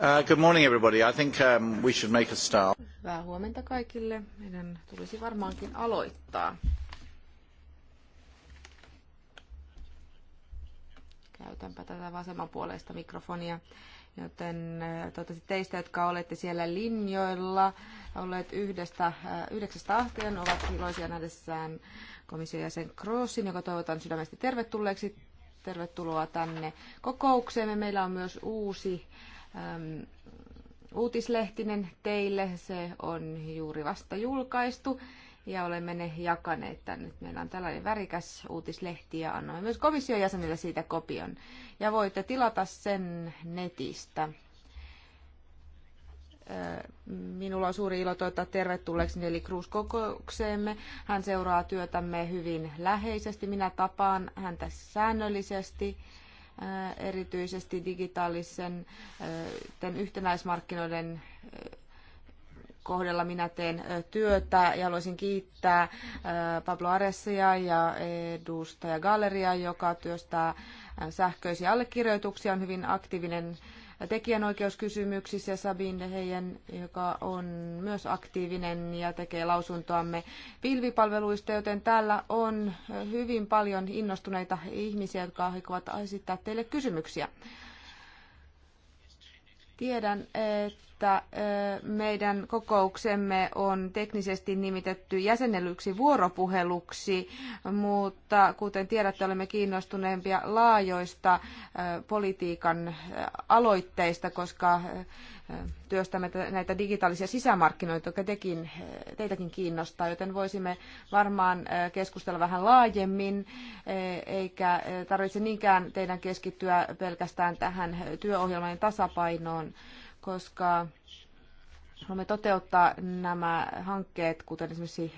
Uh, good morning everybody. I think um, we should make a start. Hyvää huomenta kaikille. Meidän tulisi varmaankin aloittaa. Käytänpä tätä vasemmanpuoleista mikrofonia. Joten äh, toivottavasti teistä, jotka olette siellä linjoilla, olleet yhdestä, äh, yhdeksästä ahteen, ovat iloisia nähdessään komission jäsen Crossin, joka toivotan sydämestä tervetulleeksi. Tervetuloa tänne kokoukseemme. Meillä on myös uusi Ähm, uutislehtinen teille. Se on juuri vasta julkaistu ja olemme ne jakaneet tänne. Meillä on tällainen värikäs uutislehti ja annoin myös komission jäsenille siitä kopion. Ja voitte tilata sen netistä. Äh, minulla on suuri ilo toivottaa tervetulleeksi Neli Cruz kokoukseemme. Hän seuraa työtämme hyvin läheisesti. Minä tapaan häntä säännöllisesti Äh, erityisesti digitaalisen äh, yhtenäismarkkinoiden äh, kohdalla minä teen työtä ja haluaisin kiittää Pablo Aresia ja edustaja Galleria, joka työstää sähköisiä allekirjoituksia, on hyvin aktiivinen tekijänoikeuskysymyksissä. Sabine Heijen, joka on myös aktiivinen ja tekee lausuntoamme pilvipalveluista, joten täällä on hyvin paljon innostuneita ihmisiä, jotka aikovat esittää teille kysymyksiä. Tiedän, että että meidän kokouksemme on teknisesti nimitetty jäsennellyksi vuoropuheluksi, mutta kuten tiedätte, olemme kiinnostuneempia laajoista politiikan aloitteista, koska työstämme näitä digitaalisia sisämarkkinoita, jotka tekin, teitäkin kiinnostaa, joten voisimme varmaan keskustella vähän laajemmin, eikä tarvitse niinkään teidän keskittyä pelkästään tähän työohjelman tasapainoon koska haluamme toteuttaa nämä hankkeet, kuten esimerkiksi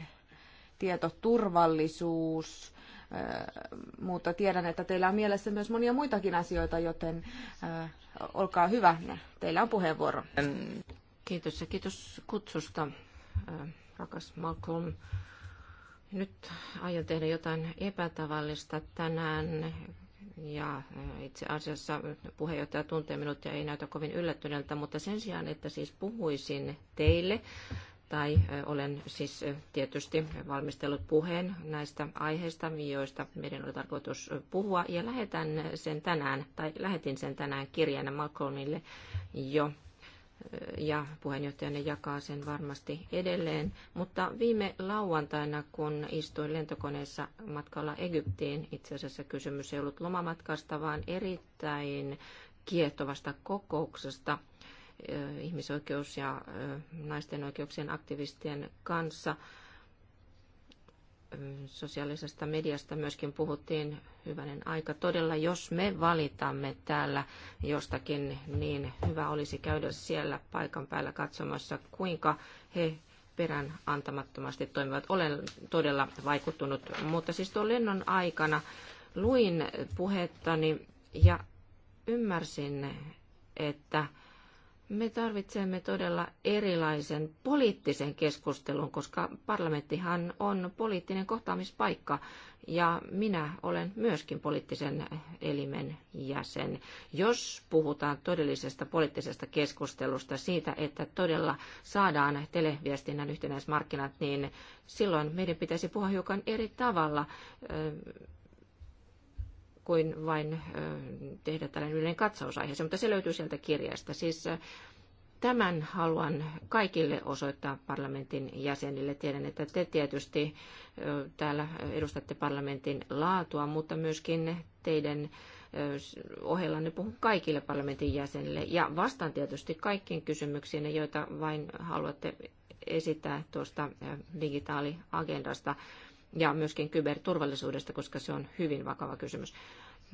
tietoturvallisuus, äh, mutta tiedän, että teillä on mielessä myös monia muitakin asioita, joten äh, olkaa hyvä, teillä on puheenvuoro. Kiitos ja kiitos kutsusta, äh, rakas Malcolm. Nyt aion tehdä jotain epätavallista tänään. Ja itse asiassa puheenjohtaja tuntee minut ja ei näytä kovin yllättyneeltä, mutta sen sijaan, että siis puhuisin teille, tai olen siis tietysti valmistellut puheen näistä aiheista, joista meidän oli tarkoitus puhua, ja lähetän sen tänään, tai lähetin sen tänään kirjeenä Malcolmille jo ja puheenjohtajanne jakaa sen varmasti edelleen. Mutta viime lauantaina, kun istuin lentokoneessa matkalla Egyptiin, itse asiassa kysymys ei ollut lomamatkasta, vaan erittäin kiehtovasta kokouksesta eh, ihmisoikeus- ja eh, naisten oikeuksien aktivistien kanssa – sosiaalisesta mediasta myöskin puhuttiin hyvänen aika. Todella, jos me valitamme täällä jostakin, niin hyvä olisi käydä siellä paikan päällä katsomassa, kuinka he perän antamattomasti toimivat. Olen todella vaikuttunut, mutta siis tuon lennon aikana luin puhettani ja ymmärsin, että me tarvitsemme todella erilaisen poliittisen keskustelun, koska parlamenttihan on poliittinen kohtaamispaikka ja minä olen myöskin poliittisen elimen jäsen. Jos puhutaan todellisesta poliittisesta keskustelusta siitä, että todella saadaan televiestinnän yhtenäismarkkinat, niin silloin meidän pitäisi puhua hiukan eri tavalla kuin vain tehdä tällainen yleinen katsaus mutta se löytyy sieltä kirjasta. Siis tämän haluan kaikille osoittaa parlamentin jäsenille. Tiedän, että te tietysti täällä edustatte parlamentin laatua, mutta myöskin teidän ne puhun kaikille parlamentin jäsenille ja vastaan tietysti kaikkiin kysymyksiin, joita vain haluatte esittää tuosta digitaaliagendasta ja myöskin kyberturvallisuudesta, koska se on hyvin vakava kysymys.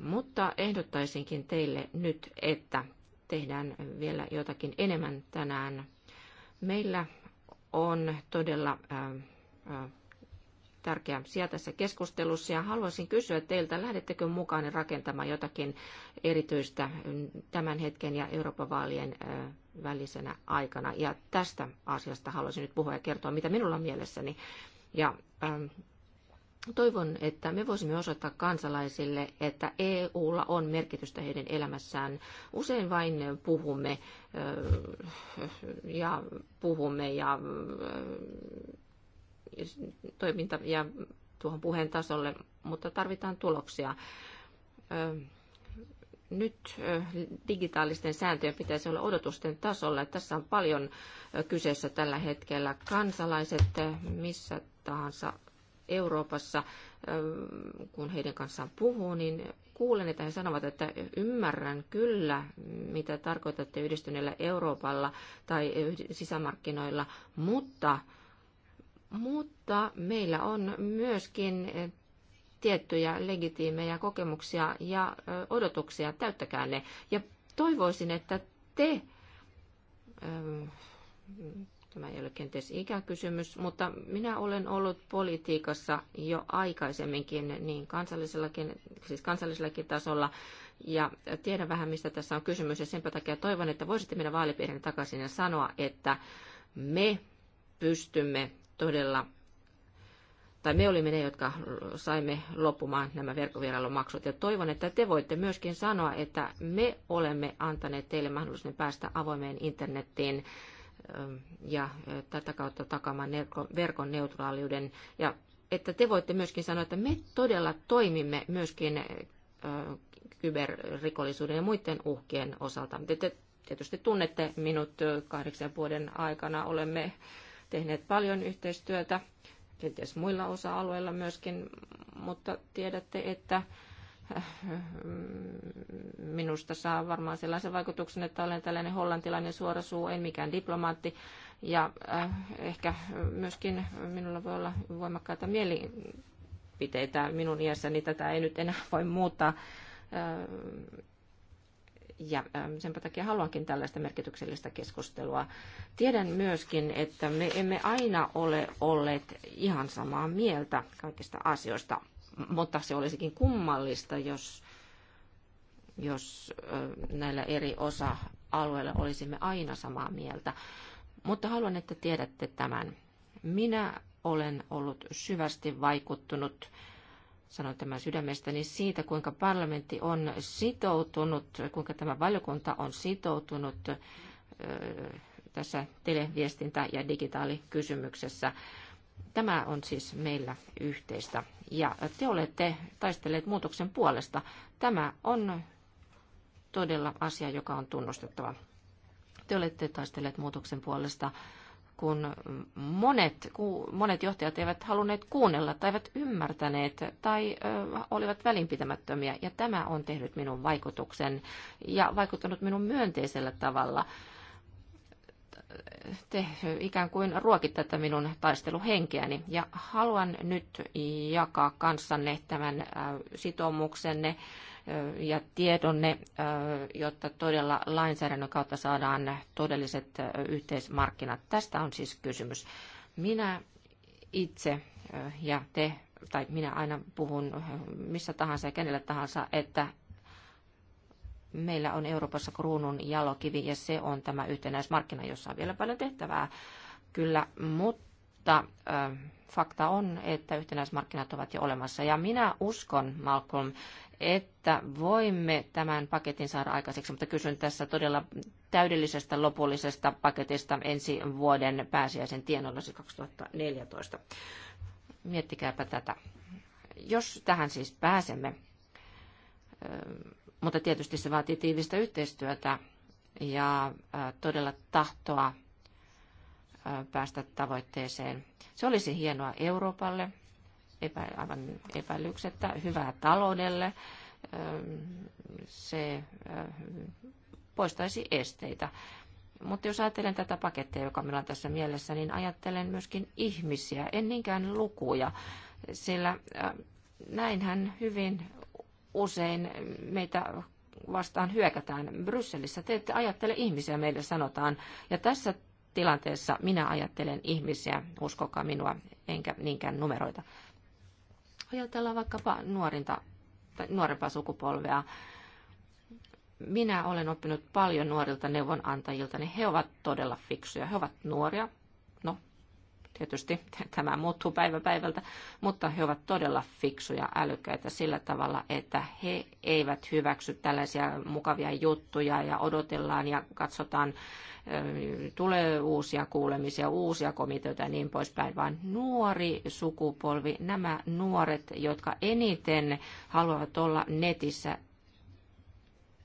Mutta ehdottaisinkin teille nyt, että tehdään vielä jotakin enemmän tänään. Meillä on todella äh, äh, tärkeä sija tässä keskustelussa ja haluaisin kysyä teiltä, lähdettekö mukaan rakentamaan jotakin erityistä tämän hetken ja Euroopan vaalien äh, välisenä aikana. Ja tästä asiasta haluaisin nyt puhua ja kertoa, mitä minulla on mielessäni. Ja ähm, Toivon, että me voisimme osoittaa kansalaisille, että EUlla on merkitystä heidän elämässään. Usein vain puhumme ja puhumme ja toiminta ja tuohon puheen tasolle, mutta tarvitaan tuloksia. Nyt digitaalisten sääntöjen pitäisi olla odotusten tasolla. Tässä on paljon kyseessä tällä hetkellä kansalaiset missä tahansa Euroopassa, kun heidän kanssaan puhuu, niin kuulen, että he sanovat, että ymmärrän kyllä, mitä tarkoitatte yhdistyneellä Euroopalla tai sisämarkkinoilla, mutta, mutta meillä on myöskin tiettyjä legitiimejä kokemuksia ja odotuksia, täyttäkää ne. Ja toivoisin, että te Tämä ei ole kenties ikäkysymys, mutta minä olen ollut politiikassa jo aikaisemminkin niin kansallisellakin, siis kansallisellakin tasolla ja tiedän vähän, mistä tässä on kysymys. Ja sen takia toivon, että voisitte mennä vaalipiirin takaisin ja sanoa, että me pystymme todella tai me olimme ne, jotka saimme loppumaan nämä verkkovierailumaksut. Ja toivon, että te voitte myöskin sanoa, että me olemme antaneet teille mahdollisuuden päästä avoimeen internettiin Ähm, ja tätä kautta takaamaan verkon neutraaliuden. Ja että te voitte myöskin sanoa, että me todella toimimme myöskin kyberrikollisuuden ja muiden uhkien osalta. Te tietysti tunnette minut kahdeksan vuoden aikana. Olemme tehneet paljon yhteistyötä, kenties muilla osa-alueilla myöskin, mutta tiedätte, että minusta saa varmaan sellaisen vaikutuksen, että olen tällainen hollantilainen suorasuu, en mikään diplomaatti. Ja äh, ehkä myöskin minulla voi olla voimakkaita mielipiteitä minun iässäni, tätä ei nyt enää voi muuttaa. Äh, ja ähm, sen takia haluankin tällaista merkityksellistä keskustelua. Tiedän myöskin, että me emme aina ole olleet ihan samaa mieltä kaikista asioista mutta se olisikin kummallista, jos, jos näillä eri osa-alueilla olisimme aina samaa mieltä. Mutta haluan, että tiedätte tämän. Minä olen ollut syvästi vaikuttunut, sanon tämän sydämestäni, siitä, kuinka parlamentti on sitoutunut, kuinka tämä valiokunta on sitoutunut tässä televiestintä- ja digitaalikysymyksessä. kysymyksessä Tämä on siis meillä yhteistä. Ja te olette taistelleet muutoksen puolesta. Tämä on todella asia, joka on tunnustettava. Te olette taistelleet muutoksen puolesta, kun monet, monet johtajat eivät halunneet kuunnella tai eivät ymmärtäneet tai ö, olivat välinpitämättömiä. Ja tämä on tehnyt minun vaikutuksen ja vaikuttanut minun myönteisellä tavalla te ikään kuin ruokitte tätä minun taisteluhenkeäni. Ja haluan nyt jakaa kanssanne tämän äh, sitoumuksenne äh, ja tiedonne, äh, jotta todella lainsäädännön kautta saadaan todelliset yhteismarkkinat. Tästä on siis kysymys. Minä itse ja te, tai minä aina puhun missä tahansa ja kenelle tahansa, että meillä on Euroopassa kruunun jalokivi ja se on tämä yhtenäismarkkina, jossa on vielä paljon tehtävää. Kyllä, mutta ö, fakta on, että yhtenäismarkkinat ovat jo olemassa. Ja minä uskon, Malcolm, että voimme tämän paketin saada aikaiseksi, mutta kysyn tässä todella täydellisestä lopullisesta paketista ensi vuoden pääsiäisen tienoilla 2014. Miettikääpä tätä. Jos tähän siis pääsemme, mutta tietysti se vaatii tiivistä yhteistyötä ja todella tahtoa päästä tavoitteeseen. Se olisi hienoa Euroopalle, epä, aivan epäilyksettä, hyvää taloudelle. Se poistaisi esteitä. Mutta jos ajattelen tätä pakettia, joka meillä on tässä mielessä, niin ajattelen myöskin ihmisiä, en niinkään lukuja, sillä näinhän hyvin usein meitä vastaan hyökätään. Brysselissä te ette ajattele ihmisiä, meille sanotaan. Ja tässä tilanteessa minä ajattelen ihmisiä, uskokaa minua, enkä niinkään numeroita. Ajatellaan vaikkapa nuorinta, tai nuorempaa sukupolvea. Minä olen oppinut paljon nuorilta neuvonantajilta, niin he ovat todella fiksuja. He ovat nuoria, Tietysti tämä muuttuu päivä päivältä, mutta he ovat todella fiksuja, älykkäitä sillä tavalla, että he eivät hyväksy tällaisia mukavia juttuja ja odotellaan ja katsotaan, tulee uusia kuulemisia, uusia komiteoita ja niin poispäin, vaan nuori sukupolvi, nämä nuoret, jotka eniten haluavat olla netissä,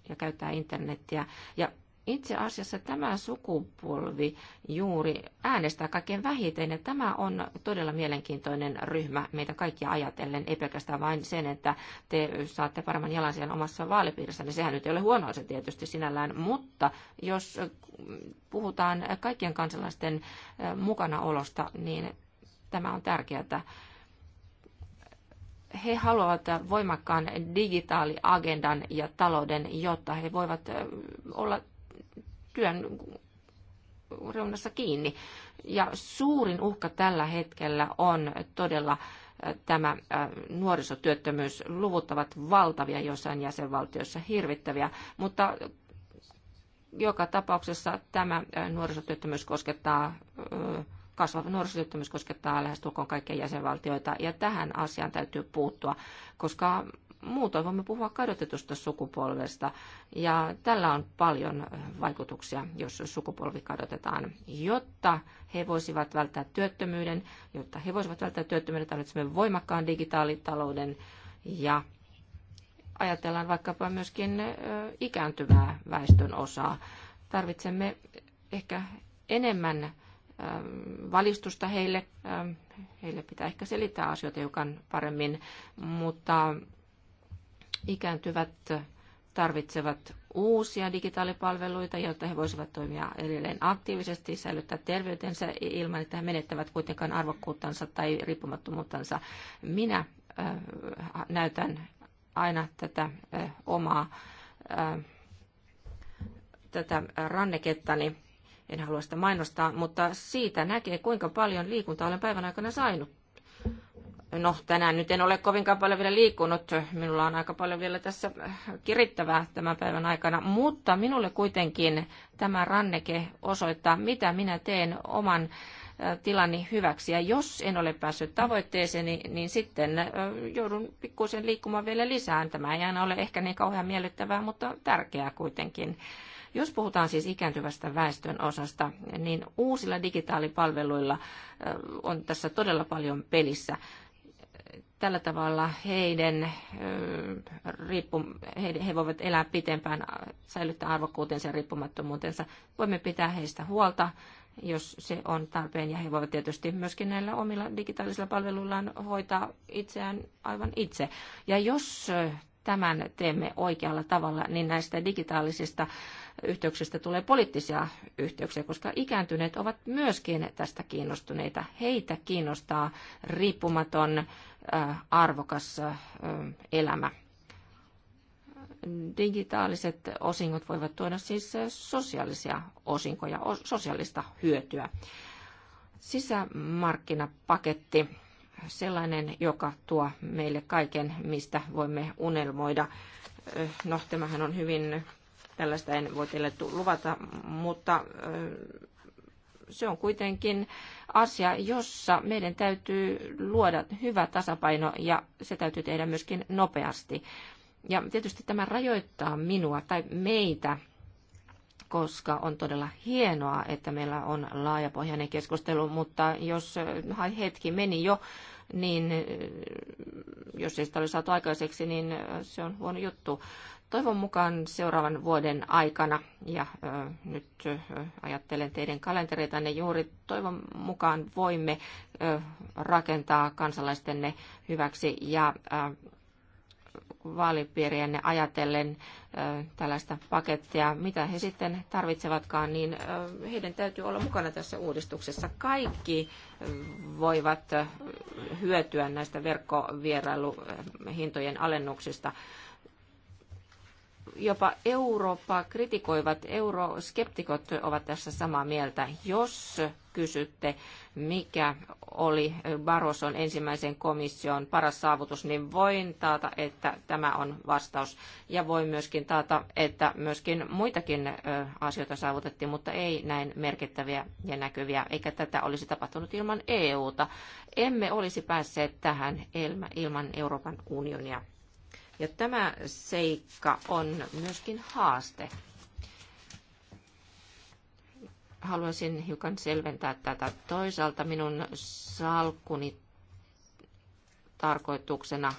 ja käyttää internettiä. Ja itse asiassa tämä sukupolvi juuri äänestää kaikkein vähiten, ja tämä on todella mielenkiintoinen ryhmä meitä kaikkia ajatellen, ei pelkästään vain sen, että te saatte paremman jalansijan omassa vaalipiirissä, niin sehän nyt ei ole huono se tietysti sinällään, mutta jos puhutaan kaikkien kansalaisten mukanaolosta, niin tämä on tärkeää he haluavat voimakkaan digitaaliagendan ja talouden, jotta he voivat olla työn reunassa kiinni. Ja suurin uhka tällä hetkellä on todella tämä nuorisotyöttömyys. Luvut ovat valtavia jossain jäsenvaltioissa, hirvittäviä, mutta joka tapauksessa tämä nuorisotyöttömyys koskettaa kasvava nuorisotyöttömyys koskettaa lähestulkoon kaikkia jäsenvaltioita, ja tähän asiaan täytyy puuttua, koska Muutoin voimme puhua kadotetusta sukupolvesta ja tällä on paljon vaikutuksia, jos sukupolvi kadotetaan. Jotta he voisivat välttää työttömyyden, jotta he voisivat välttää työttömyyden, tarvitsemme voimakkaan digitaalitalouden ja ajatellaan vaikkapa myöskin ikääntyvää väestön osaa. Tarvitsemme ehkä enemmän valistusta heille. Heille pitää ehkä selittää asioita hiukan paremmin, mutta Ikääntyvät tarvitsevat uusia digitaalipalveluita, jotta he voisivat toimia edelleen aktiivisesti, säilyttää terveytensä ilman, että he menettävät kuitenkaan arvokkuuttansa tai riippumattomuuttansa. Minä äh, näytän aina tätä äh, omaa äh, tätä rannekettani. En halua sitä mainostaa, mutta siitä näkee, kuinka paljon liikuntaa olen päivän aikana saanut No, tänään nyt en ole kovinkaan paljon vielä liikkunut. Minulla on aika paljon vielä tässä äh, kirittävää tämän päivän aikana. Mutta minulle kuitenkin tämä ranneke osoittaa, mitä minä teen oman äh, tilani hyväksi. Ja jos en ole päässyt tavoitteeseeni, niin sitten äh, joudun pikkuisen liikkumaan vielä lisään. Tämä ei aina ole ehkä niin kauhean miellyttävää, mutta tärkeää kuitenkin. Jos puhutaan siis ikääntyvästä väestön osasta, niin uusilla digitaalipalveluilla on tässä todella paljon pelissä tällä tavalla heidän, riippu, he, he voivat elää pitempään, säilyttää arvokkuutensa ja riippumattomuutensa. Voimme pitää heistä huolta, jos se on tarpeen, ja he voivat tietysti myöskin näillä omilla digitaalisilla palveluillaan hoitaa itseään aivan itse. Ja jos tämän teemme oikealla tavalla, niin näistä digitaalisista yhteyksistä tulee poliittisia yhteyksiä, koska ikääntyneet ovat myöskin tästä kiinnostuneita. Heitä kiinnostaa riippumaton arvokas elämä. Digitaaliset osingot voivat tuoda siis sosiaalisia osinkoja, sosiaalista hyötyä. Sisämarkkinapaketti, sellainen, joka tuo meille kaiken, mistä voimme unelmoida. No, tämähän on hyvin tällaista en voi teille luvata, mutta se on kuitenkin asia, jossa meidän täytyy luoda hyvä tasapaino ja se täytyy tehdä myöskin nopeasti. Ja tietysti tämä rajoittaa minua tai meitä koska on todella hienoa, että meillä on laajapohjainen keskustelu, mutta jos äh, hetki meni jo niin eh, jos ei sitä ole saatu aikaiseksi, niin eh, se on huono juttu. Toivon mukaan seuraavan vuoden aikana, ja ö, eh, nyt ö, ajattelen teidän kalentereitanne juuri, toivon mukaan voimme ö, rakentaa kansalaistenne hyväksi ja ö, vaalipiirienne ajatellen tällaista pakettia, mitä he sitten tarvitsevatkaan, niin heidän täytyy olla mukana tässä uudistuksessa. Kaikki voivat hyötyä näistä verkkovierailuhintojen alennuksista jopa Eurooppaa kritikoivat euroskeptikot ovat tässä samaa mieltä. Jos kysytte, mikä oli Baroson ensimmäisen komission paras saavutus, niin voin taata, että tämä on vastaus. Ja voin myöskin taata, että myöskin muitakin asioita saavutettiin, mutta ei näin merkittäviä ja näkyviä, eikä tätä olisi tapahtunut ilman EUta. Emme olisi päässeet tähän ilman Euroopan unionia. Ja tämä seikka on myöskin haaste. Haluaisin hiukan selventää tätä. Toisaalta minun salkkuni tarkoituksena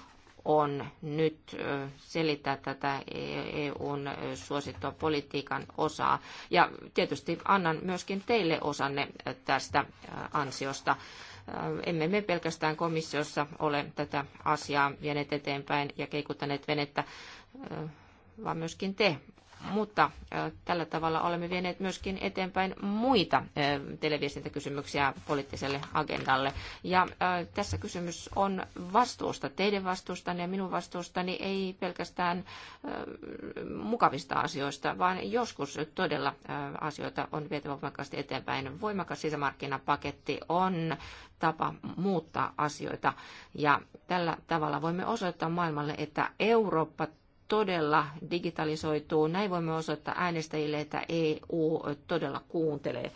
on nyt selittää tätä EUn e suosittua politiikan osaa. Ja tietysti annan myöskin teille osanne tästä ansiosta. Äh, emme me pelkästään komissiossa ole tätä asiaa vieneet eteenpäin ja keikuttaneet venettä, äh, vaan myöskin te mutta tällä tavalla olemme vieneet myöskin eteenpäin muita televiestintäkysymyksiä poliittiselle agendalle. Ja tässä kysymys on vastuusta, teidän vastuustanne ja minun vastuustani, ei pelkästään mukavista asioista, vaan joskus todella asioita on vietävä voimakkaasti eteenpäin. Voimakas sisämarkkinapaketti on tapa muuttaa asioita ja tällä tavalla voimme osoittaa maailmalle, että Eurooppa todella digitalisoituu. Näin voimme osoittaa äänestäjille, että EU todella kuuntelee.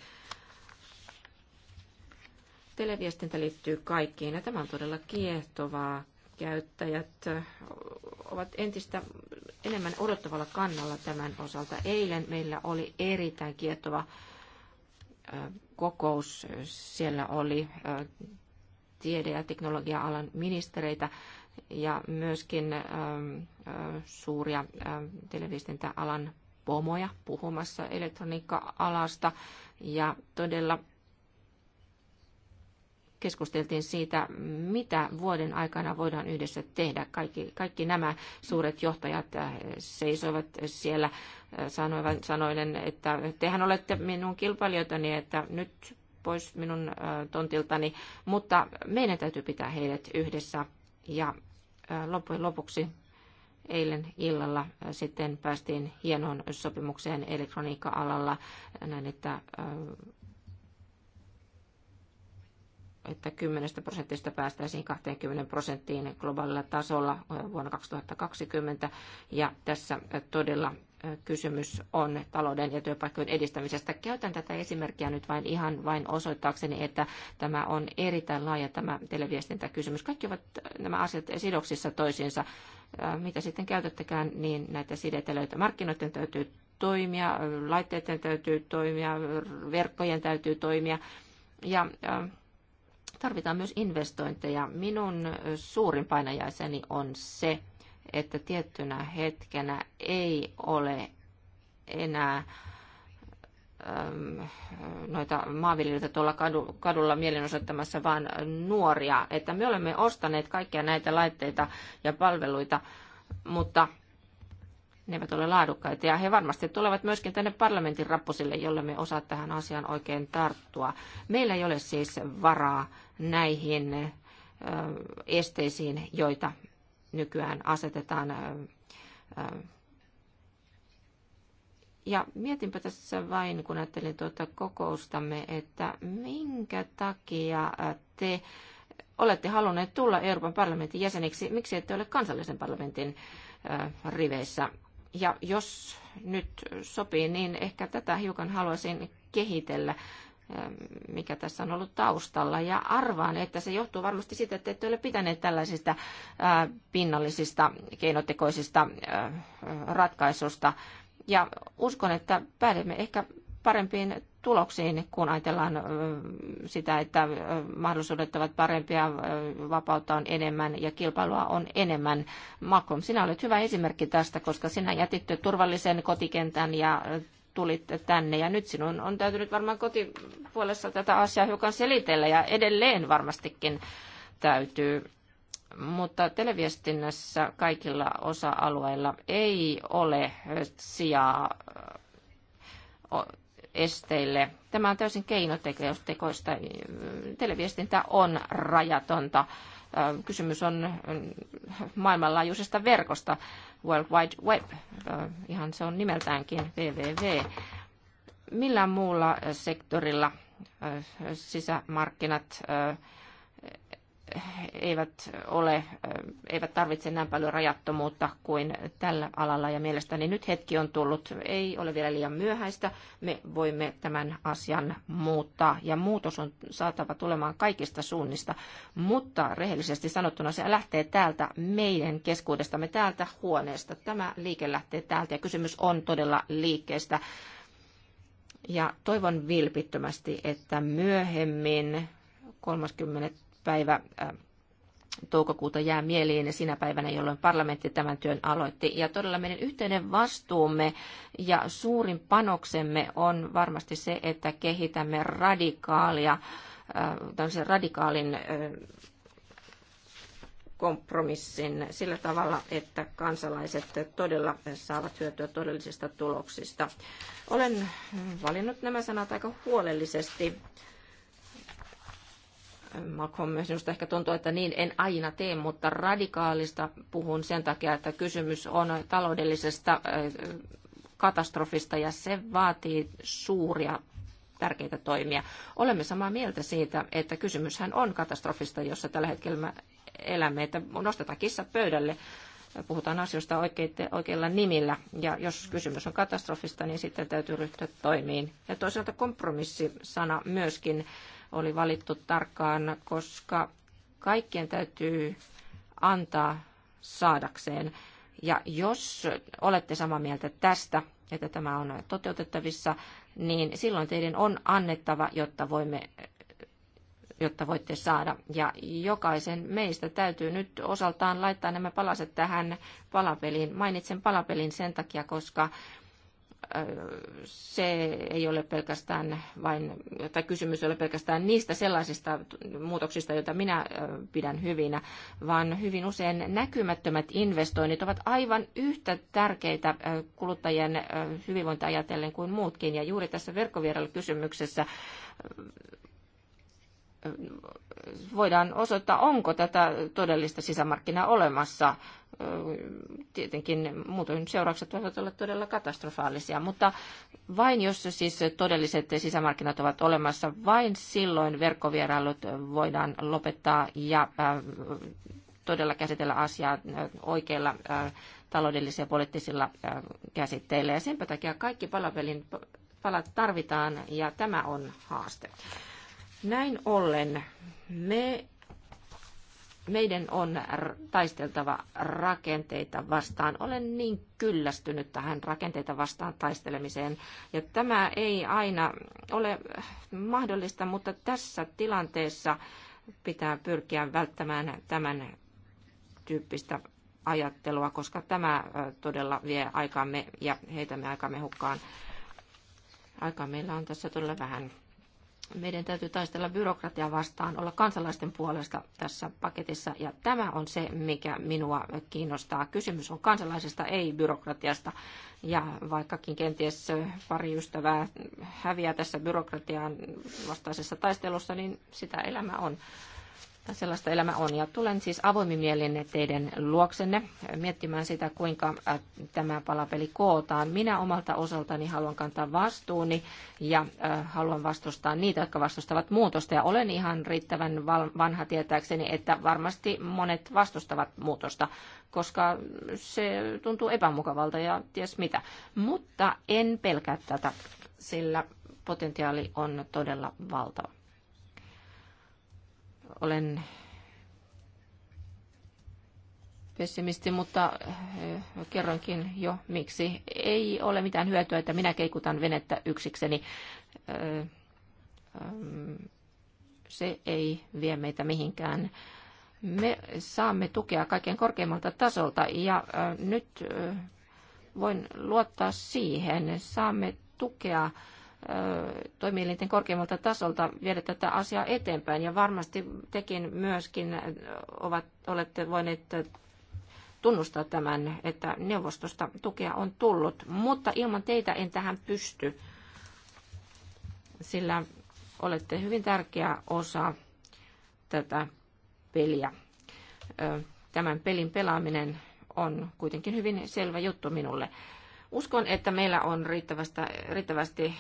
Televiestintä liittyy kaikkiin ja tämä on todella kiehtovaa. Käyttäjät ovat entistä enemmän odottavalla kannalla tämän osalta. Eilen meillä oli erittäin kiehtova kokous. Siellä oli tiede- ja teknologia-alan ministereitä ja myöskin ähm, äh, suuria ähm, televiestintäalan pomoja puhumassa elektroniikka-alasta. Ja todella keskusteltiin siitä, mitä vuoden aikana voidaan yhdessä tehdä. Kaikki, kaikki nämä suuret johtajat äh, seisoivat siellä äh, sanoivan, sanoinen, että tehän olette minun kilpailijoitani, että nyt pois minun tontiltani, mutta meidän täytyy pitää heidät yhdessä ja loppujen lopuksi eilen illalla sitten päästiin hienoon sopimukseen elektroniikka-alalla näin, että että 10 prosentista päästäisiin 20 prosenttiin globaalilla tasolla vuonna 2020. Ja tässä todella kysymys on talouden ja työpaikkojen edistämisestä. Käytän tätä esimerkkiä nyt vain ihan vain osoittaakseni, että tämä on erittäin laaja tämä televiestintäkysymys. Kaikki ovat nämä asiat sidoksissa toisiinsa. Mitä sitten käytättekään, niin näitä sidetelöitä markkinoiden täytyy toimia, laitteiden täytyy toimia, verkkojen täytyy toimia. Ja tarvitaan myös investointeja. Minun suurin painajaiseni on se, että tiettynä hetkenä ei ole enää noita maanviljelijöitä tuolla kadu, kadulla mielenosoittamassa, vaan nuoria. Että me olemme ostaneet kaikkia näitä laitteita ja palveluita, mutta ne eivät ole laadukkaita. Ja he varmasti tulevat myöskin tänne parlamentin rappusille, jolle me osaa tähän asiaan oikein tarttua. Meillä ei ole siis varaa näihin esteisiin, joita nykyään asetetaan. Ja mietinpä tässä vain, kun ajattelin tuota kokoustamme, että minkä takia te olette halunneet tulla Euroopan parlamentin jäseniksi, miksi ette ole kansallisen parlamentin riveissä. Ja jos nyt sopii, niin ehkä tätä hiukan haluaisin kehitellä. Ähm, mikä tässä on ollut taustalla. Ja arvaan, että se johtuu varmasti siitä, että ette ole pitäneet tällaisista äh, pinnallisista keinotekoisista äh, äh, ratkaisusta. Ja uskon, että päädymme ehkä parempiin tuloksiin, kun ajatellaan sitä, että mahdollisuudet ovat parempia, vapautta on enemmän ja kilpailua on enemmän. Makom, sinä olet hyvä esimerkki tästä, koska sinä jätit turvallisen kotikentän ja tulit tänne ja nyt sinun on täytynyt varmaan kotipuolessa tätä asiaa hiukan selitellä ja edelleen varmastikin täytyy. Mutta televiestinnässä kaikilla osa-alueilla ei ole sijaa esteille. Tämä on täysin keinotekoista. Televiestintä on rajatonta. Kysymys on maailmanlaajuisesta verkosta. World Wide Web, äh, ihan se on nimeltäänkin WWW. Millä muulla sektorilla äh, sisämarkkinat äh, eivät, ole, eivät tarvitse näin paljon rajattomuutta kuin tällä alalla. Ja mielestäni nyt hetki on tullut, ei ole vielä liian myöhäistä. Me voimme tämän asian muuttaa ja muutos on saatava tulemaan kaikista suunnista. Mutta rehellisesti sanottuna se lähtee täältä meidän keskuudestamme, täältä huoneesta. Tämä liike lähtee täältä ja kysymys on todella liikkeestä. Ja toivon vilpittömästi, että myöhemmin 30 päivä äh, toukokuuta jää mieliin sinä päivänä, jolloin parlamentti tämän työn aloitti. Ja todella meidän yhteinen vastuumme ja suurin panoksemme on varmasti se, että kehitämme radikaalia, äh, tämmöisen radikaalin äh, kompromissin sillä tavalla, että kansalaiset todella saavat hyötyä todellisista tuloksista. Olen valinnut nämä sanat aika huolellisesti Malcolm, minusta ehkä tuntuu, että niin en aina tee, mutta radikaalista puhun sen takia, että kysymys on taloudellisesta katastrofista ja se vaatii suuria tärkeitä toimia. Olemme samaa mieltä siitä, että kysymyshän on katastrofista, jossa tällä hetkellä me elämme, että nostetaan kissa pöydälle puhutaan asioista oikeite, oikeilla nimillä. Ja jos kysymys on katastrofista, niin sitten täytyy ryhtyä toimiin. Ja toisaalta kompromissi-sana myöskin oli valittu tarkkaan, koska kaikkien täytyy antaa saadakseen. Ja jos olette samaa mieltä tästä, että tämä on toteutettavissa, niin silloin teidän on annettava, jotta voimme jotta voitte saada. Ja jokaisen meistä täytyy nyt osaltaan laittaa nämä palaset tähän palapeliin. Mainitsen palapelin sen takia, koska se ei ole pelkästään vain, tai kysymys ei ole pelkästään niistä sellaisista muutoksista, joita minä pidän hyvinä, vaan hyvin usein näkymättömät investoinnit ovat aivan yhtä tärkeitä kuluttajien hyvinvointia ajatellen kuin muutkin. Ja juuri tässä verkkovierailukysymyksessä voidaan osoittaa, onko tätä todellista sisämarkkinaa olemassa. Tietenkin muutoin seuraukset voivat olla todella katastrofaalisia, mutta vain jos siis todelliset sisämarkkinat ovat olemassa, vain silloin verkkovierailut voidaan lopettaa ja äh, todella käsitellä asiaa äh, oikeilla äh, taloudellisilla ja poliittisilla käsitteillä. Ja sen takia kaikki palapelin palat tarvitaan ja tämä on haaste. Näin ollen me, meidän on taisteltava rakenteita vastaan. Olen niin kyllästynyt tähän rakenteita vastaan taistelemiseen. Ja tämä ei aina ole mahdollista, mutta tässä tilanteessa pitää pyrkiä välttämään tämän tyyppistä ajattelua, koska tämä todella vie aikaamme ja heitämme aikaamme hukkaan. Aikaa meillä on tässä todella vähän meidän täytyy taistella byrokratiaa vastaan, olla kansalaisten puolesta tässä paketissa. Ja tämä on se, mikä minua kiinnostaa. Kysymys on kansalaisesta, ei byrokratiasta. Ja vaikkakin kenties pari ystävää häviää tässä byrokratian vastaisessa taistelussa, niin sitä elämä on sellaista elämä on. Ja tulen siis avoimimielinen teidän luoksenne miettimään sitä, kuinka tämä palapeli kootaan. Minä omalta osaltani haluan kantaa vastuuni ja haluan vastustaa niitä, jotka vastustavat muutosta. Ja olen ihan riittävän vanha tietääkseni, että varmasti monet vastustavat muutosta, koska se tuntuu epämukavalta ja ties mitä. Mutta en pelkää tätä, sillä potentiaali on todella valtava olen pessimisti, mutta eh, kerroinkin jo miksi. Ei ole mitään hyötyä, että minä keikutan venettä yksikseni. Eh, eh, se ei vie meitä mihinkään. Me saamme tukea kaiken korkeimmalta tasolta ja nyt voin luottaa siihen. Saamme tukea toimielinten korkeimmalta tasolta viedä tätä asiaa eteenpäin. Ja varmasti tekin myöskin ovat, olette voineet tunnustaa tämän, että neuvostosta tukea on tullut, mutta ilman teitä en tähän pysty, sillä olette hyvin tärkeä osa tätä peliä. Tämän pelin pelaaminen on kuitenkin hyvin selvä juttu minulle. Uskon, että meillä on riittävästi eh,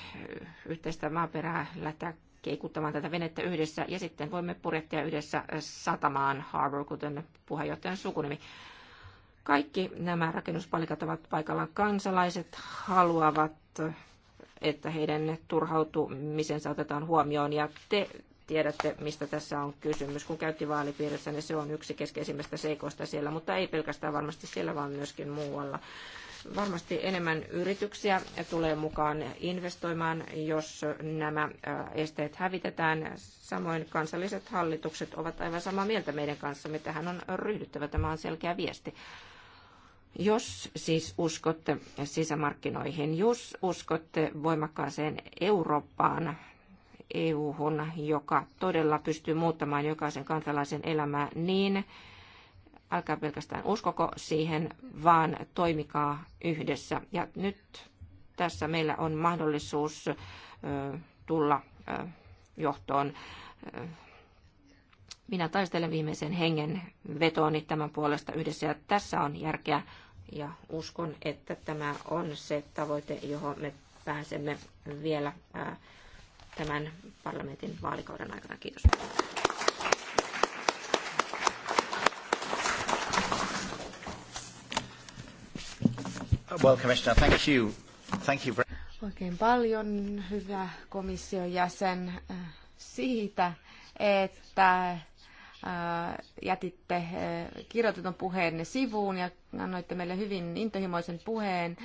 yhteistä maaperää lähteä keikuttamaan tätä venettä yhdessä ja sitten voimme purjehtia yhdessä eh, satamaan Harbour, kuten puheenjohtajan sukunimi. Kaikki nämä rakennuspalikat ovat paikallaan. Kansalaiset haluavat, eh, että heidän turhautumisensa otetaan huomioon ja te tiedätte, mistä tässä on kysymys. Kun käytti vaalipiirissä, niin se on yksi keskeisimmistä seikoista siellä, mutta ei pelkästään varmasti siellä, vaan myöskin muualla varmasti enemmän yrityksiä tulee mukaan investoimaan, jos nämä esteet hävitetään. Samoin kansalliset hallitukset ovat aivan samaa mieltä meidän kanssamme. Tähän on ryhdyttävä. Tämä on selkeä viesti. Jos siis uskotte sisämarkkinoihin, jos uskotte voimakkaaseen Eurooppaan, EU-hun, joka todella pystyy muuttamaan jokaisen kansalaisen elämää niin, älkää pelkästään uskoko siihen, vaan toimikaa yhdessä. Ja nyt tässä meillä on mahdollisuus tulla johtoon. Minä taistelen viimeisen hengen vetooni tämän puolesta yhdessä ja tässä on järkeä ja uskon, että tämä on se tavoite, johon me pääsemme vielä tämän parlamentin vaalikauden aikana. Kiitos. Well, Commissioner, thank you. Thank you. Oikein paljon, hyvä komission jäsen, äh, siitä, että äh, jätitte äh, kirjoitetun puheenne sivuun ja annoitte meille hyvin intohimoisen puheen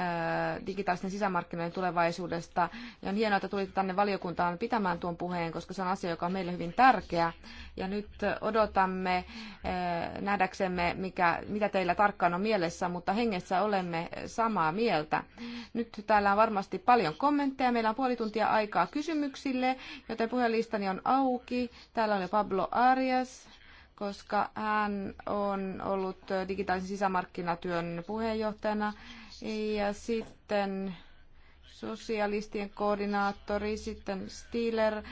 äh, digitaalisten sisämarkkinoiden tulevaisuudesta. Ja on hienoa, että tulitte tänne valiokuntaan pitämään tuon puheen, koska se on asia, joka on meille hyvin tärkeä. Ja nyt odotamme äh, nähdäksemme, mikä, mitä teillä tarkkaan on mielessä, mutta hengessä olemme samaa mieltä. Nyt täällä on varmasti paljon kommentteja. Meillä on puoli tuntia aikaa kysymyksille, joten puhelistani on auki. Täällä jo Pablo Arias, koska hän on ollut digitaalisen sisämarkkinatyön puheenjohtajana ja sitten sosialistien koordinaattori, sitten Stiller,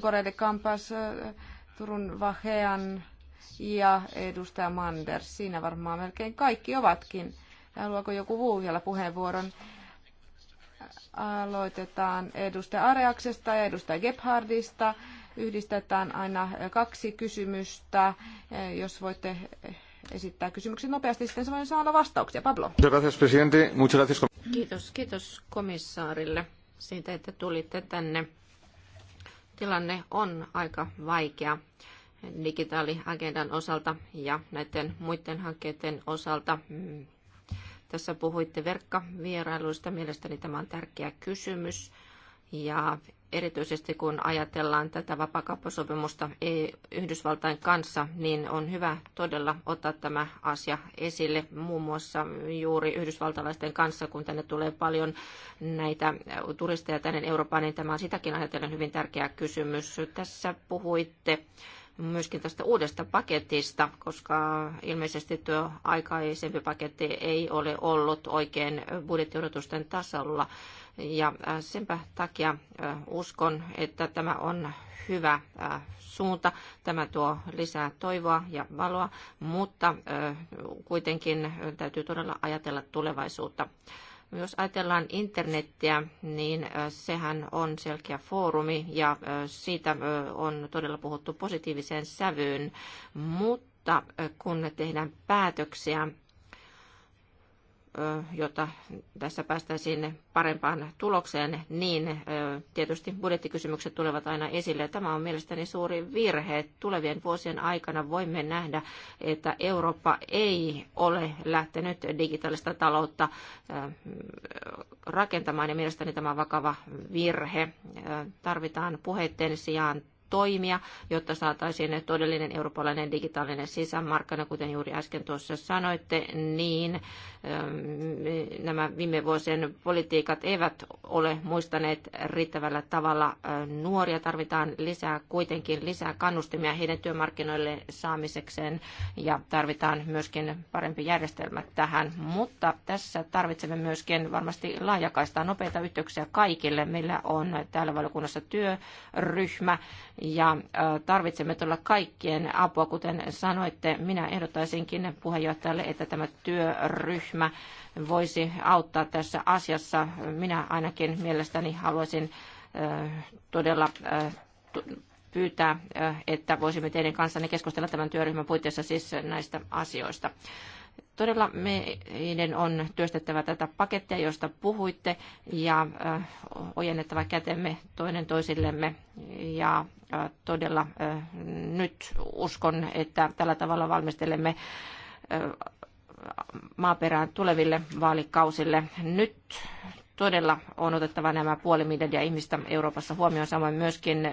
Koreide Kampas, Turun Vahean ja edustaja Manders, Siinä varmaan melkein kaikki ovatkin. Haluaako joku muu vielä puheenvuoron? Aloitetaan edustaja Areaksesta ja edustaja Gebhardista yhdistetään aina kaksi kysymystä. Jos voitte esittää kysymyksen nopeasti, sitten voin saada vastauksia. Pablo. Kiitos, kiitos komissaarille siitä, että tulitte tänne. Tilanne on aika vaikea digitaaliagendan osalta ja näiden muiden hankkeiden osalta. Mm. Tässä puhuitte verkkavierailuista. Mielestäni tämä on tärkeä kysymys ja erityisesti kun ajatellaan tätä vapakauppasopimusta e- Yhdysvaltain kanssa, niin on hyvä todella ottaa tämä asia esille muun muassa juuri yhdysvaltalaisten kanssa, kun tänne tulee paljon näitä turisteja tänne Eurooppaan, niin tämä on sitäkin ajatellen hyvin tärkeä kysymys. Tässä puhuitte myöskin tästä uudesta paketista, koska ilmeisesti tuo aikaisempi paketti ei ole ollut oikein budjettiodotusten tasolla. Ja äh, senpä takia äh, uskon, että tämä on hyvä äh, suunta. Tämä tuo lisää toivoa ja valoa, mutta kuitenkin täytyy todella ajatella tulevaisuutta. Jos ajatellaan internettiä, niin sehän on selkeä foorumi ja siitä on todella puhuttu positiiviseen sävyyn, mutta kun tehdään päätöksiä jotta tässä päästäisiin parempaan tulokseen, niin tietysti budjettikysymykset tulevat aina esille. Tämä on mielestäni suuri virhe. Tulevien vuosien aikana voimme nähdä, että Eurooppa ei ole lähtenyt digitaalista taloutta rakentamaan, ja mielestäni tämä on vakava virhe. Tarvitaan puheiden sijaan toimia, jotta saataisiin todellinen eurooppalainen digitaalinen sisämarkkina, kuten juuri äsken tuossa sanoitte, niin ähm, nämä viime vuosien politiikat eivät ole muistaneet riittävällä tavalla äh, nuoria. Tarvitaan lisää kuitenkin lisää kannustimia heidän työmarkkinoille saamisekseen ja tarvitaan myöskin parempi järjestelmä tähän. Mutta tässä tarvitsemme myöskin varmasti laajakaistaa nopeita yhteyksiä kaikille. Meillä on täällä valiokunnassa työryhmä, ja tarvitsemme todella kaikkien apua. Kuten sanoitte, minä ehdottaisinkin puheenjohtajalle, että tämä työryhmä voisi auttaa tässä asiassa. Minä ainakin mielestäni haluaisin todella pyytää, että voisimme teidän kanssanne keskustella tämän työryhmän puitteissa siis näistä asioista. Todella meidän on työstettävä tätä pakettia, josta puhuitte, ja äh, ojennettava kätemme toinen toisillemme. Ja äh, todella äh, nyt uskon, että tällä tavalla valmistelemme maaperään tuleville vaalikausille. Nyt todella on otettava nämä puoli miljardia ihmistä Euroopassa huomioon, samoin myöskin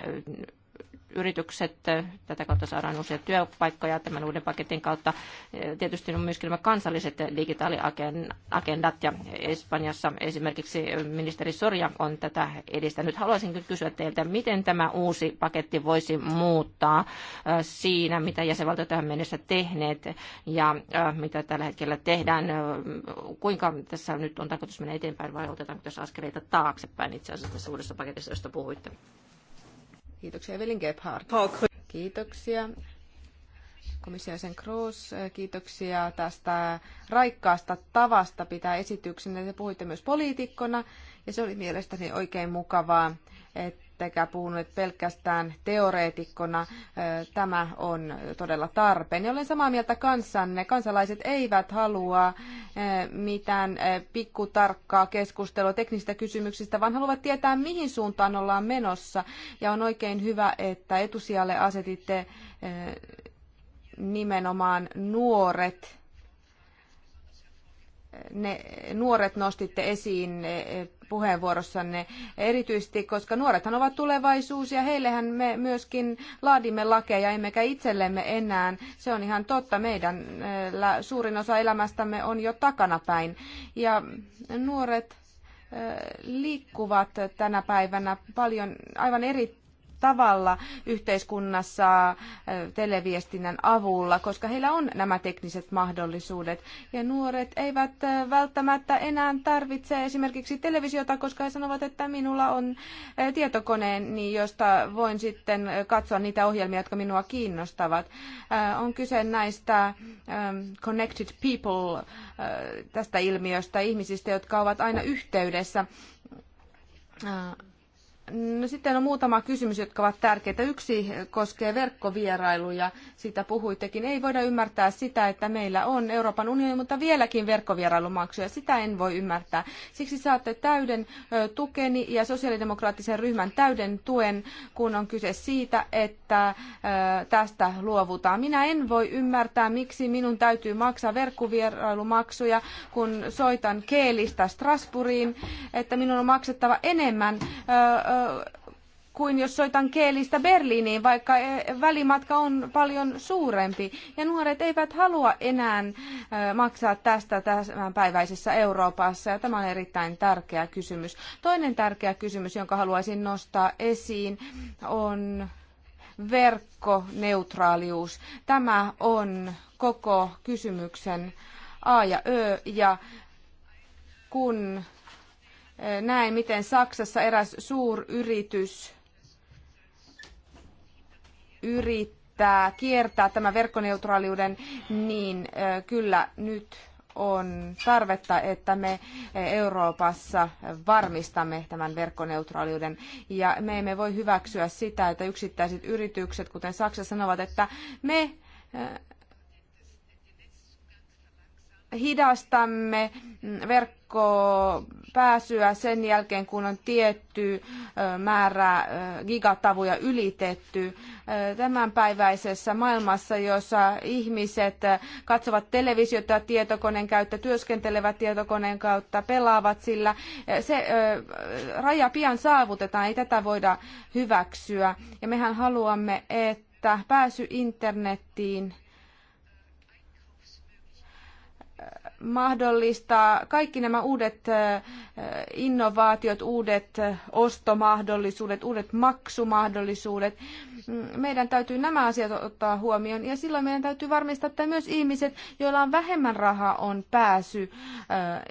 yritykset. Eh, tätä kautta saadaan uusia työpaikkoja tämän uuden paketin kautta. Eh, tietysti on myöskin nämä kansalliset digitaaliagendat ja Espanjassa esimerkiksi ministeri Soria on tätä edistänyt. Haluaisin kysyä teiltä, miten tämä uusi paketti voisi muuttaa eh, siinä, mitä jäsenvaltiot tähän mennessä tehneet ja mitä tällä hetkellä tehdään. Kuinka tässä nyt on tarkoitus mennä eteenpäin vai otetaanko tässä askeleita taaksepäin itse asiassa tässä uudessa paketissa, josta puhuitte? Kiitoksia Evelin Gebhardt. Kiitoksia. Komission sen Kroos, kiitoksia tästä raikkaasta tavasta pitää esityksen. Te puhuitte myös poliitikkona ja se oli mielestäni oikein mukavaa ettekä puhunut pelkästään teoreetikkona. Tämä on todella tarpeen. Ja olen samaa mieltä kanssanne. Kansalaiset eivät halua mitään pikkutarkkaa keskustelua teknisistä kysymyksistä, vaan haluavat tietää, mihin suuntaan ollaan menossa. Ja on oikein hyvä, että etusijalle asetitte nimenomaan nuoret ne nuoret nostitte esiin puheenvuorossanne erityisesti, koska nuorethan ovat tulevaisuus ja heillehän me myöskin laadimme lakeja emmekä itsellemme enää. Se on ihan totta. Meidän suurin osa elämästämme on jo takanapäin. Ja nuoret liikkuvat tänä päivänä paljon aivan eri tavalla yhteiskunnassa televiestinnän avulla, koska heillä on nämä tekniset mahdollisuudet. Ja nuoret eivät välttämättä enää tarvitse esimerkiksi televisiota, koska he sanovat, että minulla on tietokone, niin josta voin sitten katsoa niitä ohjelmia, jotka minua kiinnostavat. On kyse näistä connected people tästä ilmiöstä, ihmisistä, jotka ovat aina yhteydessä No sitten on muutama kysymys, jotka ovat tärkeitä. Yksi koskee verkkovierailuja, sitä puhuittekin. Ei voida ymmärtää sitä, että meillä on Euroopan unioni, mutta vieläkin verkkovierailumaksuja. Sitä en voi ymmärtää. Siksi saatte täyden tukeni ja sosiaalidemokraattisen ryhmän täyden tuen, kun on kyse siitä, että tästä luovutaan. Minä en voi ymmärtää, miksi minun täytyy maksaa verkkovierailumaksuja, kun soitan Keelistä Strasbourgiin, että minun on maksettava enemmän kuin jos soitan Keelistä Berliiniin, vaikka e, välimatka on paljon suurempi. Ja nuoret eivät halua enää e, maksaa tästä tämänpäiväisessä Euroopassa, ja tämä on erittäin tärkeä kysymys. Toinen tärkeä kysymys, jonka haluaisin nostaa esiin, on verkkoneutraalius. Tämä on koko kysymyksen A ja Ö, ja kun näin, miten Saksassa eräs suuryritys yrittää kiertää tämä verkkoneutraaliuden, niin kyllä nyt on tarvetta, että me Euroopassa varmistamme tämän verkkoneutraaliuden. Ja me emme voi hyväksyä sitä, että yksittäiset yritykset, kuten Saksa sanovat, että me hidastamme verkkopääsyä sen jälkeen, kun on tietty määrä gigatavuja ylitetty. Tämänpäiväisessä maailmassa, jossa ihmiset katsovat televisiota tietokoneen käyttä, työskentelevät tietokoneen kautta, pelaavat sillä, se raja pian saavutetaan, ei tätä voida hyväksyä. Ja mehän haluamme, että pääsy internettiin mahdollistaa kaikki nämä uudet innovaatiot, uudet ostomahdollisuudet, uudet maksumahdollisuudet. Mm, meidän täytyy nämä asiat ottaa huomioon ja silloin meidän täytyy varmistaa, että myös ihmiset, joilla on vähemmän rahaa, on pääsy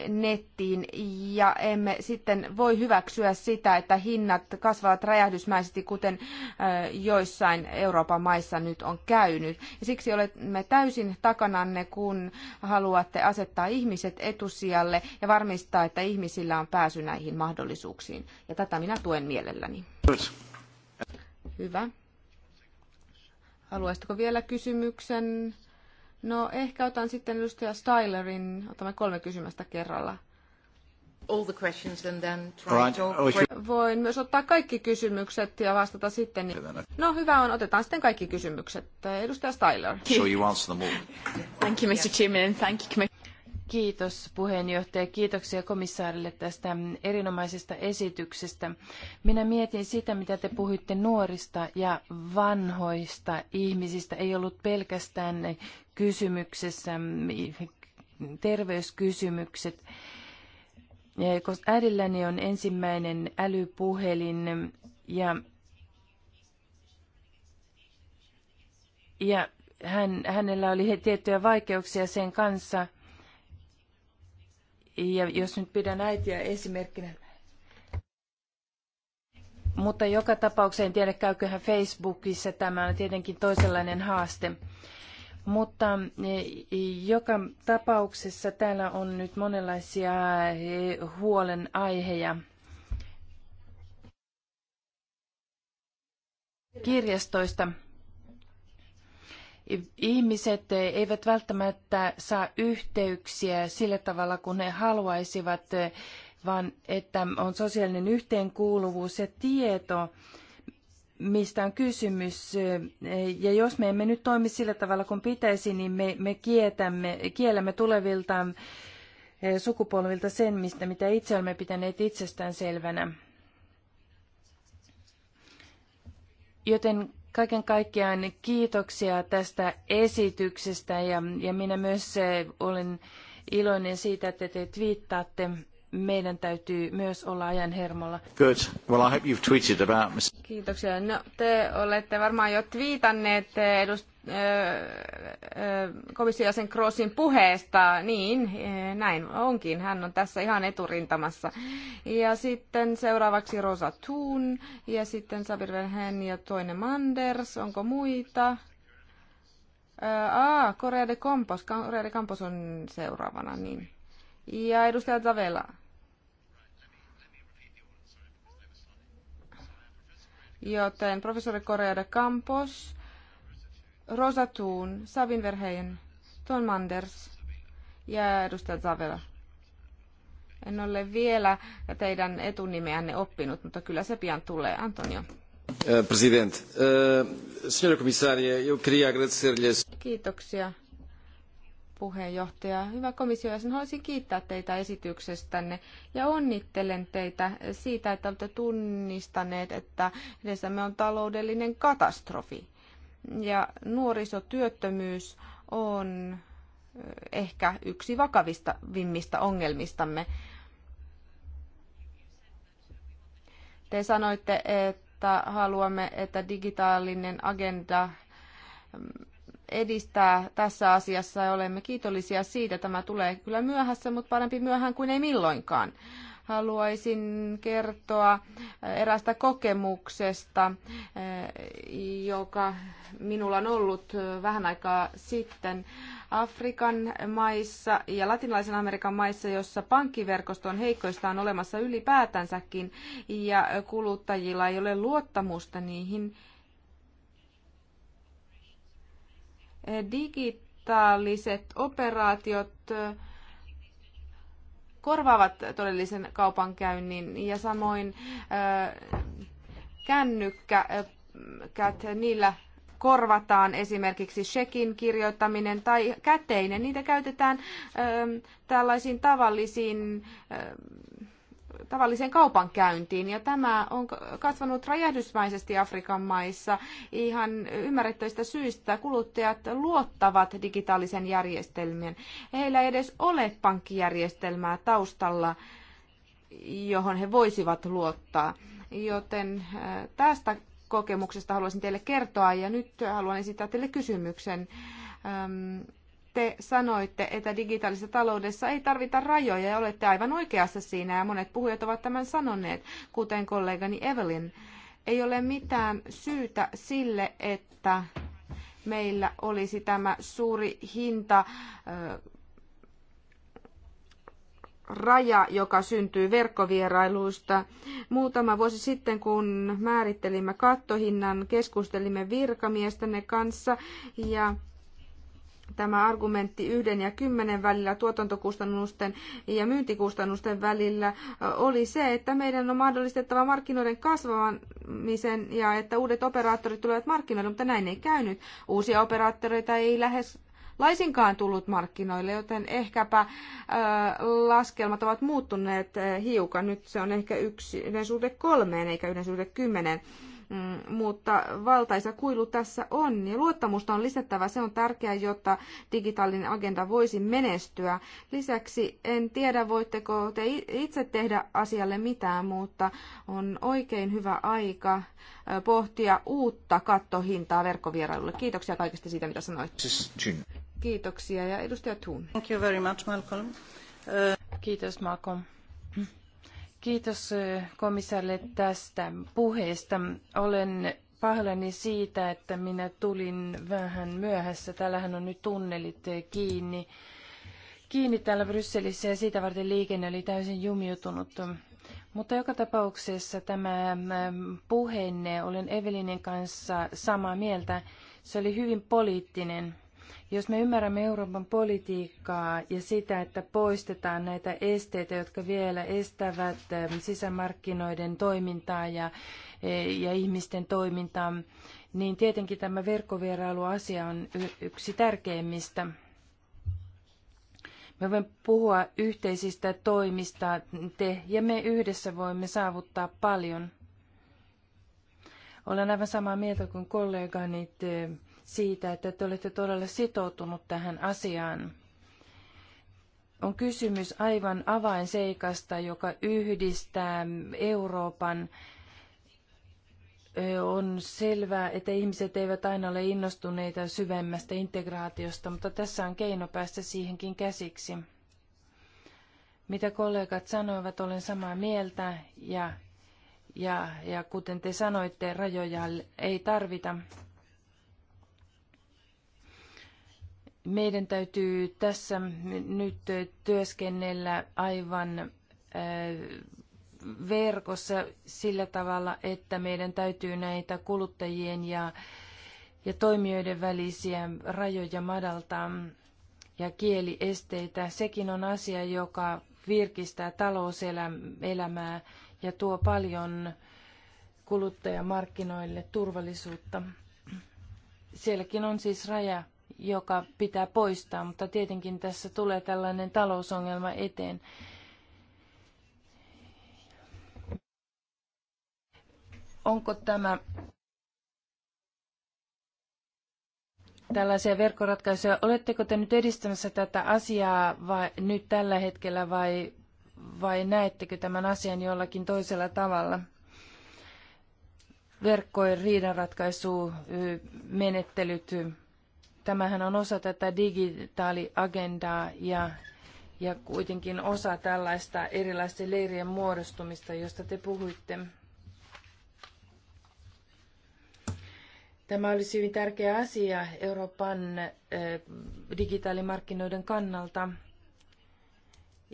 nettiin ja emme sitten voi hyväksyä sitä, että hinnat kasvavat räjähdysmäisesti, kuten joissain Euroopan maissa nyt on käynyt. Ja siksi olemme täysin takananne, kun haluatte asettaa asettaa ihmiset etusijalle ja varmistaa, että ihmisillä on pääsy näihin mahdollisuuksiin. Ja tätä minä tuen mielelläni. Hyvä. Haluaisitko vielä kysymyksen? No ehkä otan sitten edustaja Stylerin, otamme kolme kysymystä kerralla. All the questions and then try to... Oh, Voin myös ottaa kaikki kysymykset ja vastata sitten. No hyvä on, otetaan sitten kaikki kysymykset. Edustaja Styler. So you answer them all. Thank you, Mr. Chairman, and thank you, Kiitos puheenjohtaja. Kiitoksia komissaarille tästä erinomaisesta esityksestä. Minä mietin sitä, mitä te puhuitte nuorista ja vanhoista ihmisistä. Ei ollut pelkästään kysymyksessä terveyskysymykset. Koska äidilläni on ensimmäinen älypuhelin ja, ja hän, hänellä oli tiettyjä vaikeuksia sen kanssa – ja jos nyt pidän äitiä esimerkkinä, mutta joka tapauksessa en tiedä käyköhän Facebookissa, tämä on tietenkin toisenlainen haaste. Mutta e, joka tapauksessa täällä on nyt monenlaisia e, huolenaiheja. Kirjastoista ihmiset eivät välttämättä saa yhteyksiä sillä tavalla kuin he haluaisivat, vaan että on sosiaalinen yhteenkuuluvuus ja tieto, mistä on kysymys. Ja jos me emme nyt toimi sillä tavalla kuin pitäisi, niin me, me kietämme, tulevilta eh, sukupolvilta sen, mistä, mitä itse olemme pitäneet itsestään selvänä. Joten Kaiken kaikkiaan kiitoksia tästä esityksestä ja, ja minä myös eh, olen iloinen siitä, että te twiittaatte meidän täytyy myös olla ajan hermolla. Good. Well, I hope you've tweeted about... Kiitoksia. No, te olette varmaan jo twiitanneet eh, edust- eh, eh, komissiojäsen Crossin puheesta. Niin, näin onkin. Hän on tässä ihan eturintamassa. Ja sitten seuraavaksi Rosa Thun ja sitten Sabir Verhen ja toinen Manders. Onko muita? Aa, Korea de Campos. Korea de Campos on seuraavana, niin. Ja edustaja Tavela. Joten professori Korea de Campos, Rosa Thun, Sabin Verheyen, Ton Manders ja edustaja Tavela. En ole vielä teidän etunimeänne oppinut, mutta kyllä se pian tulee. Antonio. Eh, Presidente, eh, signor signora commissaria, io queria agradecerle... Kiitoksia puheenjohtaja. Hyvä komissio, ja sen haluaisin kiittää teitä esityksestänne ja onnittelen teitä siitä, että olette tunnistaneet, että edessämme on taloudellinen katastrofi. Ja nuorisotyöttömyys on eh, ehkä yksi vakavista vimmistä ongelmistamme. Te sanoitte, että haluamme, että digitaalinen agenda mm, edistää tässä asiassa ja olemme kiitollisia siitä. Tämä tulee kyllä myöhässä, mutta parempi myöhään kuin ei milloinkaan. Haluaisin kertoa erästä kokemuksesta, eh, joka minulla on ollut eh, vähän aikaa sitten Afrikan maissa ja latinalaisen Amerikan maissa, jossa pankkiverkosto on on olemassa ylipäätänsäkin ja kuluttajilla ei ole luottamusta niihin digitaaliset operaatiot korvaavat todellisen kaupankäynnin ja samoin kännykät, niillä korvataan esimerkiksi shekin kirjoittaminen tai käteinen. Niitä käytetään tällaisiin tavallisiin tavalliseen kaupankäyntiin. Ja tämä on kasvanut räjähdysmäisesti Afrikan maissa ihan ymmärrettävistä syistä. Kuluttajat luottavat digitaalisen järjestelmien. Heillä ei edes ole pankkijärjestelmää taustalla, johon he voisivat luottaa. Joten äh, tästä kokemuksesta haluaisin teille kertoa ja nyt haluan esittää teille kysymyksen te sanoitte, että digitaalisessa taloudessa ei tarvita rajoja ja olette aivan oikeassa siinä ja monet puhujat ovat tämän sanoneet, kuten kollegani Evelyn. Ei ole mitään syytä sille, että meillä olisi tämä suuri hinta raja, joka syntyy verkkovierailuista. Muutama vuosi sitten, kun määrittelimme kattohinnan, keskustelimme virkamiestenne kanssa ja tämä argumentti yhden ja kymmenen välillä, tuotantokustannusten ja myyntikustannusten välillä, oli se, että meidän on mahdollistettava markkinoiden kasvamisen ja että uudet operaattorit tulevat markkinoille, mutta näin ei käynyt. Uusia operaattoreita ei lähes laisinkaan tullut markkinoille, joten ehkäpä laskelmat ovat muuttuneet hiukan. Nyt se on ehkä yksi, yhden suhde kolmeen eikä yhden suhde kymmeneen. Mm, mutta valtaisa kuilu tässä on ja luottamusta on lisättävä. Se on tärkeää, jotta digitaalinen agenda voisi menestyä. Lisäksi en tiedä, voitteko te itse tehdä asialle mitään, mutta on oikein hyvä aika pohtia uutta kattohintaa verkkovierailulle. Kiitoksia kaikesta siitä, mitä sanoit. Siis Kiitoksia ja edustaja Thun. Thank you very much, Malcolm. Uh... Kiitos, Malcolm. Kiitos komissaarille tästä puheesta. Olen pahoillani siitä, että minä tulin vähän myöhässä. Täällähän on nyt tunnelit kiinni, kiinni täällä Brysselissä ja siitä varten liikenne oli täysin jumiutunut. Mutta joka tapauksessa tämä ähm, puheenne, olen Evelinin kanssa samaa mieltä, se oli hyvin poliittinen jos me ymmärrämme Euroopan politiikkaa ja sitä, että poistetaan näitä esteitä, jotka vielä estävät ähm, sisämarkkinoiden toimintaa ja, e, ja ihmisten toimintaa, niin tietenkin tämä verkkovierailuasia on yksi tärkeimmistä. Me voimme puhua yhteisistä toimista, te ja me yhdessä voimme saavuttaa paljon. Olen aivan samaa mieltä kuin Te, siitä, että te olette todella sitoutunut tähän asiaan. On kysymys aivan avainseikasta, joka yhdistää Euroopan on selvää, että ihmiset eivät aina ole innostuneita syvemmästä integraatiosta, mutta tässä on keino päästä siihenkin käsiksi. Mitä kollegat sanoivat, olen samaa mieltä ja, ja, ja kuten te sanoitte, rajoja ei tarvita. Meidän täytyy tässä nyt työskennellä aivan äh, verkossa sillä tavalla, että meidän täytyy näitä kuluttajien ja, ja toimijoiden välisiä rajoja madaltaa ja kieliesteitä. Sekin on asia, joka virkistää talouselämää ja tuo paljon kuluttajamarkkinoille turvallisuutta. Sielläkin on siis raja joka pitää poistaa, mutta tietenkin tässä tulee tällainen talousongelma eteen. Onko tämä tällaisia verkkoratkaisuja? Oletteko te nyt edistämässä tätä asiaa vai nyt tällä hetkellä vai, vai näettekö tämän asian jollakin toisella tavalla? Verkkojen riidanratkaisu, menettelyt Tämähän on osa tätä digitaaliagendaa ja, ja kuitenkin osa tällaista erilaisten leirien muodostumista, josta te puhuitte. Tämä olisi hyvin tärkeä asia Euroopan eh, digitaalimarkkinoiden kannalta.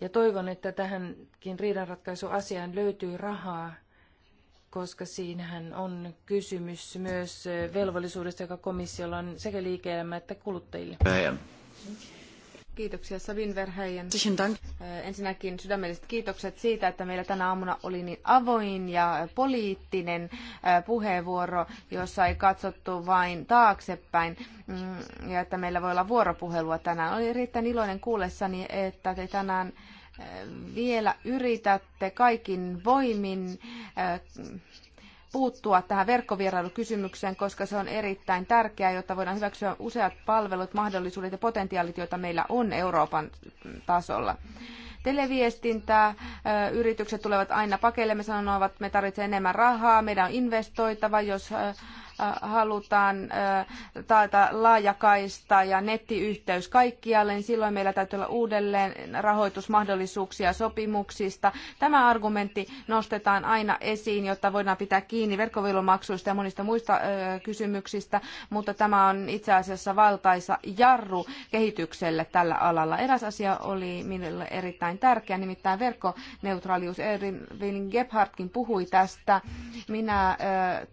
Ja toivon, että tähänkin riidanratkaisuasiaan löytyy rahaa koska siinähän on kysymys myös velvollisuudesta, joka komissiolla on sekä liike-elämä että kuluttajille. Päin. Kiitoksia Savin Verheijen. Ensinnäkin sydämelliset kiitokset siitä, että meillä tänä aamuna oli niin avoin ja poliittinen puheenvuoro, jossa ei katsottu vain taaksepäin mm, ja että meillä voi olla vuoropuhelua tänään. Olin erittäin iloinen kuullessani, että te tänään vielä yritätte kaikin voimin äh, puuttua tähän verkkovierailukysymykseen, koska se on erittäin tärkeää, jotta voidaan hyväksyä useat palvelut, mahdollisuudet ja potentiaalit, joita meillä on Euroopan tasolla. Televiestintää, äh, yritykset tulevat aina pakeille, me sanovat, että me tarvitsemme enemmän rahaa, meidän on investoitava, jos äh, halutaan taata laajakaista ja nettiyhteys kaikkialle, niin silloin meillä täytyy olla uudelleen rahoitusmahdollisuuksia sopimuksista. Tämä argumentti nostetaan aina esiin, jotta voidaan pitää kiinni verkkoviilumaksuista ja monista muista kysymyksistä, mutta tämä on itse asiassa valtaisa jarru kehitykselle tällä alalla. Eräs asia oli minulle erittäin tärkeä, nimittäin verkkoneutraalius. Erin Gebhardtkin puhui tästä. Minä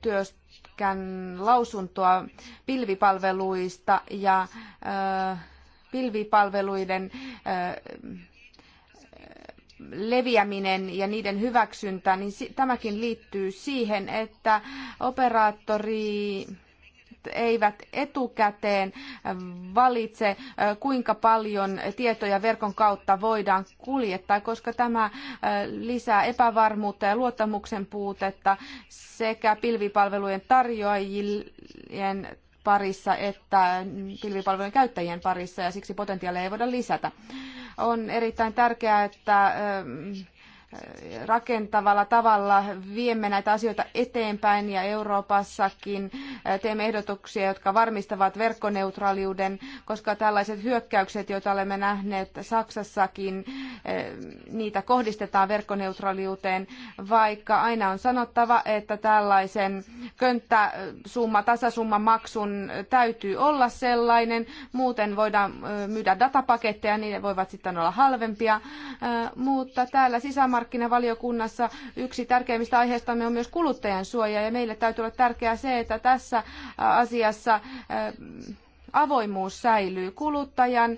työstä pitkän lausuntoa pilvipalveluista ja pilvipalveluiden leviäminen ja niiden hyväksyntä, niin tämäkin liittyy siihen, että operaattori eivät etukäteen valitse, kuinka paljon tietoja verkon kautta voidaan kuljettaa, koska tämä lisää epävarmuutta ja luottamuksen puutetta sekä pilvipalvelujen tarjoajien parissa että pilvipalvelujen käyttäjien parissa ja siksi potentiaalia ei voida lisätä. On erittäin tärkeää, että rakentavalla tavalla viemme näitä asioita eteenpäin ja Euroopassakin teemme ehdotuksia, jotka varmistavat verkkoneutraaliuden, koska tällaiset hyökkäykset, joita olemme nähneet Saksassakin, niitä kohdistetaan verkkoneutraaliuteen, vaikka aina on sanottava, että tällaisen könttäsumma, tasasumman maksun täytyy olla sellainen, muuten voidaan myydä datapaketteja, niin ne voivat sitten olla halvempia, mutta täällä sisämaa sisämarkkinavaliokunnassa yksi tärkeimmistä aiheistamme on myös kuluttajan suoja ja meille täytyy olla tärkeää se, että tässä asiassa avoimuus säilyy. Kuluttajan,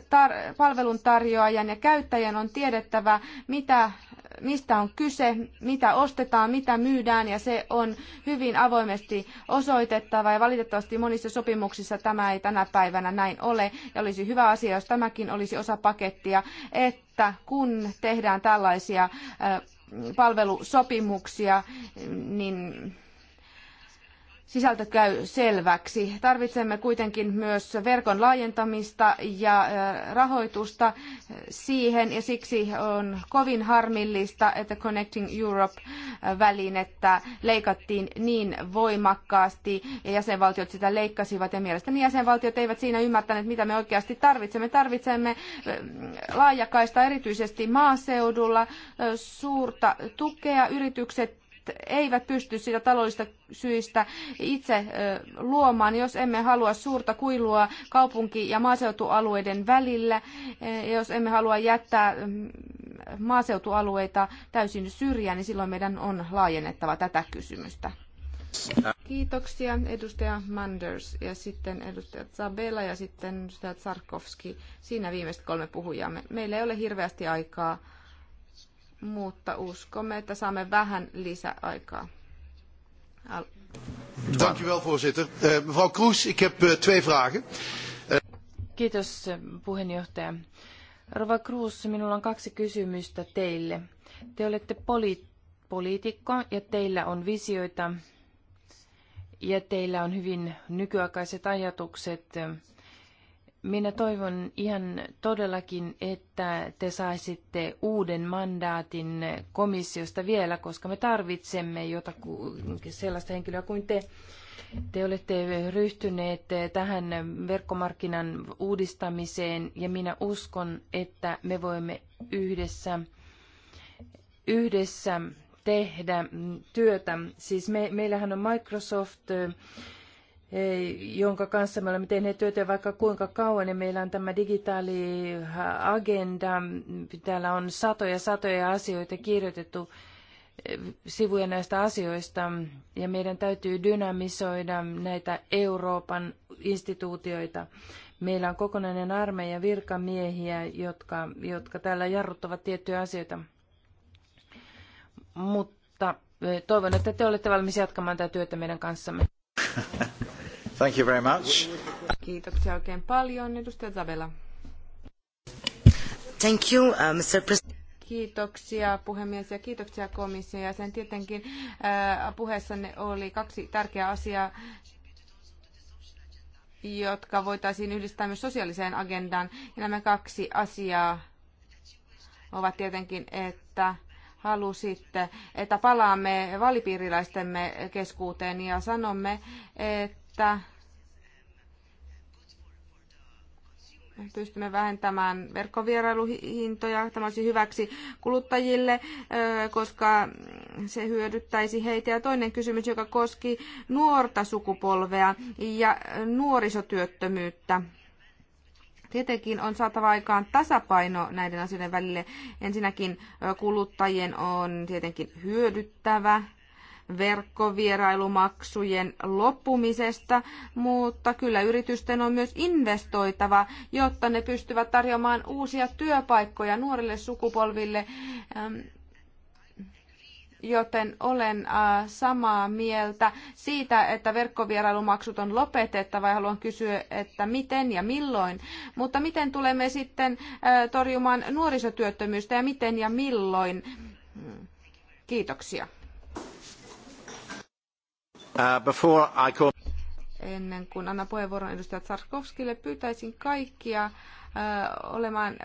tar- palveluntarjoajan ja käyttäjän on tiedettävä, mitä mistä on kyse, mitä ostetaan, mitä myydään ja se on hyvin avoimesti osoitettava ja valitettavasti monissa sopimuksissa tämä ei tänä päivänä näin ole ja olisi hyvä asia, jos tämäkin olisi osa pakettia, että kun tehdään tällaisia palvelusopimuksia, niin sisältö käy selväksi. Tarvitsemme kuitenkin myös verkon laajentamista ja rahoitusta siihen, ja siksi on kovin harmillista, että Connecting Europe-välinettä leikattiin niin voimakkaasti, ja jäsenvaltiot sitä leikkasivat, ja mielestäni jäsenvaltiot eivät siinä ymmärtäneet, mitä me oikeasti tarvitsemme. Tarvitsemme laajakaista erityisesti maaseudulla, suurta tukea, yritykset eivät pysty sitä taloudellista syistä itse luomaan, jos emme halua suurta kuilua kaupunki- ja maaseutualueiden välillä, jos emme halua jättää maaseutualueita täysin syrjään, niin silloin meidän on laajennettava tätä kysymystä. Kiitoksia edustaja Manders ja sitten edustaja Zabella ja sitten edustaja Tsarkovski. Siinä viimeiset kolme puhujaa. Meillä ei ole hirveästi aikaa mutta uskomme, että saamme vähän lisäaikaa. Al- Dank u wel, voorzitter. Eh, mevrouw Kroes, ik heb eh, twee vragen. Eh, Kiitos, puheenjohtaja. Rova Kroes, minulla on kaksi kysymystä teille. Te olette poli- poliitikko ja teillä on visioita ja teillä on hyvin nykyaikaiset ajatukset minä toivon ihan todellakin, että te saisitte uuden mandaatin komissiosta vielä, koska me tarvitsemme jotakin sellaista henkilöä kuin te. Te olette ryhtyneet tähän verkkomarkkinan uudistamiseen ja minä uskon, että me voimme yhdessä, yhdessä tehdä työtä. Siis me, meillähän on Microsoft, jonka kanssa me olemme tehneet työtä vaikka kuinka kauan, ja meillä on tämä digitaaliagenda. Täällä on satoja satoja asioita kirjoitettu eh, sivuja näistä asioista, ja meidän täytyy dynamisoida näitä Euroopan instituutioita. Meillä on kokonainen armeija virkamiehiä, jotka, jotka täällä jarruttavat tiettyjä asioita. Mutta eh, toivon, että te olette valmis jatkamaan tätä työtä meidän kanssamme. Thank you very much. Kiitoksia oikein paljon, edustaja Zabela. Thank you, uh, Mr. President. Kiitoksia puhemies ja kiitoksia komissio. Ja sen tietenkin äh, puheessanne oli kaksi tärkeää asiaa, jotka voitaisiin yhdistää myös sosiaaliseen agendaan. Ja nämä kaksi asiaa ovat tietenkin, että halusitte, että palaamme valipiiriläistemme keskuuteen ja sanomme, että pystymme vähentämään verkkovierailuhintoja. Tämä olisi hyväksi kuluttajille, koska se hyödyttäisi heitä. Ja toinen kysymys, joka koski nuorta sukupolvea ja nuorisotyöttömyyttä. Tietenkin on saatava aikaan tasapaino näiden asioiden välille. Ensinnäkin kuluttajien on tietenkin hyödyttävä verkkovierailumaksujen loppumisesta, mutta kyllä yritysten on myös investoitava, jotta ne pystyvät tarjoamaan uusia työpaikkoja nuorille sukupolville joten olen äh, samaa mieltä siitä, että verkkovierailumaksut on lopetettava ja haluan kysyä, että miten ja milloin. Mutta miten tulemme sitten äh, torjumaan nuorisotyöttömyystä ja miten ja milloin? Kiitoksia. Uh, Ennen kuin annan puheenvuoron edustaja Tsarkovskille, pyytäisin kaikkia äh, olemaan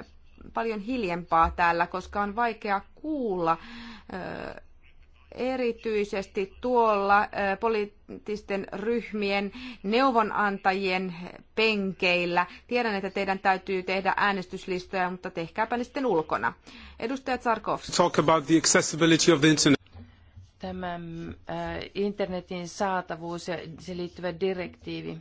paljon hiljempaa täällä, koska on vaikea kuulla. Uh, erityisesti tuolla poliittisten ryhmien neuvonantajien penkeillä. Tiedän, että teidän täytyy tehdä äänestyslistoja, mutta tehkääpä ne sitten ulkona. Edustaja Tsarkovski. Talk about the accessibility of the internet. Tämä internetin saatavuus ja se liittyvä direktiivi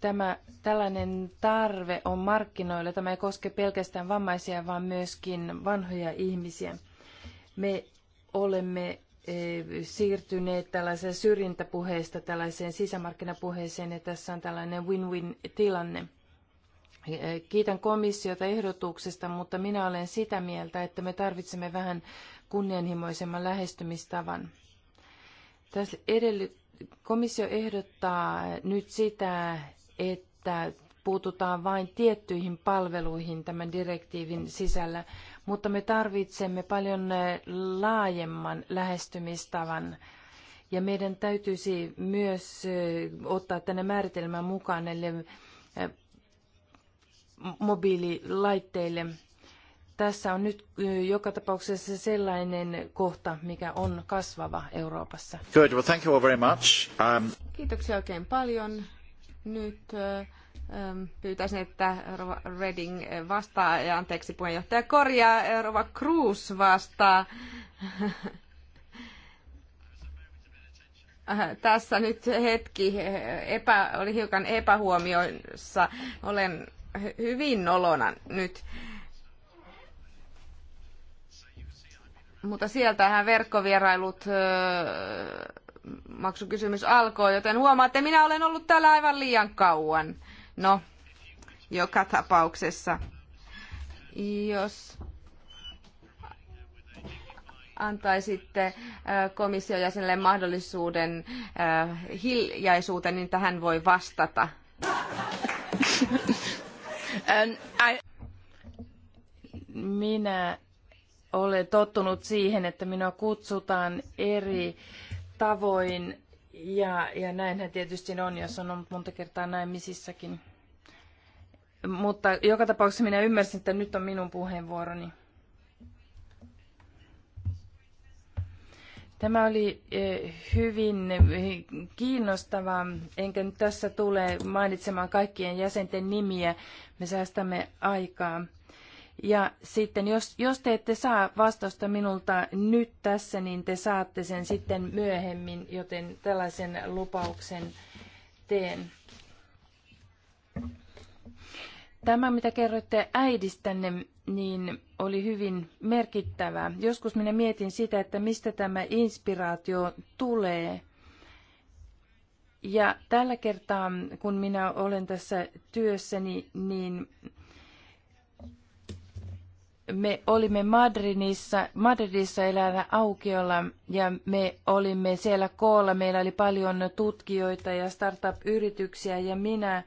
tämä tällainen tarve on markkinoilla. Tämä ei koske pelkästään vammaisia, vaan myöskin vanhoja ihmisiä. Me olemme E, siirtyneet tällaiseen syrjintäpuheesta tällaiseen sisämarkkinapuheeseen, ja tässä on tällainen win-win-tilanne. E, e, kiitän komissiota ehdotuksesta, mutta minä olen sitä mieltä, että me tarvitsemme vähän kunnianhimoisemman lähestymistavan. Tässä edelly- komissio ehdottaa nyt sitä, että puututaan vain tiettyihin palveluihin tämän direktiivin sisällä mutta me tarvitsemme paljon eh, laajemman lähestymistavan. Ja meidän täytyisi myös eh, ottaa tänne määritelmän mukaan näille eh, mobiililaitteille. Tässä on nyt joka tapauksessa sellainen kohta, mikä on kasvava Euroopassa. Good. Well, thank you all very much. Um... Kiitoksia oikein paljon. Nyt uh Pyytäisin, että Rova Redding vastaa, ja anteeksi puheenjohtaja korjaa, Rova Cruz vastaa. Tässä nyt hetki, epä, oli hiukan epähuomioissa. Olen hyvin nolona nyt. Mutta sieltähän verkkovierailut maksukysymys alkoi, joten huomaatte, minä olen ollut täällä aivan liian kauan. No, joka tapauksessa, jos antaisitte äh, komission jäsenelle mahdollisuuden äh, hiljaisuuteen, niin tähän voi vastata. Ähm, Minä olen tottunut siihen, että minua kutsutaan eri tavoin ja, ja näinhän tietysti on, ja se on ollut monta kertaa näin misissäkin. Mutta joka tapauksessa minä ymmärsin, että nyt on minun puheenvuoroni. Tämä oli e, hyvin e, kiinnostava, enkä nyt tässä tule mainitsemaan kaikkien jäsenten nimiä. Me säästämme aikaa. Ja sitten jos, jos te ette saa vastausta minulta nyt tässä, niin te saatte sen sitten myöhemmin, joten tällaisen lupauksen teen. Tämä, mitä kerroitte äidistänne, niin oli hyvin merkittävää. Joskus minä mietin sitä, että mistä tämä inspiraatio tulee. Ja tällä kertaa, kun minä olen tässä työssäni, niin me olimme Madridissa, Madridissa elävä aukiolla ja me olimme siellä koolla. Meillä oli paljon tutkijoita ja startup-yrityksiä ja minä,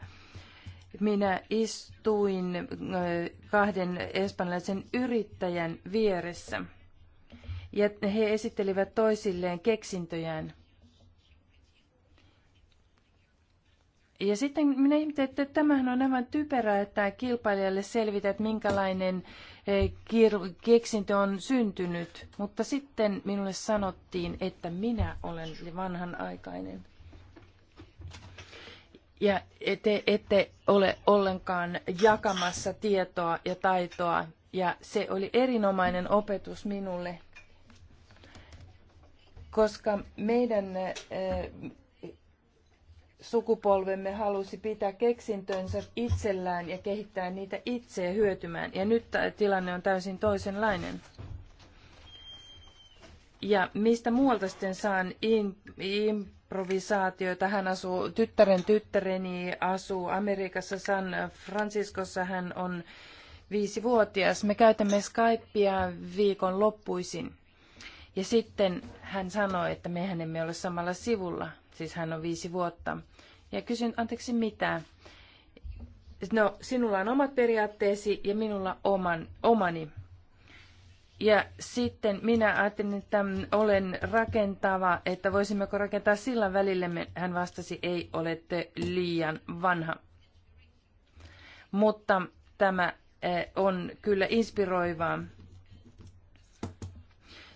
minä istuin kahden espanjalaisen yrittäjän vieressä. Ja he esittelivät toisilleen keksintöjään. Ja sitten minä ihmettelin, että tämähän on aivan typerää, että kilpailijalle selvitä, että minkälainen keksintö on syntynyt, mutta sitten minulle sanottiin, että minä olen vanhanaikainen. Ja te ette ole ollenkaan jakamassa tietoa ja taitoa. Ja se oli erinomainen opetus minulle, koska meidän eh, sukupolvemme halusi pitää keksintönsä itsellään ja kehittää niitä itse hyötymään. Ja nyt tilanne on täysin toisenlainen. Ja mistä muualta sitten saan in, improvisaatioita? Hän asuu, tyttären tyttäreni asuu Amerikassa, San Franciscossa hän on viisivuotias. Me käytämme Skypea viikon loppuisin. Ja sitten hän sanoi, että mehän emme ole samalla sivulla, siis hän on viisi vuotta. Ja kysyn, anteeksi, mitä? No, sinulla on omat periaatteesi ja minulla oman, omani. Ja sitten minä ajattelin, että olen rakentava, että voisimmeko rakentaa sillä välillemme. Hän vastasi, ei olette liian vanha. Mutta tämä eh, on kyllä inspiroivaa.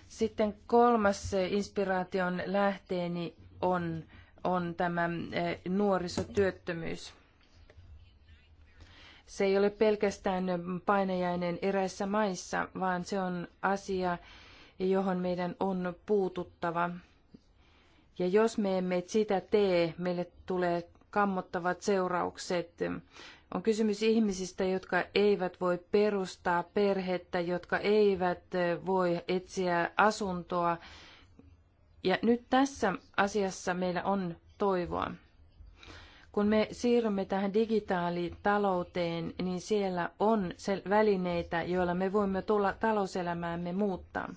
Sitten kolmas eh, inspiraation lähteeni on on tämä eh, nuorisotyöttömyys. Se ei ole pelkästään painajainen eräissä maissa, vaan se on asia, johon meidän on puututtava. Ja jos me emme sitä tee, meille tulee kammottavat seuraukset. On kysymys ihmisistä, jotka eivät voi perustaa perhettä, jotka eivät eh, voi etsiä asuntoa, ja nyt tässä asiassa meillä on toivoa. Kun me siirrymme tähän digitaalitalouteen, niin siellä on välineitä, joilla me voimme tulla talouselämäämme muuttaa.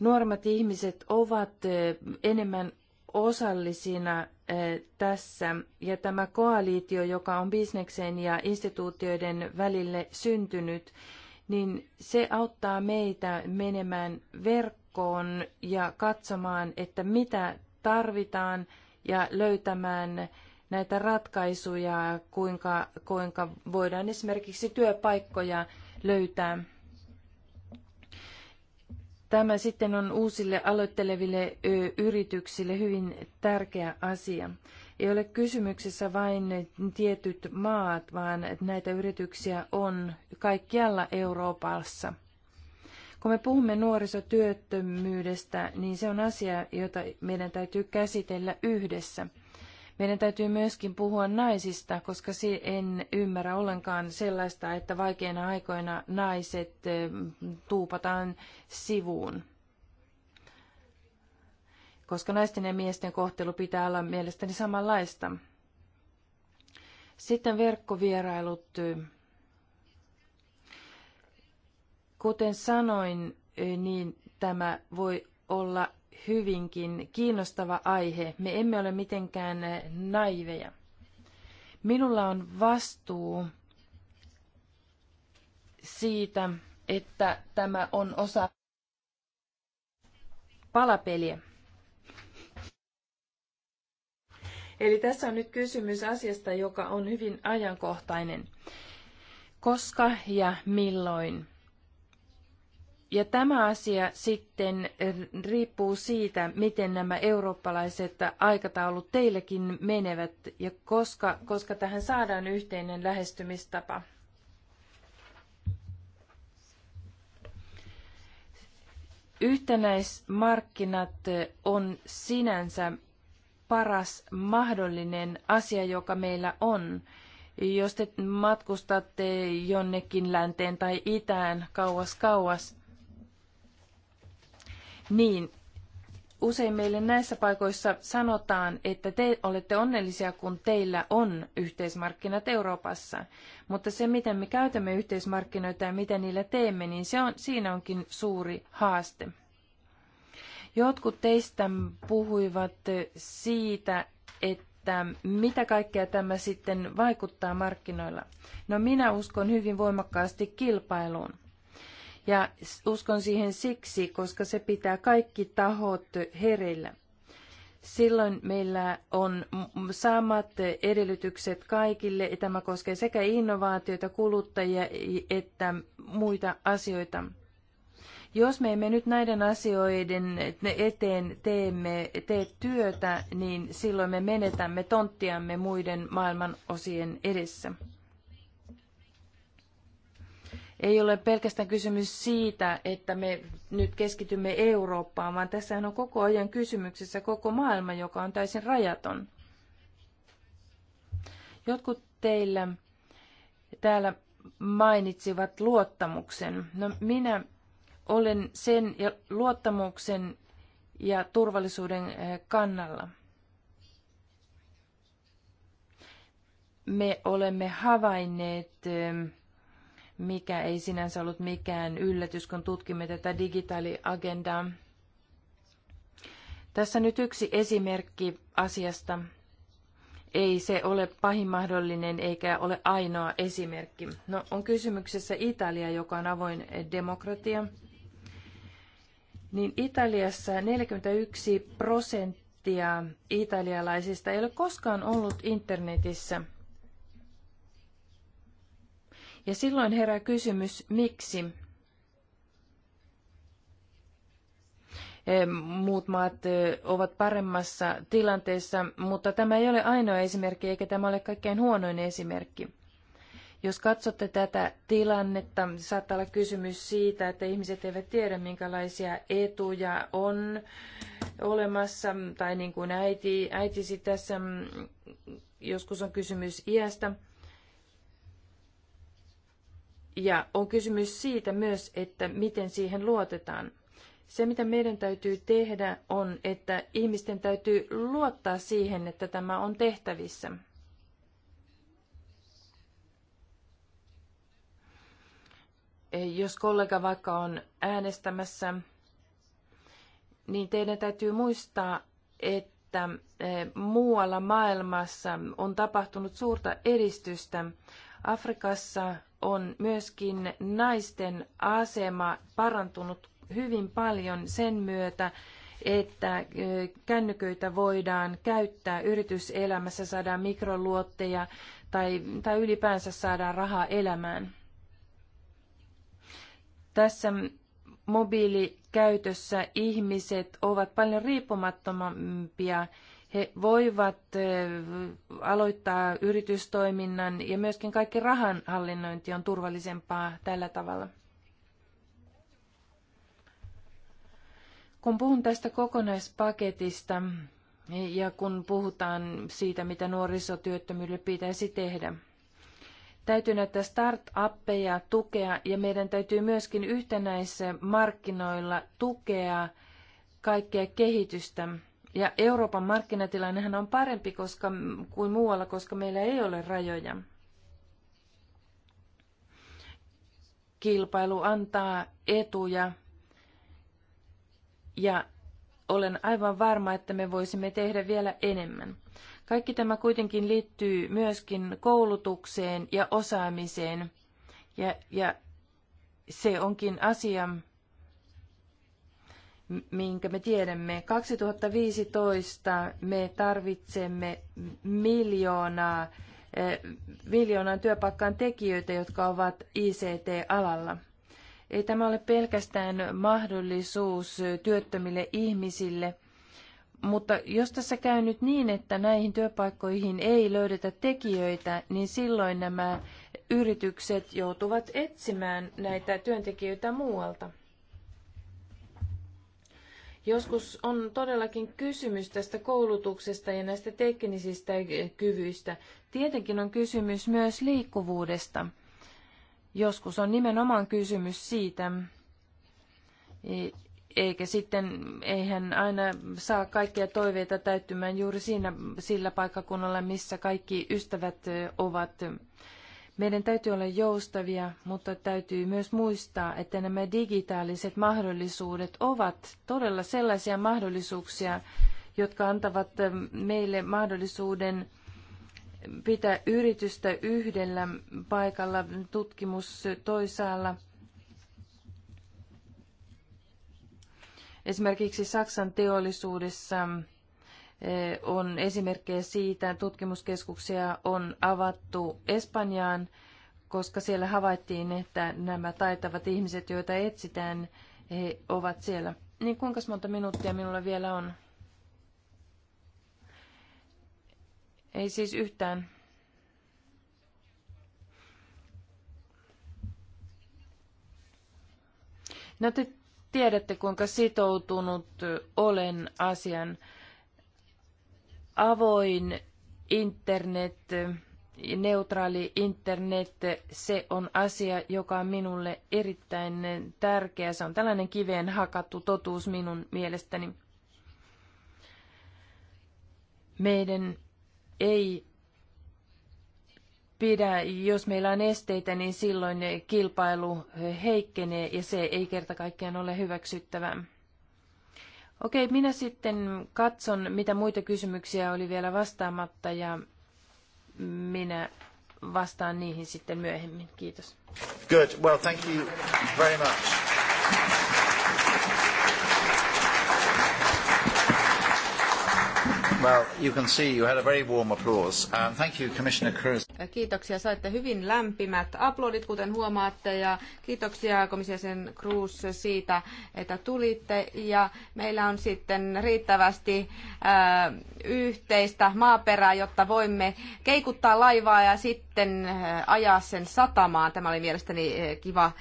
Nuoremmat ihmiset ovat enemmän osallisina tässä. Ja tämä koalitio, joka on bisneksen ja instituutioiden välille syntynyt, niin se auttaa meitä menemään verkkoon ja katsomaan, että mitä tarvitaan ja löytämään näitä ratkaisuja, kuinka, kuinka voidaan esimerkiksi työpaikkoja löytää. Tämä sitten on uusille aloitteleville yrityksille hyvin tärkeä asia. Ei ole kysymyksessä vain tietyt maat, vaan että näitä yrityksiä on kaikkialla Euroopassa. Kun me puhumme nuorisotyöttömyydestä, niin se on asia, jota meidän täytyy käsitellä yhdessä. Meidän täytyy myöskin puhua naisista, koska en ymmärrä ollenkaan sellaista, että vaikeina aikoina naiset eh, tuupataan sivuun koska naisten ja miesten kohtelu pitää olla mielestäni samanlaista. Sitten verkkovierailut. Kuten sanoin, niin tämä voi olla hyvinkin kiinnostava aihe. Me emme ole mitenkään naiveja. Minulla on vastuu siitä, että tämä on osa palapeliä. Eli tässä on nyt kysymys asiasta, joka on hyvin ajankohtainen. Koska ja milloin? Ja tämä asia sitten riippuu siitä, miten nämä eurooppalaiset aikataulut teillekin menevät ja koska, koska tähän saadaan yhteinen lähestymistapa. Yhtenäismarkkinat on sinänsä paras mahdollinen asia, joka meillä on. Jos te matkustatte jonnekin länteen tai itään kauas kauas, niin usein meille näissä paikoissa sanotaan, että te olette onnellisia, kun teillä on yhteismarkkinat Euroopassa. Mutta se, miten me käytämme yhteismarkkinoita ja mitä niillä teemme, niin se on, siinä onkin suuri haaste. Jotkut teistä puhuivat siitä, että mitä kaikkea tämä sitten vaikuttaa markkinoilla. No minä uskon hyvin voimakkaasti kilpailuun. Ja uskon siihen siksi, koska se pitää kaikki tahot hereillä silloin meillä on samat edellytykset kaikille. Tämä koskee sekä innovaatioita, kuluttajia että muita asioita. Jos me emme nyt näiden asioiden eteen teemme, tee työtä, niin silloin me menetämme tonttiamme muiden maailman osien edessä. Ei ole pelkästään kysymys siitä, että me nyt keskitymme Eurooppaan, vaan tässä on koko ajan kysymyksessä koko maailma, joka on täysin rajaton. Jotkut teillä täällä mainitsivat luottamuksen. No minä olen sen ja luottamuksen ja turvallisuuden eh, kannalla. Me olemme havainneet, eh, mikä ei sinänsä ollut mikään yllätys, kun tutkimme tätä digitaaliagendaa. Tässä nyt yksi esimerkki asiasta. Ei se ole pahin mahdollinen eikä ole ainoa esimerkki. No, on kysymyksessä Italia, joka on avoin demokratia niin Italiassa 41 prosenttia italialaisista ei ole koskaan ollut internetissä. Ja silloin herää kysymys, miksi? Muut maat ovat paremmassa tilanteessa, mutta tämä ei ole ainoa esimerkki, eikä tämä ole kaikkein huonoin esimerkki. Jos katsotte tätä tilannetta, niin saattaa olla kysymys siitä, että ihmiset eivät tiedä, minkälaisia etuja on olemassa, tai niin kuin äiti, äitisi tässä, mm, joskus on kysymys iästä. Ja on kysymys siitä myös, että miten siihen luotetaan. Se, mitä meidän täytyy tehdä, on, että ihmisten täytyy luottaa siihen, että tämä on tehtävissä. jos kollega vaikka on äänestämässä, niin teidän täytyy muistaa, että eh, muualla maailmassa on tapahtunut suurta edistystä. Afrikassa on myöskin naisten asema parantunut hyvin paljon sen myötä, että eh, kännyköitä voidaan käyttää yrityselämässä, saadaan mikroluotteja tai, tai ylipäänsä saadaan rahaa elämään. Tässä mobiilikäytössä ihmiset ovat paljon riippumattomampia. He voivat aloittaa yritystoiminnan ja myöskin kaikki rahanhallinnointi on turvallisempaa tällä tavalla. Kun puhun tästä kokonaispaketista ja kun puhutaan siitä, mitä nuorisotyöttömyydelle pitäisi tehdä – Täytyy näyttää start-appeja tukea ja meidän täytyy myöskin markkinoilla tukea kaikkea kehitystä. Ja Euroopan markkinatilannehan on parempi koska, kuin muualla, koska meillä ei ole rajoja. Kilpailu antaa etuja ja olen aivan varma, että me voisimme tehdä vielä enemmän. Kaikki tämä kuitenkin liittyy myöskin koulutukseen ja osaamiseen. Ja, ja se onkin asia, minkä me tiedämme. 2015 me tarvitsemme miljoonaa, eh, miljoonaan työpaikkaan tekijöitä, jotka ovat ICT-alalla. Ei tämä ole pelkästään mahdollisuus työttömille ihmisille, mutta jos tässä käy nyt niin, että näihin työpaikkoihin ei löydetä tekijöitä, niin silloin nämä yritykset joutuvat etsimään näitä työntekijöitä muualta. Joskus on todellakin kysymys tästä koulutuksesta ja näistä teknisistä kyvyistä. Tietenkin on kysymys myös liikkuvuudesta. Joskus on nimenomaan kysymys siitä, eikä sitten, eihän aina saa kaikkia toiveita täyttymään juuri siinä, sillä paikkakunnalla, missä kaikki ystävät ovat. Meidän täytyy olla joustavia, mutta täytyy myös muistaa, että nämä digitaaliset mahdollisuudet ovat todella sellaisia mahdollisuuksia, jotka antavat meille mahdollisuuden pitää yritystä yhdellä paikalla, tutkimus toisaalla – Esimerkiksi Saksan teollisuudessa eh, on esimerkkejä siitä, tutkimuskeskuksia on avattu Espanjaan, koska siellä havaittiin, että nämä taitavat ihmiset, joita etsitään, he ovat siellä. Niin kuinka monta minuuttia minulla vielä on? Ei siis yhtään. No te tiedätte, kuinka sitoutunut olen asian avoin internet, neutraali internet, se on asia, joka on minulle erittäin tärkeä. Se on tällainen kiveen hakattu totuus minun mielestäni. Meidän ei pidä, jos meillä on esteitä, niin silloin kilpailu heikkenee ja se ei kerta kaikkiaan ole hyväksyttävää. Okei, minä sitten katson, mitä muita kysymyksiä oli vielä vastaamatta ja minä vastaan niihin sitten myöhemmin. Kiitos. Good. Well, thank you very much. Well, you can see you had a very warm applause. Um, thank you, Commissioner Cruz. Äh, kiitoksia, saitte hyvin lämpimät aplodit, kuten huomaatte, ja kiitoksia komissiosen Cruz siitä, että tulitte. Ja meillä on sitten riittävästi äh, yhteistä maaperää, jotta voimme keikuttaa laivaa ja sitten äh, ajaa sen satamaan. Tämä oli mielestäni äh, kiva äh,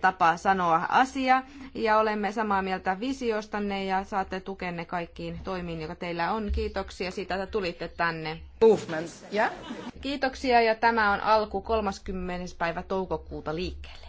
tapa sanoa asia. Ja olemme samaa mieltä visiostanne ja saatte tukenne kaikkiin toimiin, joka teillä on. Kiitoksia siitä, että tulitte tänne. Movements, yeah? Kiitoksia ja tämä on alku 30. päivä toukokuuta liikkeelle.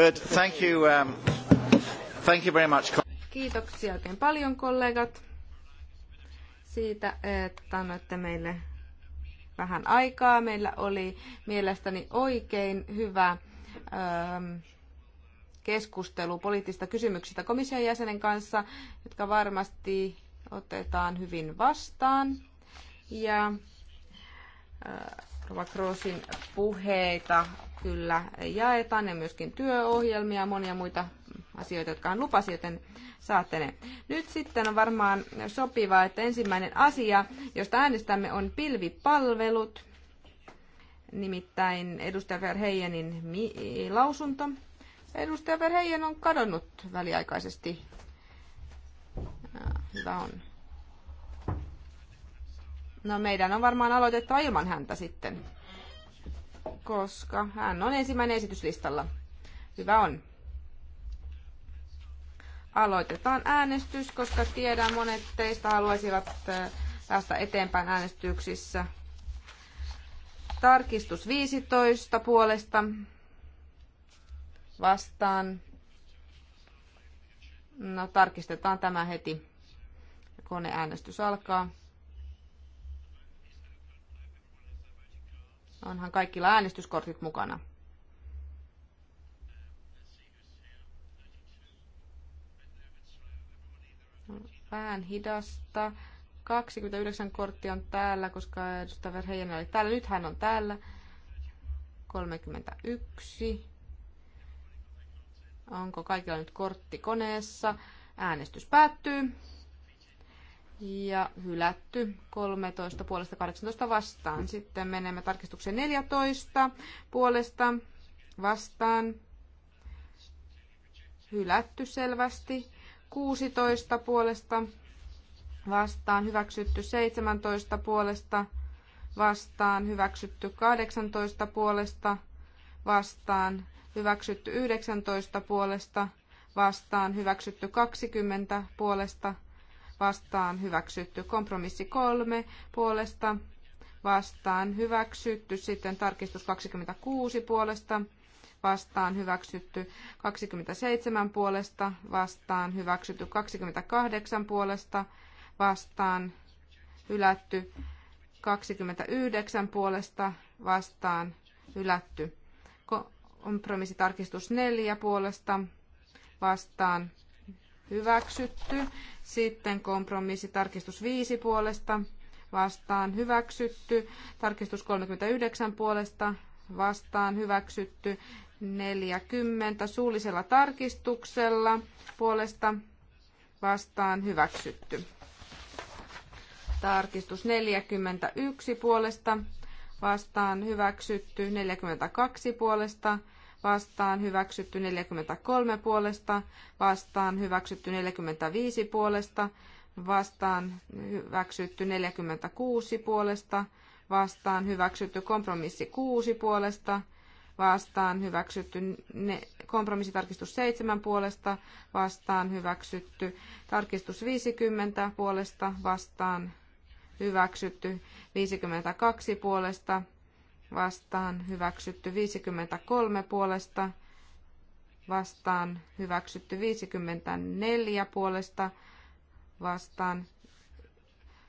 Good. Thank you, um, thank you very much. Kiitoksia oikein paljon kollegat siitä, että annoitte meille vähän aikaa. Meillä oli mielestäni oikein hyvä ähm, keskustelu poliittista kysymyksistä komission jäsenen kanssa, jotka varmasti otetaan hyvin vastaan. Ja äh, Rova Crossin puheita kyllä jaetaan ja myöskin työohjelmia ja monia muita asioita, jotka on lupasi, joten saatte ne. Nyt sitten on varmaan sopivaa, että ensimmäinen asia, josta äänestämme, on pilvipalvelut, nimittäin edustaja Verheijenin lausunto. Edustaja Verheijen on kadonnut väliaikaisesti. Hyvä on. No meidän on varmaan aloitettava ilman häntä sitten koska hän on ensimmäinen esityslistalla. Hyvä on. Aloitetaan äänestys, koska tiedän monet teistä haluaisivat äh, päästä eteenpäin äänestyksissä. Tarkistus 15 puolesta vastaan. No tarkistetaan tämä heti. Koneäänestys alkaa. Onhan kaikki äänestyskortit mukana. Vähän hidasta. 29 korttia on täällä, koska edustaja Verheijen oli täällä. Nyt hän on täällä. 31. Onko kaikilla nyt kortti koneessa? Äänestys päättyy ja hylätty 13 puolesta 18 vastaan. Sitten menemme tarkistukseen 14 puolesta vastaan. Hylätty selvästi. 16 puolesta vastaan. Hyväksytty 17 puolesta vastaan. Hyväksytty 18 puolesta vastaan. Hyväksytty 19 puolesta vastaan. Hyväksytty 20 puolesta vastaan vastaan hyväksytty. Kompromissi kolme puolesta vastaan hyväksytty. Sitten tarkistus 26 puolesta vastaan hyväksytty. 27 puolesta vastaan hyväksytty. 28 puolesta vastaan hylätty. 29 puolesta vastaan hylätty. Kompromissitarkistus 4 puolesta vastaan hyväksytty. Sitten kompromissi tarkistus 5 puolesta vastaan hyväksytty. Tarkistus 39 puolesta vastaan hyväksytty. 40 suullisella tarkistuksella puolesta vastaan hyväksytty. Tarkistus 41 puolesta vastaan hyväksytty, 42 puolesta vastaan hyväksytty 43 puolesta, vastaan hyväksytty 45 puolesta, vastaan hyväksytty 46 puolesta, vastaan hyväksytty kompromissi 6 puolesta, vastaan hyväksytty ne, kompromissitarkistus 7 puolesta, vastaan hyväksytty tarkistus 50 puolesta, vastaan hyväksytty 52 puolesta, vastaan hyväksytty 53 puolesta, vastaan hyväksytty 54 puolesta, vastaan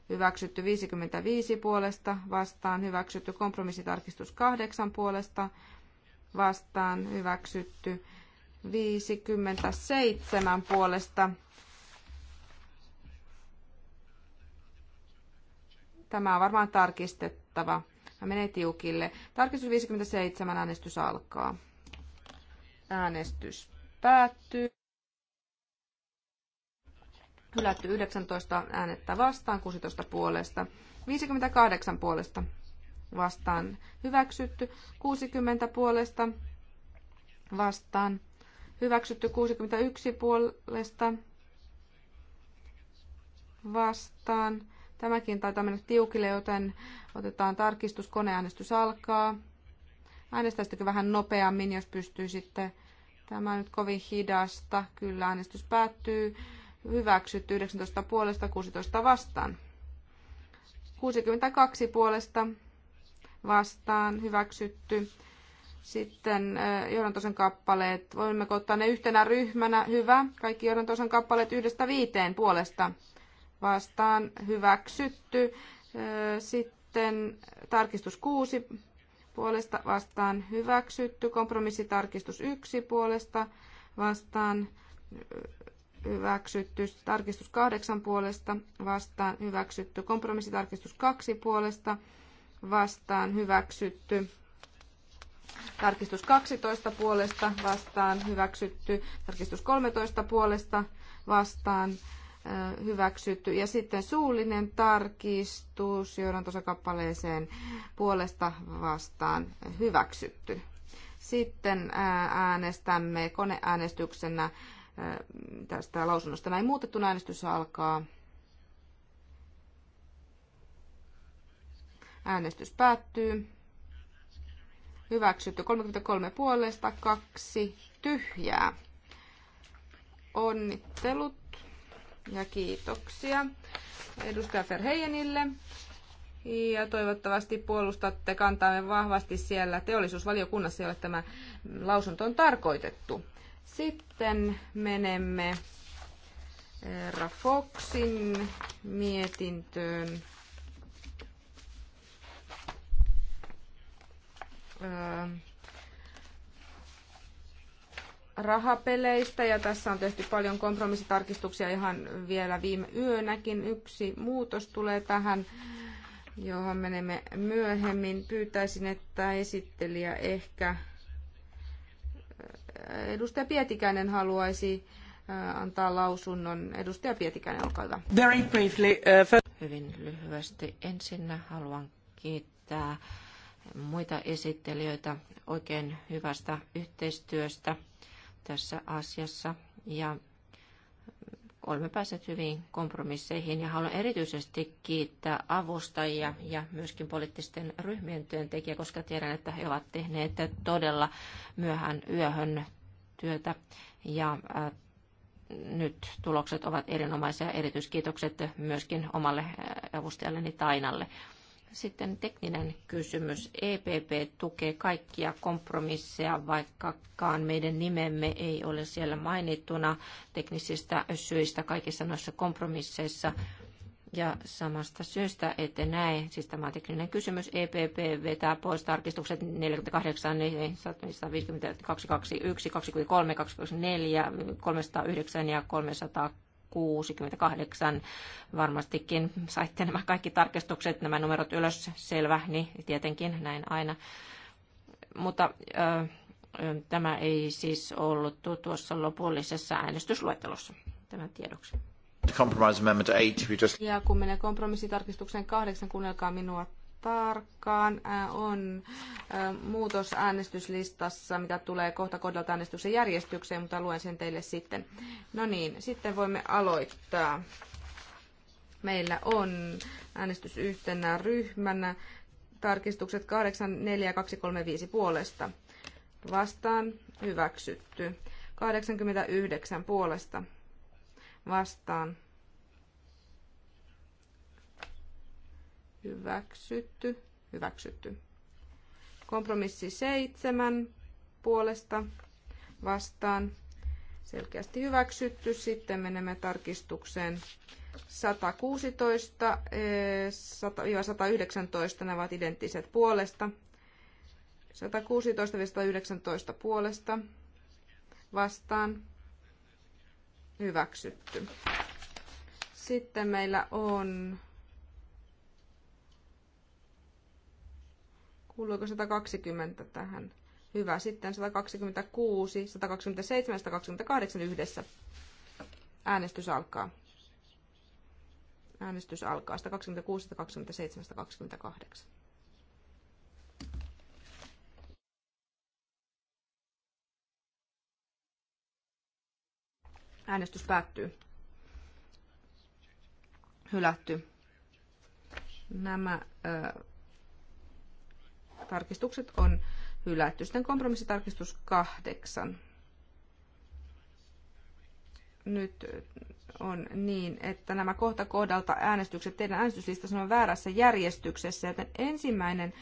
hyväksytty 55 puolesta, vastaan hyväksytty kompromissitarkistus 8 puolesta, vastaan hyväksytty 57 puolesta. Tämä on varmaan tarkistettava menee tiukille. Tarkistus 57, äänestys alkaa. Äänestys päättyy. Hylätty 19 äänettä vastaan, 16 puolesta. 58 puolesta vastaan hyväksytty, 60 puolesta vastaan hyväksytty, 61 puolesta vastaan Tämäkin taitaa mennä tiukille, joten otetaan tarkistus, koneäänestys alkaa. Äänestäisittekö vähän nopeammin, jos pystyisitte? Tämä on nyt kovin hidasta. Kyllä, äänestys päättyy. Hyväksytty 19 puolesta, 16 vastaan. 62 puolesta vastaan hyväksytty. Sitten johdantosen kappaleet. Voimmeko ottaa ne yhtenä ryhmänä? Hyvä. Kaikki johdantosen kappaleet yhdestä viiteen puolesta vastaan hyväksytty. Sitten tarkistus 6 puolesta vastaan hyväksytty. Kompromissitarkistus 1 puolesta vastaan hyväksytty. Tarkistus 8 puolesta vastaan hyväksytty. Kompromissitarkistus 2 puolesta vastaan hyväksytty. Tarkistus 12 puolesta vastaan hyväksytty. Tarkistus 13 puolesta vastaan hyväksytty. Ja sitten suullinen tarkistus johdantosakappaleeseen puolesta vastaan hyväksytty. Sitten äänestämme koneäänestyksenä tästä lausunnosta. Näin muutettuna äänestys alkaa. Äänestys päättyy. Hyväksytty 33 puolesta, kaksi tyhjää. Onnittelut ja kiitoksia edustaja Ferheijenille. Ja toivottavasti puolustatte kantaamme vahvasti siellä teollisuusvaliokunnassa, jolle tämä lausunto on tarkoitettu. Sitten menemme Rafoxin mietintöön. Öö rahapeleistä ja tässä on tehty paljon kompromissitarkistuksia ihan vielä viime yönäkin. Yksi muutos tulee tähän, johon menemme myöhemmin. Pyytäisin, että esittelijä ehkä äh, edustaja Pietikäinen haluaisi äh, antaa lausunnon. Edustaja Pietikäinen, olkaa hyvä. Very briefly, uh, for... Hyvin lyhyesti. Ensin haluan kiittää muita esittelijöitä oikein hyvästä yhteistyöstä tässä asiassa ja olemme päässeet hyvin kompromisseihin ja haluan erityisesti kiittää avustajia ja myöskin poliittisten ryhmien työntekijä, koska tiedän, että he ovat tehneet todella myöhään yöhön työtä ja äh, nyt tulokset ovat erinomaisia. Erityiskiitokset myöskin omalle äh, avustajalleni Tainalle. Sitten tekninen kysymys. EPP tukee kaikkia kompromisseja, vaikkakaan meidän nimemme ei ole siellä mainittuna teknisistä syistä kaikissa noissa kompromisseissa. Ja samasta syystä ette näe, siis tämä on tekninen kysymys, EPP vetää pois tarkistukset 48, 452, 21, 23, 24, 309 ja 310. 68 varmastikin saitte nämä kaikki tarkistukset, nämä numerot ylös, selvä, niin tietenkin näin aina. Mutta ö, tämä ei siis ollut tuossa lopullisessa äänestysluettelossa, tämä tiedoksi. Ja kun menee kompromissitarkistukseen kahdeksan, kuunnelkaa minua tarkkaan on muutos äänestyslistassa, mitä tulee kohta kohdalta äänestyksen järjestykseen, mutta luen sen teille sitten. No niin, sitten voimme aloittaa. Meillä on äänestys yhtenä ryhmänä tarkistukset 8, 4 2, 3, 5 puolesta. Vastaan hyväksytty. 89 puolesta. Vastaan Hyväksytty. Hyväksytty. Kompromissi seitsemän puolesta vastaan. Selkeästi hyväksytty. Sitten menemme tarkistukseen 116 119 eh, nämä ovat identtiset puolesta. 116-119 puolesta vastaan hyväksytty. Sitten meillä on Kuuluuko 120 tähän? Hyvä. Sitten 126, 127 ja 128 yhdessä. Äänestys alkaa. Äänestys alkaa 126, 127, 128. Äänestys päättyy. Hylätty. Nämä ö, tarkistukset on hylätty. Sitten kompromissitarkistus kahdeksan. Nyt on niin, että nämä kohta kohdalta äänestykset teidän äänestyslista on väärässä järjestyksessä, joten ensimmäinen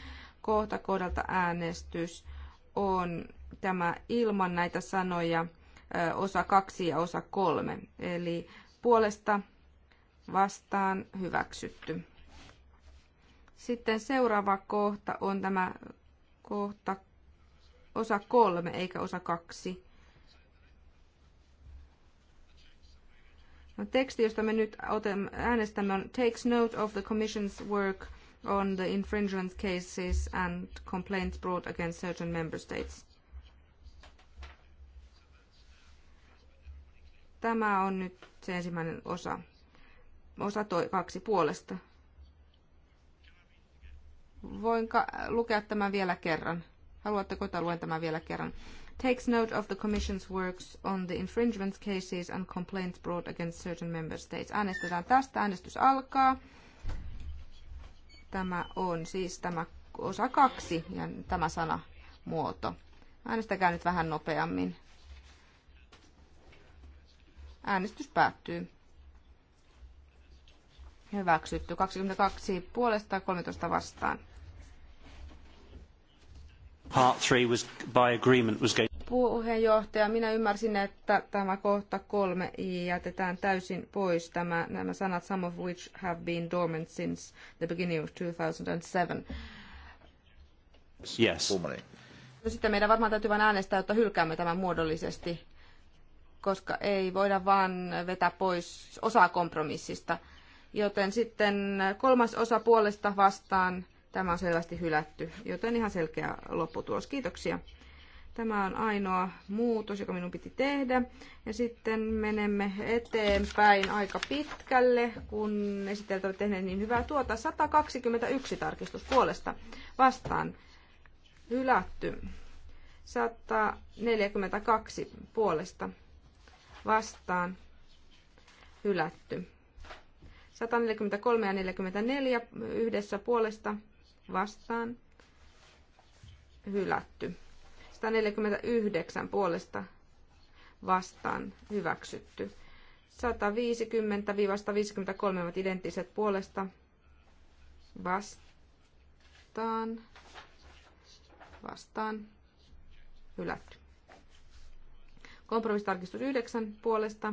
kohta kohdalta äänestys on tämä ilman näitä sanoja osa kaksi ja osa kolme. Eli puolesta vastaan hyväksytty. Sitten seuraava kohta on tämä kohta osa kolme eikä osa kaksi. No, teksti, josta me nyt otamme, äänestämme, on Takes note of the Commission's work on the infringement cases and complaints brought against certain member states. Tämä on nyt se ensimmäinen osa. Osa toi kaksi puolesta Voin lukea tämän vielä kerran? Haluatteko, että luen tämän vielä kerran? Takes note of the Commission's works on the infringement cases and complaints brought against certain member states. Äänestetään tästä. Äänestys alkaa. Tämä on siis tämä osa kaksi ja tämä sana muoto. Äänestäkää nyt vähän nopeammin. Äänestys päättyy. Hyväksytty. 22 puolesta 13 vastaan part three was by agreement was going puheenjohtaja, minä ymmärsin, että tämä kohta kolme jätetään täysin pois. Tämä, nämä sanat, some of which have been dormant since the beginning of 2007. Yes. No sitten meidän varmaan täytyy vain äänestää, jotta hylkäämme tämän muodollisesti, koska ei voida vaan vetää pois osaa kompromissista. Joten sitten kolmas osa puolesta vastaan Tämä on selvästi hylätty, joten ihan selkeä lopputulos. Kiitoksia. Tämä on ainoa muutos, joka minun piti tehdä. Ja sitten menemme eteenpäin aika pitkälle, kun esiteltä ovat tehneet niin hyvää tuota. 121 tarkistus puolesta vastaan hylätty. 142 puolesta vastaan hylätty. 143 ja 44 yhdessä puolesta vastaan hylätty. 149 puolesta vastaan hyväksytty. 150-153 ovat identtiset puolesta vastaan vastaan hylätty. Kompromissitarkistus 9 puolesta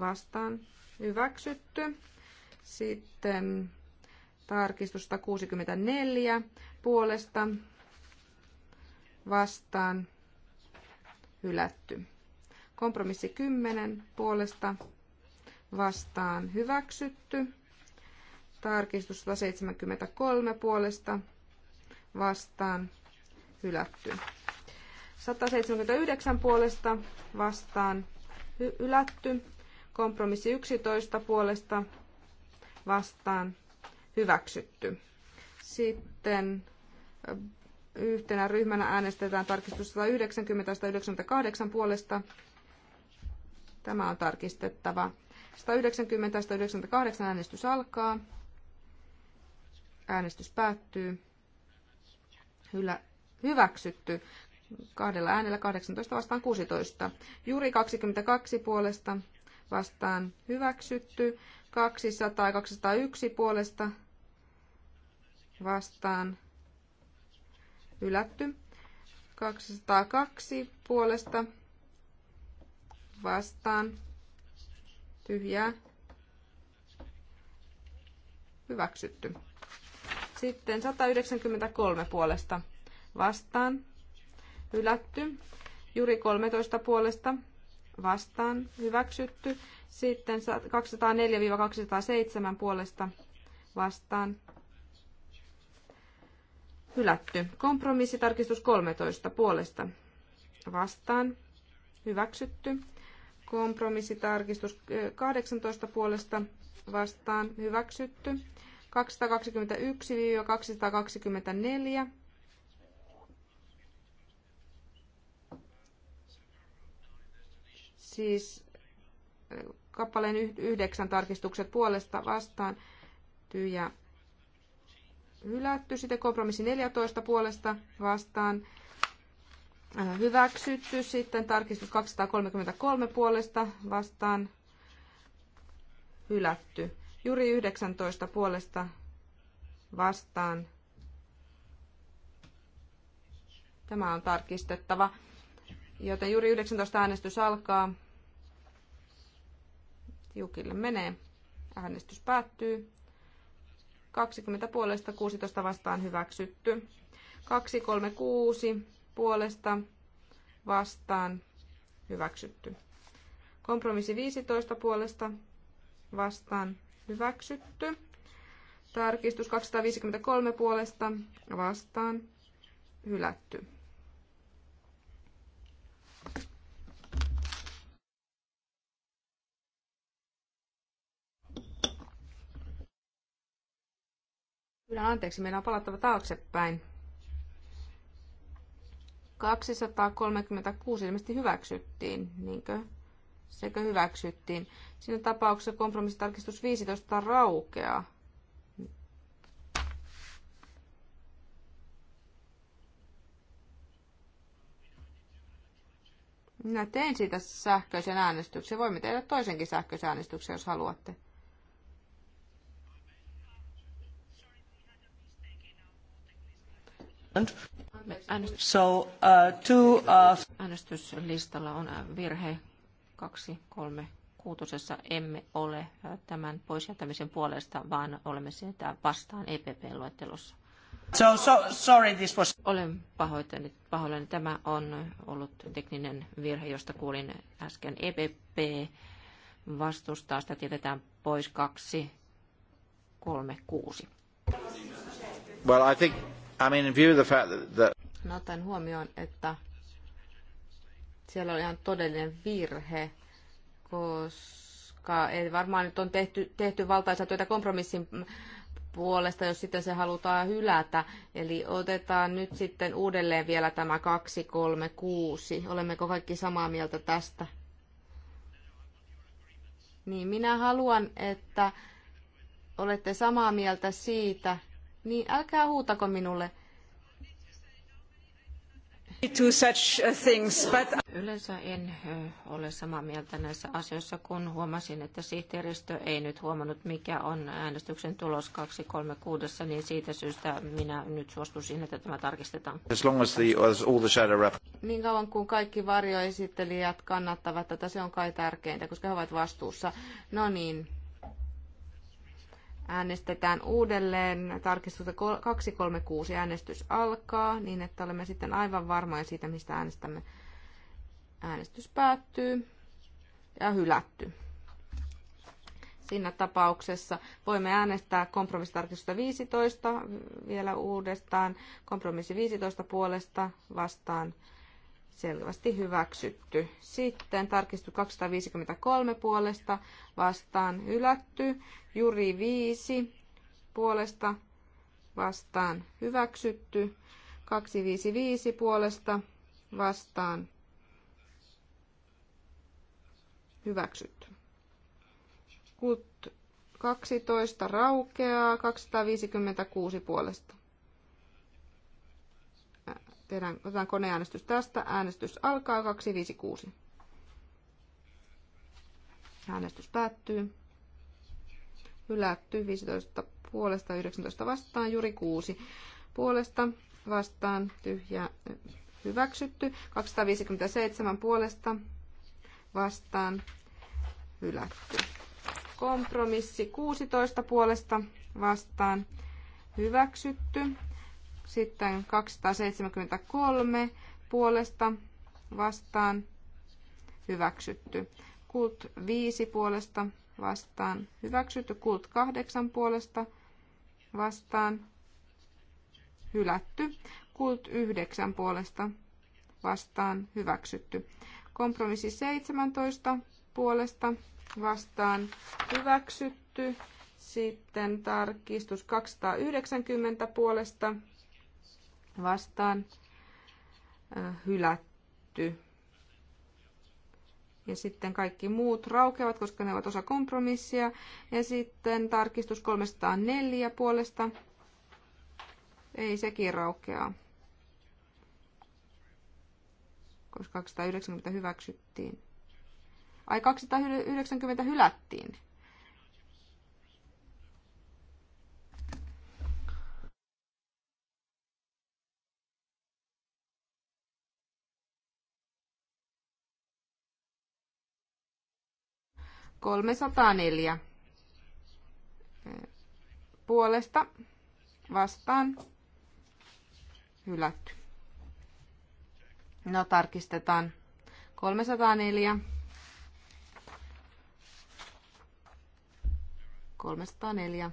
vastaan hyväksytty. Sitten Tarkistus 164 puolesta vastaan hylätty. Kompromissi 10 puolesta vastaan hyväksytty. Tarkistus 173 puolesta vastaan hylätty. 179 puolesta vastaan hylätty. Kompromissi 11 puolesta vastaan hyväksytty. Sitten yhtenä ryhmänä äänestetään tarkistus 190-198 puolesta. Tämä on tarkistettava. 190-198 äänestys alkaa. Äänestys päättyy. Hylä, hyväksytty. Kahdella äänellä 18 vastaan 16. Juuri 22 puolesta vastaan hyväksytty. 201 puolesta vastaan hylätty. 202 puolesta vastaan tyhjää hyväksytty. Sitten 193 puolesta vastaan hylätty. Juri 13 puolesta vastaan hyväksytty. Sitten 204-207 puolesta vastaan hylätty. Kompromissitarkistus 13 puolesta vastaan hyväksytty. Kompromissitarkistus 18 puolesta vastaan hyväksytty. 221-224 siis kappaleen yhdeksän tarkistukset puolesta vastaan tyjä. hylätty. Sitten kompromissi 14 puolesta vastaan äh, hyväksytty. Sitten tarkistus 233 puolesta vastaan hylätty. Juri 19 puolesta vastaan. Tämä on tarkistettava. Joten juuri 19 äänestys alkaa tiukille menee. Äänestys päättyy. 20 puolesta 16 vastaan hyväksytty. 236 puolesta vastaan hyväksytty. Kompromissi 15 puolesta vastaan hyväksytty. Tarkistus 253 puolesta vastaan hylätty. Kyllä, anteeksi, meidän on palattava taaksepäin. 236 ilmeisesti hyväksyttiin, niinkö? Sekä hyväksyttiin. Siinä tapauksessa kompromissitarkistus 15 raukeaa. Minä tein siitä sähköisen äänestyksen. Voimme tehdä toisenkin sähköisen äänestyksen, jos haluatte. Äänestys. So, uh, two, uh, Äänestyslistalla on uh, virhe kaksi, kolme, kuutosessa emme ole tämän poisjättämisen puolesta, vaan olemme sitä vastaan EPP-luettelossa. So, so, sorry, this was... Olen pahoittanut, pahoillani. Tämä on ollut tekninen virhe, josta kuulin äsken. EPP vastustaa, sitä tietetään pois kaksi, kolme, kuusi. Well, I think I mean, in view of the fact that, that... No, ottaen huomioon, että siellä oli ihan todellinen virhe, koska ei varmaan nyt on tehty, tehty valtaisa työtä kompromissin puolesta, jos sitten se halutaan hylätä. Eli otetaan nyt sitten uudelleen vielä tämä 236. Olemmeko kaikki samaa mieltä tästä? Niin, minä haluan, että olette samaa mieltä siitä, niin älkää huutako minulle. Uh, things, but... Yleensä en uh, ole samaa mieltä näissä asioissa, kun huomasin, että sihteeristö ei nyt huomannut, mikä on äänestyksen tulos 236, niin siitä syystä minä nyt suostun siihen, että tämä tarkistetaan. As long as the, as all the shadow rap... Niin kauan kuin kaikki varjoesittelijät kannattavat tätä, se on kai tärkeintä, koska he ovat vastuussa. No niin, äänestetään uudelleen. Tarkistusta 236 äänestys alkaa niin, että olemme sitten aivan varmoja siitä, mistä äänestämme. Äänestys päättyy ja hylätty. Siinä tapauksessa voimme äänestää kompromissitarkistusta 15 vielä uudestaan. Kompromissi 15 puolesta vastaan selvästi hyväksytty. Sitten tarkistus 253 puolesta vastaan hylätty. Juri 5 puolesta vastaan hyväksytty. 255 puolesta vastaan hyväksytty. Kut 12 raukeaa, 256 puolesta Tehdään, otetaan koneäänestys tästä. Äänestys alkaa 256. Äänestys päättyy. Hylätty 15 puolesta 19 vastaan, juuri 6 puolesta vastaan, tyhjä hyväksytty. 257 puolesta vastaan, hylätty. Kompromissi 16 puolesta vastaan, hyväksytty. Sitten 273 puolesta vastaan hyväksytty. Kult 5 puolesta vastaan hyväksytty. Kult 8 puolesta vastaan hylätty. Kult 9 puolesta vastaan hyväksytty. Kompromissi 17 puolesta vastaan hyväksytty. Sitten tarkistus 290 puolesta vastaan hylätty. Ja sitten kaikki muut raukeavat, koska ne ovat osa kompromissia. Ja sitten tarkistus 304 puolesta. Ei sekin raukeaa, koska 290 hyväksyttiin. Ai 290 hylättiin. 304 puolesta vastaan hylätty. No tarkistetaan 304. 304.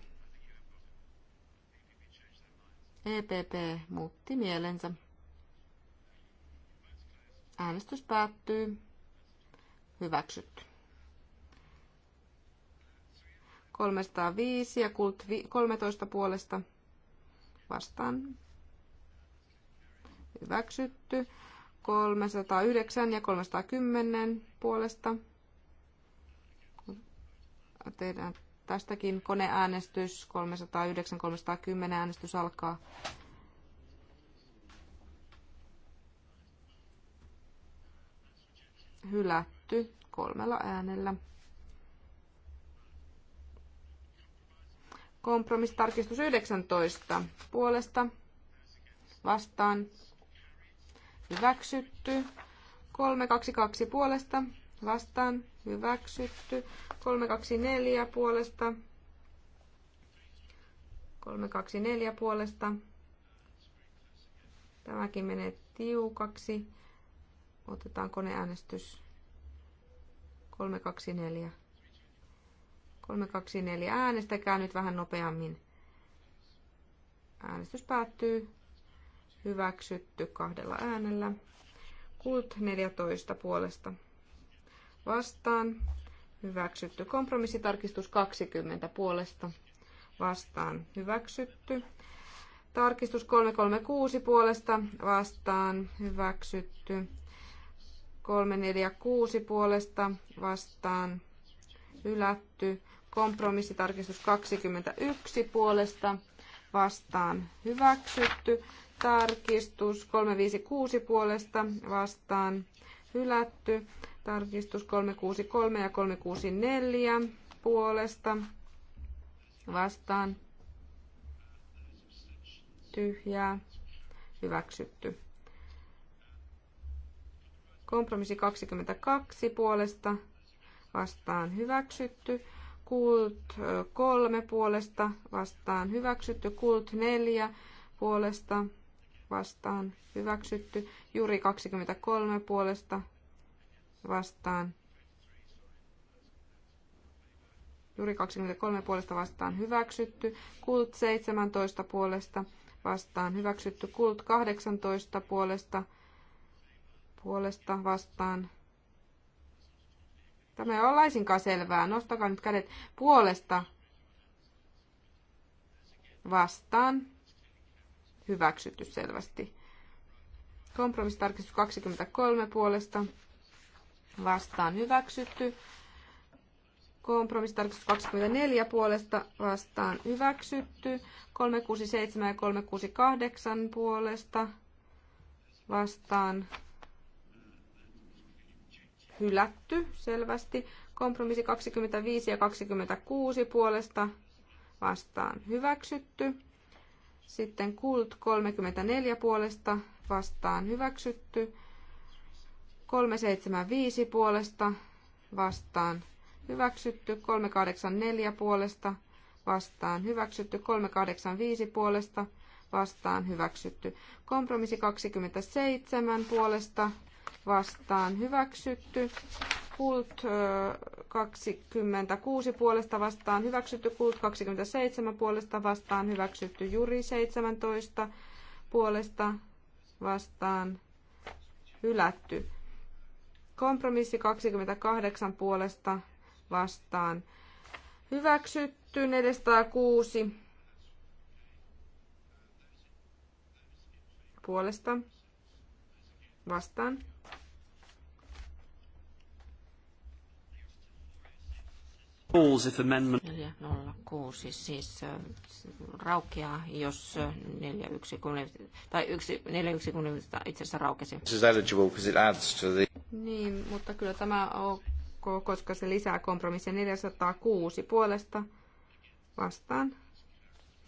EPP muutti mielensä. Äänestys päättyy. Hyväksytty. 305 ja kult 13 puolesta vastaan. Hyväksytty. 309 ja 310 puolesta. Tehdään tästäkin koneäänestys. 309-310 äänestys alkaa. Hylätty kolmella äänellä. Kompromissitarkistus 19 puolesta vastaan hyväksytty. 322 puolesta vastaan hyväksytty. 324 puolesta 324 puolesta. Tämäkin menee tiukaksi. Otetaan koneäänestys 324. 324 äänestäkää nyt vähän nopeammin. Äänestys päättyy. Hyväksytty kahdella äänellä. Kult 14 puolesta. Vastaan. Hyväksytty. Kompromissitarkistus 20 puolesta. Vastaan. Hyväksytty. Tarkistus 336 puolesta. Vastaan. Hyväksytty. 346 puolesta. Vastaan. Hylätty. Kompromissitarkistus 21 puolesta vastaan hyväksytty. Tarkistus 356 puolesta vastaan hylätty. Tarkistus 363 ja 364 puolesta vastaan tyhjää hyväksytty. Kompromissi 22 puolesta vastaan hyväksytty. Kult kolme puolesta vastaan hyväksytty. Kult neljä puolesta vastaan hyväksytty. Juri 23 puolesta vastaan. Juri 23 puolesta vastaan hyväksytty. Kult 17 puolesta vastaan hyväksytty. Kult 18 puolesta puolesta vastaan Tämä ei ole laisinkaan selvää. Nostakaa nyt kädet puolesta vastaan. Hyväksytty selvästi. Kompromissitarkistus 23 puolesta vastaan hyväksytty. Kompromissitarkistus 24 puolesta vastaan hyväksytty. 367 ja 368 puolesta vastaan hylätty selvästi. Kompromissi 25 ja 26 puolesta vastaan hyväksytty. Sitten Kult 34 puolesta vastaan hyväksytty. 375 puolesta vastaan hyväksytty. 384 puolesta vastaan hyväksytty. 385 puolesta vastaan hyväksytty. Kompromissi 27 puolesta vastaan hyväksytty. Kult 26 puolesta vastaan hyväksytty, Kult 27 puolesta vastaan hyväksytty, Juri 17 puolesta vastaan hylätty. Kompromissi 28 puolesta vastaan hyväksytty, 406 puolesta vastaan Falls if amendment... 406 siis raukeaa, jos 4160, tai 4160 itse asiassa raukesi. This is eligible because it adds to the... Niin, mutta kyllä tämä on ok, koska se lisää kompromissia 406 puolesta vastaan.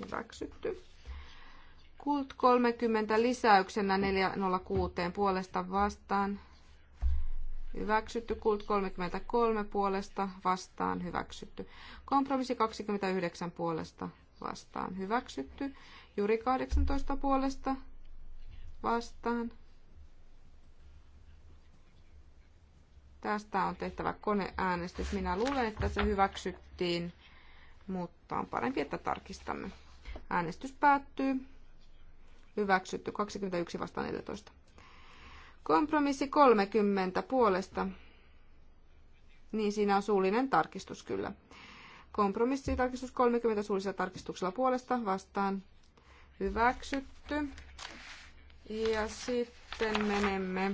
Hyväksytty. Kult 30 lisäyksenä 406 puolesta vastaan Hyväksytty kult 33 puolesta vastaan hyväksytty. Kompromissi 29 puolesta vastaan hyväksytty. Juri 18 puolesta vastaan. Tästä on tehtävä koneäänestys. Minä luulen, että se hyväksyttiin, mutta on parempi, että tarkistamme. Äänestys päättyy. Hyväksytty 21 vastaan 14. Kompromissi 30 puolesta. Niin siinä on suullinen tarkistus kyllä. Kompromissi tarkistus 30 suullisella tarkistuksella puolesta vastaan hyväksytty. Ja sitten menemme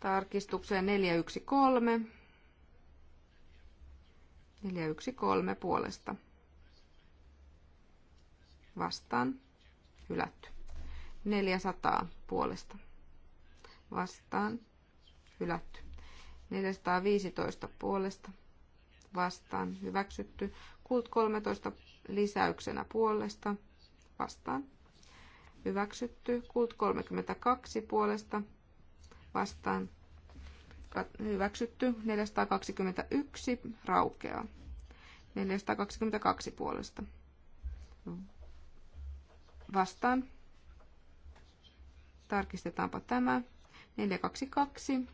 tarkistukseen 413. 413 puolesta. Vastaan. Hylätty. 400 puolesta vastaan hylätty. 415 puolesta vastaan hyväksytty. Kult 13 lisäyksenä puolesta vastaan hyväksytty. Kult 32 puolesta vastaan hyväksytty. 421 raukeaa. 422 puolesta vastaan Tarkistetaanpa tämä. 422.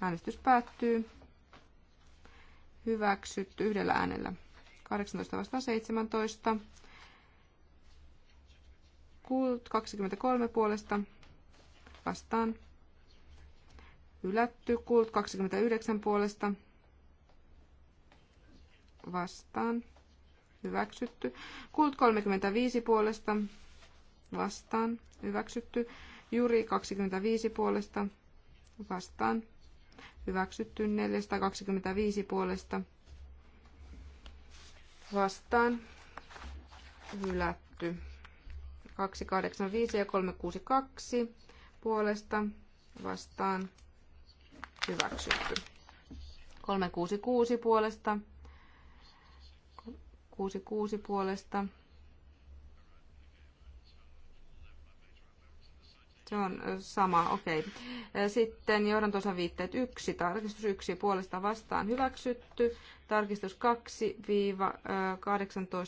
Äänestys päättyy. Hyväksytty yhdellä äänellä. 18 vastaan 17. 23 puolesta vastaan. Hylätty. Kult 29 puolesta vastaan hyväksytty. Kult 35 puolesta vastaan, hyväksytty. Juri 25 puolesta vastaan, hyväksytty. 425 puolesta vastaan, hylätty. 285 ja 362 puolesta vastaan, hyväksytty. 366 puolesta 66 puolesta. Se on sama, okei. Okay. Sitten johdantosa viitteet 1, tarkistus 1 puolesta vastaan hyväksytty, tarkistus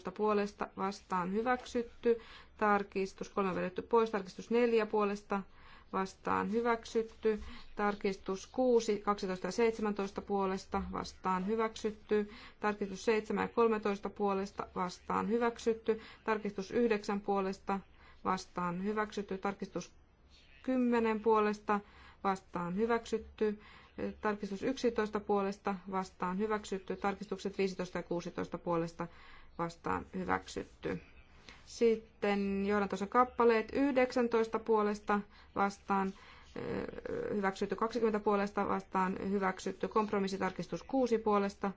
2-18 puolesta vastaan hyväksytty, tarkistus 3 vedetty pois, tarkistus 4 puolesta vastaan hyväksytty. Tarkistus 6, 12 ja 17 puolesta vastaan hyväksytty. Tarkistus 7 ja 13 puolesta vastaan hyväksytty. Tarkistus 9 puolesta vastaan hyväksytty. Tarkistus 10 puolesta vastaan hyväksytty. Tarkistus 11 puolesta vastaan hyväksytty. Tarkistukset 15 ja 16 puolesta vastaan hyväksytty. Sitten johdantosen kappaleet 19 puolesta vastaan eh, hyväksytty 20 puolesta vastaan hyväksytty kompromissitarkistus 6 puolesta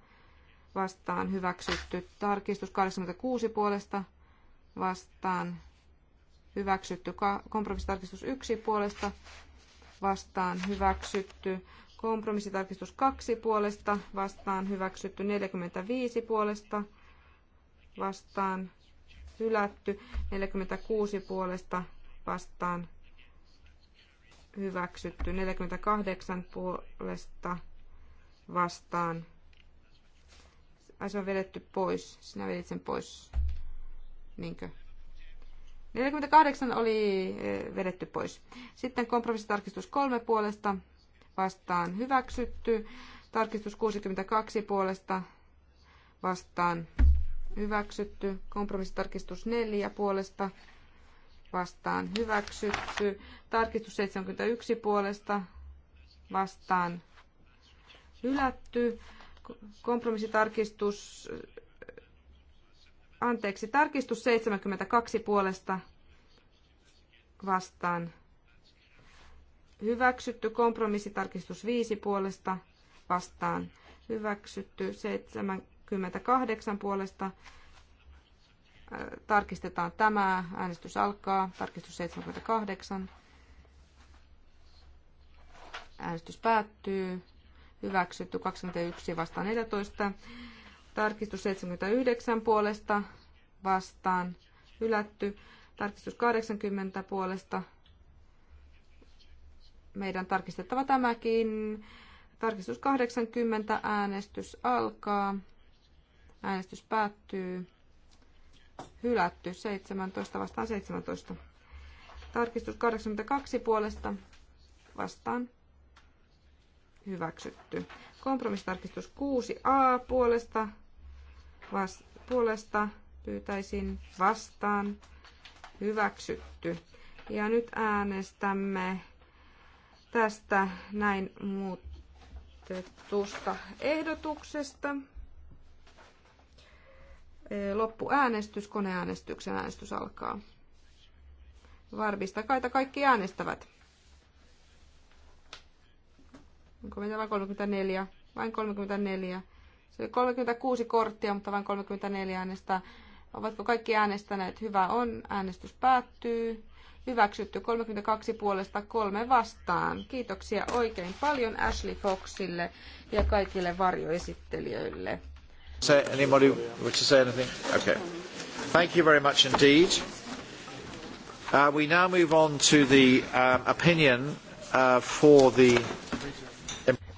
vastaan hyväksytty tarkistus 86 puolesta vastaan hyväksytty kompromissitarkistus 1 puolesta vastaan hyväksytty kompromissitarkistus 2 puolesta vastaan hyväksytty 45 puolesta vastaan hylätty, 46 puolesta vastaan hyväksytty, 48 puolesta vastaan. Ai se on vedetty pois, sinä vedit sen pois, niinkö? 48 oli e, vedetty pois. Sitten kompromissitarkistus 3 puolesta vastaan hyväksytty. Tarkistus 62 puolesta vastaan hyväksytty. Kompromissitarkistus 4 puolesta vastaan hyväksytty. Tarkistus 71 puolesta vastaan hylätty. Kompromissitarkistus, anteeksi, tarkistus 72 puolesta vastaan hyväksytty. Kompromissitarkistus 5 puolesta vastaan hyväksytty. 7 28 puolesta. Tarkistetaan tämä. Äänestys alkaa. Tarkistus 78. Äänestys päättyy. Hyväksytty 21 vastaan 14. Tarkistus 79 puolesta vastaan hylätty. Tarkistus 80 puolesta. Meidän tarkistettava tämäkin. Tarkistus 80 äänestys alkaa. Äänestys päättyy. Hylätty 17 vastaan 17. Tarkistus 82 puolesta vastaan. Hyväksytty. Kompromissitarkistus 6a puolesta, vas, puolesta pyytäisin vastaan. Hyväksytty. Ja nyt äänestämme tästä näin muutetusta ehdotuksesta. Loppuäänestys, koneäänestyksen äänestys alkaa. Varmistakaa, että kaikki äänestävät. Onko meitä vain 34? Vain 34. Se oli 36 korttia, mutta vain 34 äänestää. Ovatko kaikki äänestäneet? Hyvä on. Äänestys päättyy. Hyväksytty 32 puolesta kolme vastaan. Kiitoksia oikein paljon Ashley Foxille ja kaikille varjoesittelijöille. Say, anybody wish to say anything? Okay. Thank you very much indeed. Uh, we now move on to the uh, opinion uh, for the...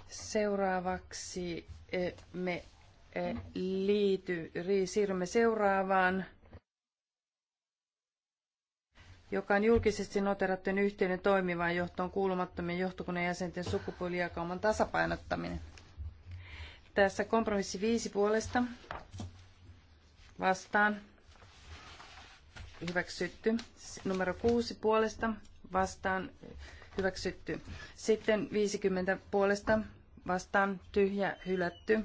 Seuraavaksi eh, me eh, liity, siirrymme seuraavaan, joka on julkisesti noterattujen yhteyden toimivaan johtoon kuulumattomien johtokunnan jäsenten sukupuolijakauman tasapainottaminen. Tässä kompromissi viisi puolesta vastaan. Hyväksytty. Numero kuusi puolesta vastaan. Hyväksytty. Sitten 50 puolesta vastaan. Tyhjä hylätty.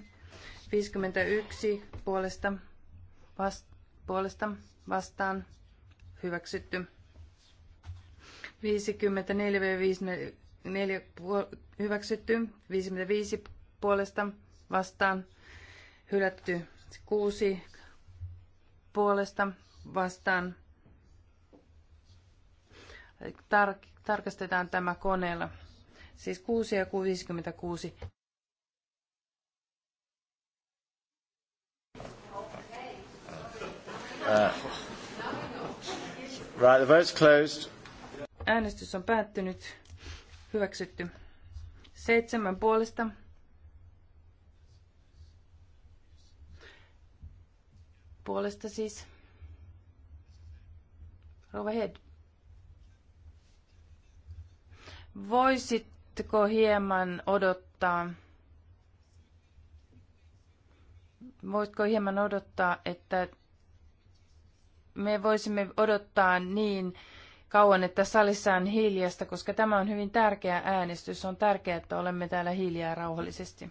51 puolesta, vast, puolesta vastaan. Hyväksytty. 54 54 hyväksytty. 55 puolesta vastaan hylätty. Kuusi puolesta vastaan. Tar- tarkastetaan tämä koneella. Siis 6 ja 56. Uh, right, the vote's closed. Äänestys on päättynyt. Hyväksytty. Seitsemän puolesta puolesta siis. Go ahead. Voisitko hieman odottaa? voisitko hieman odottaa, että me voisimme odottaa niin kauan, että salissa on hiljasta, koska tämä on hyvin tärkeä äänestys. On tärkeää, että olemme täällä hiljaa rauhallisesti.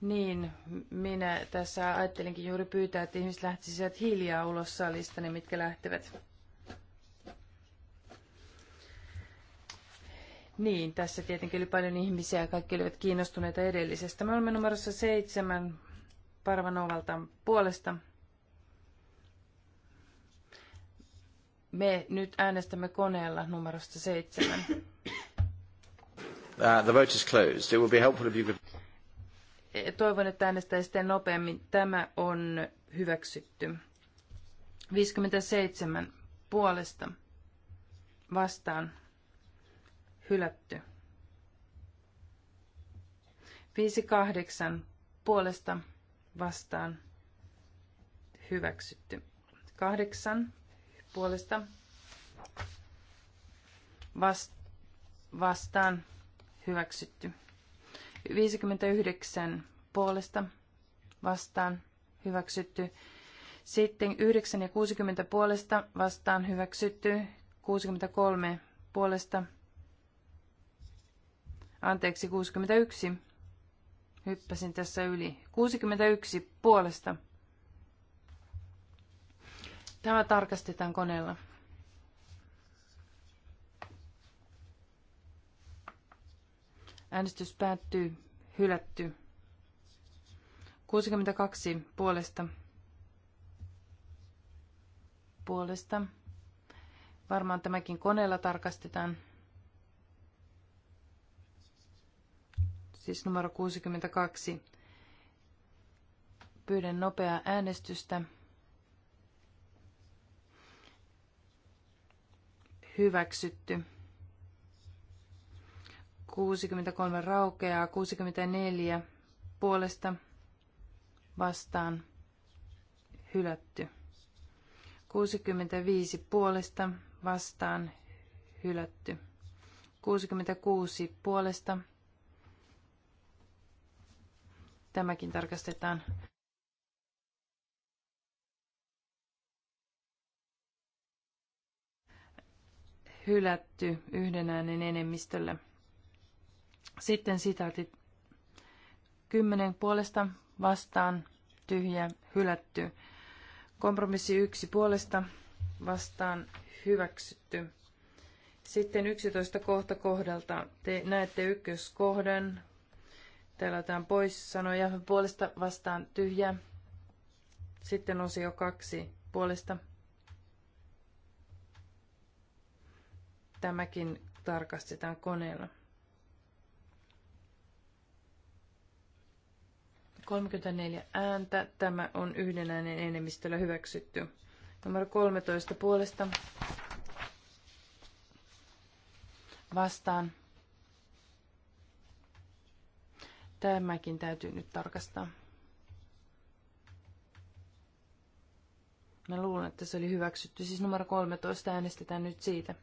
Niin, minä tässä ajattelinkin juuri pyytää, että ihmiset lähtisivät hiljaa ulos salista, ne niin mitkä lähtevät. Niin, tässä tietenkin oli paljon ihmisiä ja kaikki olivat kiinnostuneita edellisestä. Me olemme numerossa seitsemän Parvanovalta puolesta. Me nyt äänestämme koneella numerosta seitsemän. Uh, the vote is closed. It will be helpful if you could... Toivon, että sitten nopeammin. Tämä on hyväksytty. 57 puolesta vastaan hylätty. 58 puolesta vastaan hyväksytty. 8 puolesta vastaan hyväksytty. 59 puolesta vastaan hyväksytty. Sitten 9 ja 60 puolesta vastaan hyväksytty. 63 puolesta, anteeksi 61, hyppäsin tässä yli. 61 puolesta. Tämä tarkastetaan koneella. Äänestys päättyy. Hylätty. 62 puolesta. Puolesta. Varmaan tämäkin koneella tarkastetaan. Siis numero 62. Pyydän nopeaa äänestystä. Hyväksytty. 63 raukeaa, 64 puolesta vastaan hylätty. 65 puolesta vastaan hylätty. 66 puolesta. Tämäkin tarkastetaan. Hylätty yhden äänen enemmistöllä. Sitten sitaatit. Kymmenen puolesta vastaan tyhjä hylätty. Kompromissi yksi puolesta vastaan hyväksytty. Sitten 11 kohta kohdalta te näette ykköskohdan. Täällä otetaan pois sanoja puolesta vastaan tyhjä. Sitten osio kaksi puolesta. Tämäkin tarkastetaan koneella. 34 ääntä. Tämä on yhden äänen enemmistöllä hyväksytty. Numero 13 puolesta. Vastaan. Tämäkin täytyy nyt tarkastaa. Mä luulen, että se oli hyväksytty. Siis numero 13 äänestetään nyt siitä.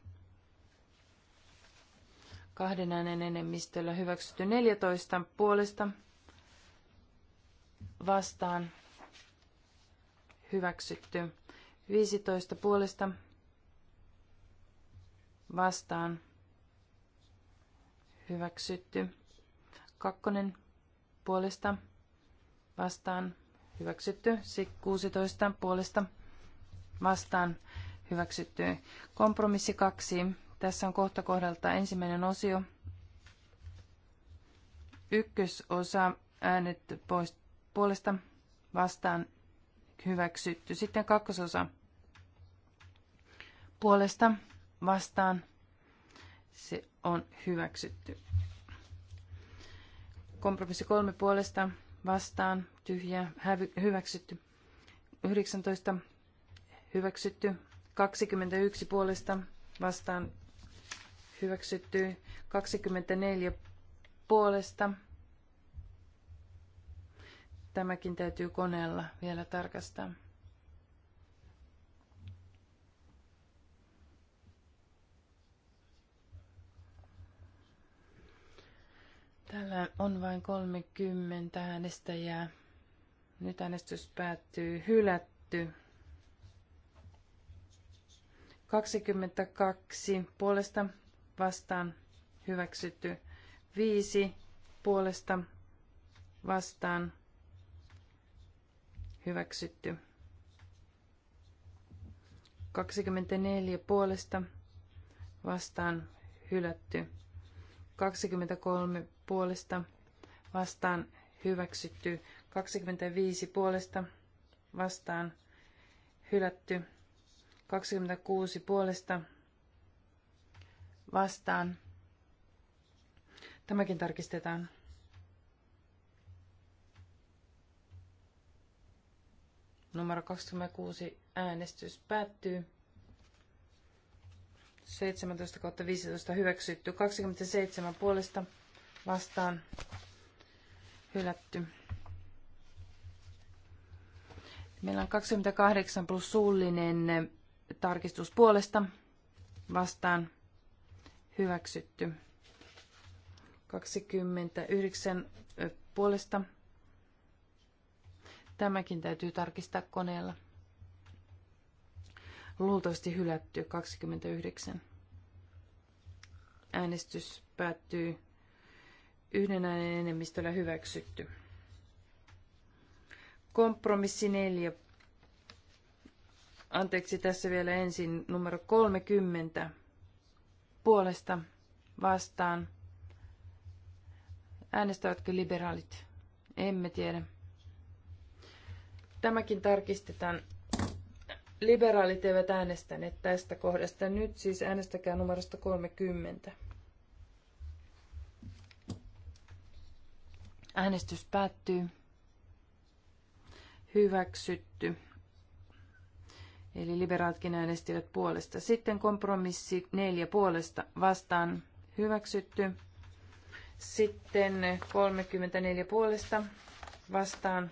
Kahden äänen enemmistöllä hyväksytty 14 puolesta vastaan hyväksytty. 15 puolesta vastaan hyväksytty. Kakkonen puolesta vastaan hyväksytty. Sitten 16 puolesta vastaan hyväksytty. Kompromissi 2. Tässä on kohta kohdalta ensimmäinen osio. Ykkösosa äänet poistettu puolesta vastaan hyväksytty. Sitten kakkososa puolesta vastaan se on hyväksytty. Kompromissi kolme puolesta vastaan hävy, hyväksytty. 19 hyväksytty. 21 puolesta vastaan hyväksytty. 24 puolesta tämäkin täytyy koneella vielä tarkastaa. Täällä on vain 30 äänestäjää. Nyt äänestys päättyy hylätty. 22 puolesta vastaan hyväksytty. 5 puolesta vastaan hyväksytty. 24 puolesta vastaan hylätty. 23 puolesta vastaan hyväksytty. 25 puolesta vastaan hylätty. 26 puolesta vastaan. Tämäkin tarkistetaan. Numero 26 äänestys päättyy. 17 kautta 15 hyväksytty. 27 puolesta vastaan hylätty. Meillä on 28 plus suullinen tarkistus puolesta vastaan hyväksytty. 29 puolesta Tämäkin täytyy tarkistaa koneella. Luultavasti hylätty 29. Äänestys päättyy yhden äänen enemmistöllä hyväksytty. Kompromissi 4. Anteeksi, tässä vielä ensin numero 30. Puolesta vastaan. Äänestävätkö liberaalit? Emme tiedä. Tämäkin tarkistetaan. Liberaalit eivät äänestäneet tästä kohdasta. Nyt siis äänestäkää numerosta 30. Äänestys päättyy. Hyväksytty. Eli liberaatkin äänestivät puolesta. Sitten kompromissi neljä puolesta vastaan hyväksytty. Sitten 34 puolesta vastaan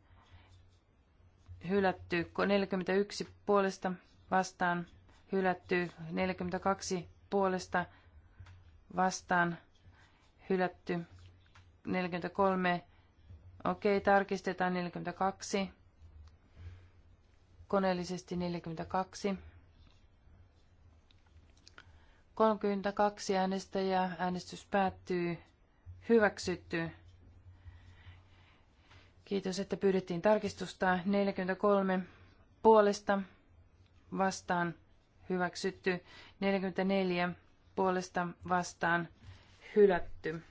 hylätty 41 puolesta vastaan, hylätty 42 puolesta vastaan, hylätty 43. Okei, tarkistetaan 42. Koneellisesti 42. 32 äänestäjää. Äänestys päättyy. Hyväksytty. Kiitos, että pyydettiin tarkistusta. 43 puolesta vastaan hyväksytty. 44 puolesta vastaan hylätty.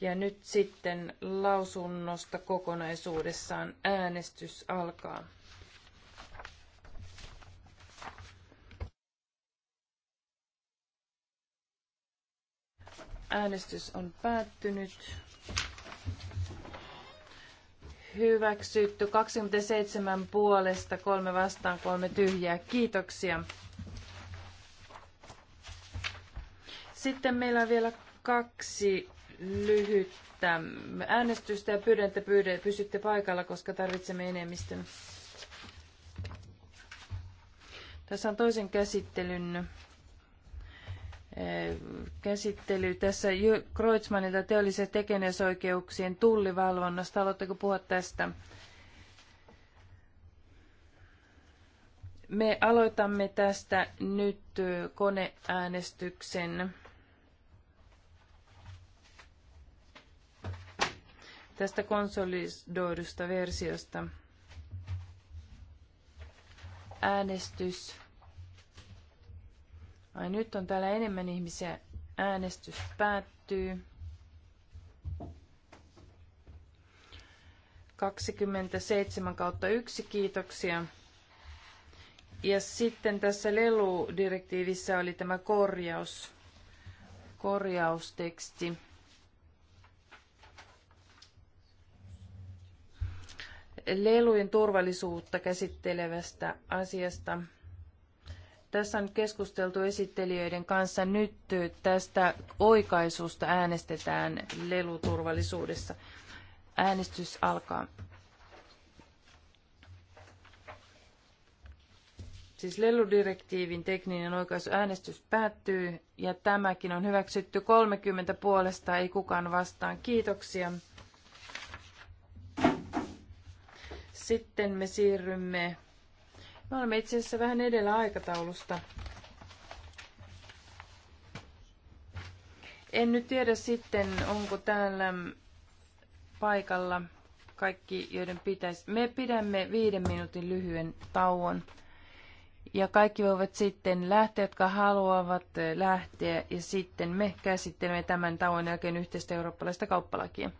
Ja nyt sitten lausunnosta kokonaisuudessaan äänestys alkaa. Äänestys on päättynyt hyväksytty 27 puolesta, kolme vastaan, kolme tyhjää. Kiitoksia. Sitten meillä on vielä kaksi lyhyttä äänestystä ja pyydän, että pyydä, pysytte paikalla, koska tarvitsemme enemmistön. Tässä on toisen käsittelyn käsittely. Tässä Kreutzmannilta teollisen tekemisoikeuksien tullivalvonnasta. Haluatteko puhua tästä? Me aloitamme tästä nyt koneäänestyksen. tästä konsolidoidusta versiosta. Äänestys Ai nyt on täällä enemmän ihmisiä. Äänestys päättyy. 27 kautta yksi kiitoksia. Ja sitten tässä leludirektiivissä oli tämä korjaus, korjausteksti. Lelujen turvallisuutta käsittelevästä asiasta. Tässä on keskusteltu esittelijöiden kanssa nyt tästä oikaisusta äänestetään leluturvallisuudessa. Äänestys alkaa. Siis leludirektiivin tekninen oikaisuäänestys päättyy ja tämäkin on hyväksytty 30 puolesta, ei kukaan vastaan. Kiitoksia. Sitten me siirrymme me olemme itse asiassa vähän edellä aikataulusta. En nyt tiedä sitten, onko täällä paikalla kaikki, joiden pitäisi. Me pidämme viiden minuutin lyhyen tauon. Ja kaikki voivat sitten lähteä, jotka haluavat eh, lähteä, ja sitten me käsittelemme tämän tauon jälkeen yhteistä eurooppalaista kauppalakia.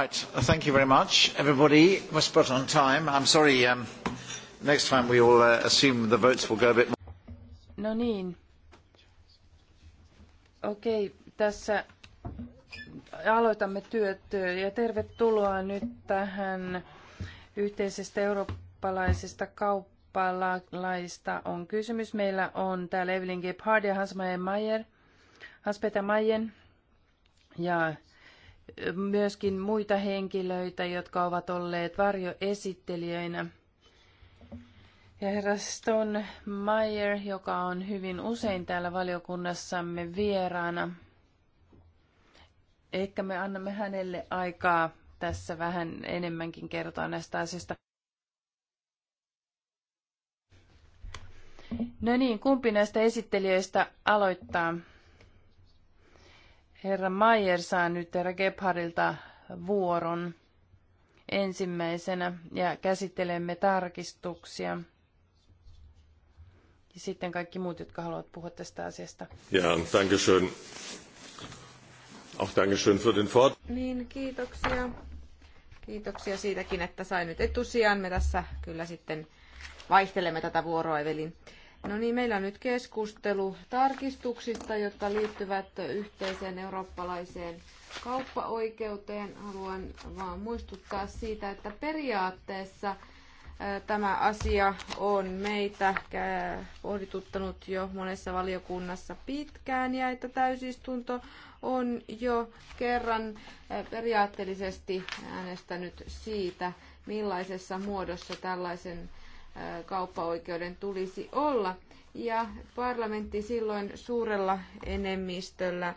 Right. Thank you very much, everybody. We're spot on time. I'm sorry, um, next time we all uh, assume the votes will go a bit more. No niin. Okei, okay, tässä aloitamme työt ja tervetuloa nyt tähän yhteisestä eurooppalaisesta kauppalaista on kysymys. Meillä on täällä Evelyn Gebhard ja Hans-Peter Mayer, Hans Mayen ja myöskin muita henkilöitä, jotka ovat olleet varjoesittelijöinä. Ja herra Stone Meyer, joka on hyvin usein täällä valiokunnassamme vieraana. Ehkä me annamme hänelle aikaa tässä vähän enemmänkin kertoa näistä asioista. No niin, kumpi näistä esittelijöistä aloittaa? Herra Mayer saa nyt herra Gebhardilta vuoron ensimmäisenä ja käsittelemme tarkistuksia. Ja sitten kaikki muut, jotka haluavat puhua tästä asiasta. Ja, danke schön. Auch danke schön für den Fort. Niin, kiitoksia. Kiitoksia siitäkin, että sain nyt etusijan. Me tässä kyllä sitten vaihtelemme tätä vuoroa, Evelin. No niin, meillä on nyt keskustelu tarkistuksista, jotka liittyvät yhteiseen eurooppalaiseen kauppaoikeuteen. Haluan vaan muistuttaa siitä, että periaatteessa tämä asia on meitä pohdituttanut jo monessa valiokunnassa pitkään ja että täysistunto on jo kerran periaatteellisesti äänestänyt siitä, millaisessa muodossa tällaisen kauppaoikeuden tulisi olla. Ja parlamentti silloin suurella enemmistöllä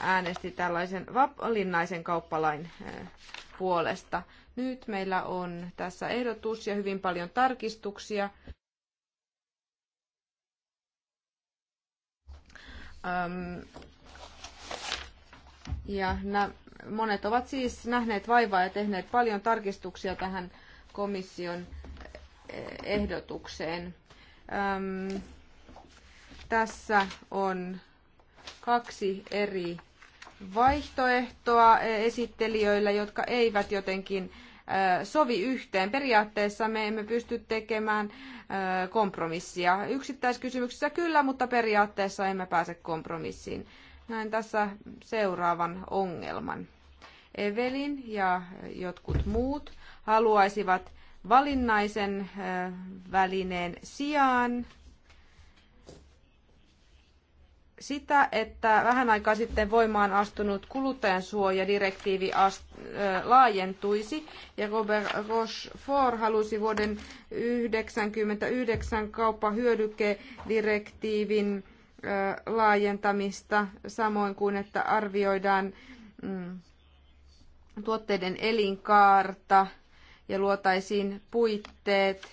äänesti tällaisen valinnaisen kauppalain puolesta. Nyt meillä on tässä ehdotus ja hyvin paljon tarkistuksia. ja monet ovat siis nähneet vaivaa ja tehneet paljon tarkistuksia tähän komission ehdotukseen. Tässä on kaksi eri vaihtoehtoa esittelijöillä, jotka eivät jotenkin sovi yhteen. Periaatteessa me emme pysty tekemään kompromissia. Yksittäiskysymyksissä kyllä, mutta periaatteessa emme pääse kompromissiin. Näin tässä seuraavan ongelman. Evelin ja jotkut muut haluaisivat valinnaisen välineen sijaan sitä, että vähän aikaa sitten voimaan astunut kuluttajansuojadirektiivi ast, laajentuisi ja Robert Rochefort halusi vuoden 1999 kauppahyödykedirektiivin laajentamista, samoin kuin että arvioidaan mm, tuotteiden elinkaarta – ja luotaisiin puitteet,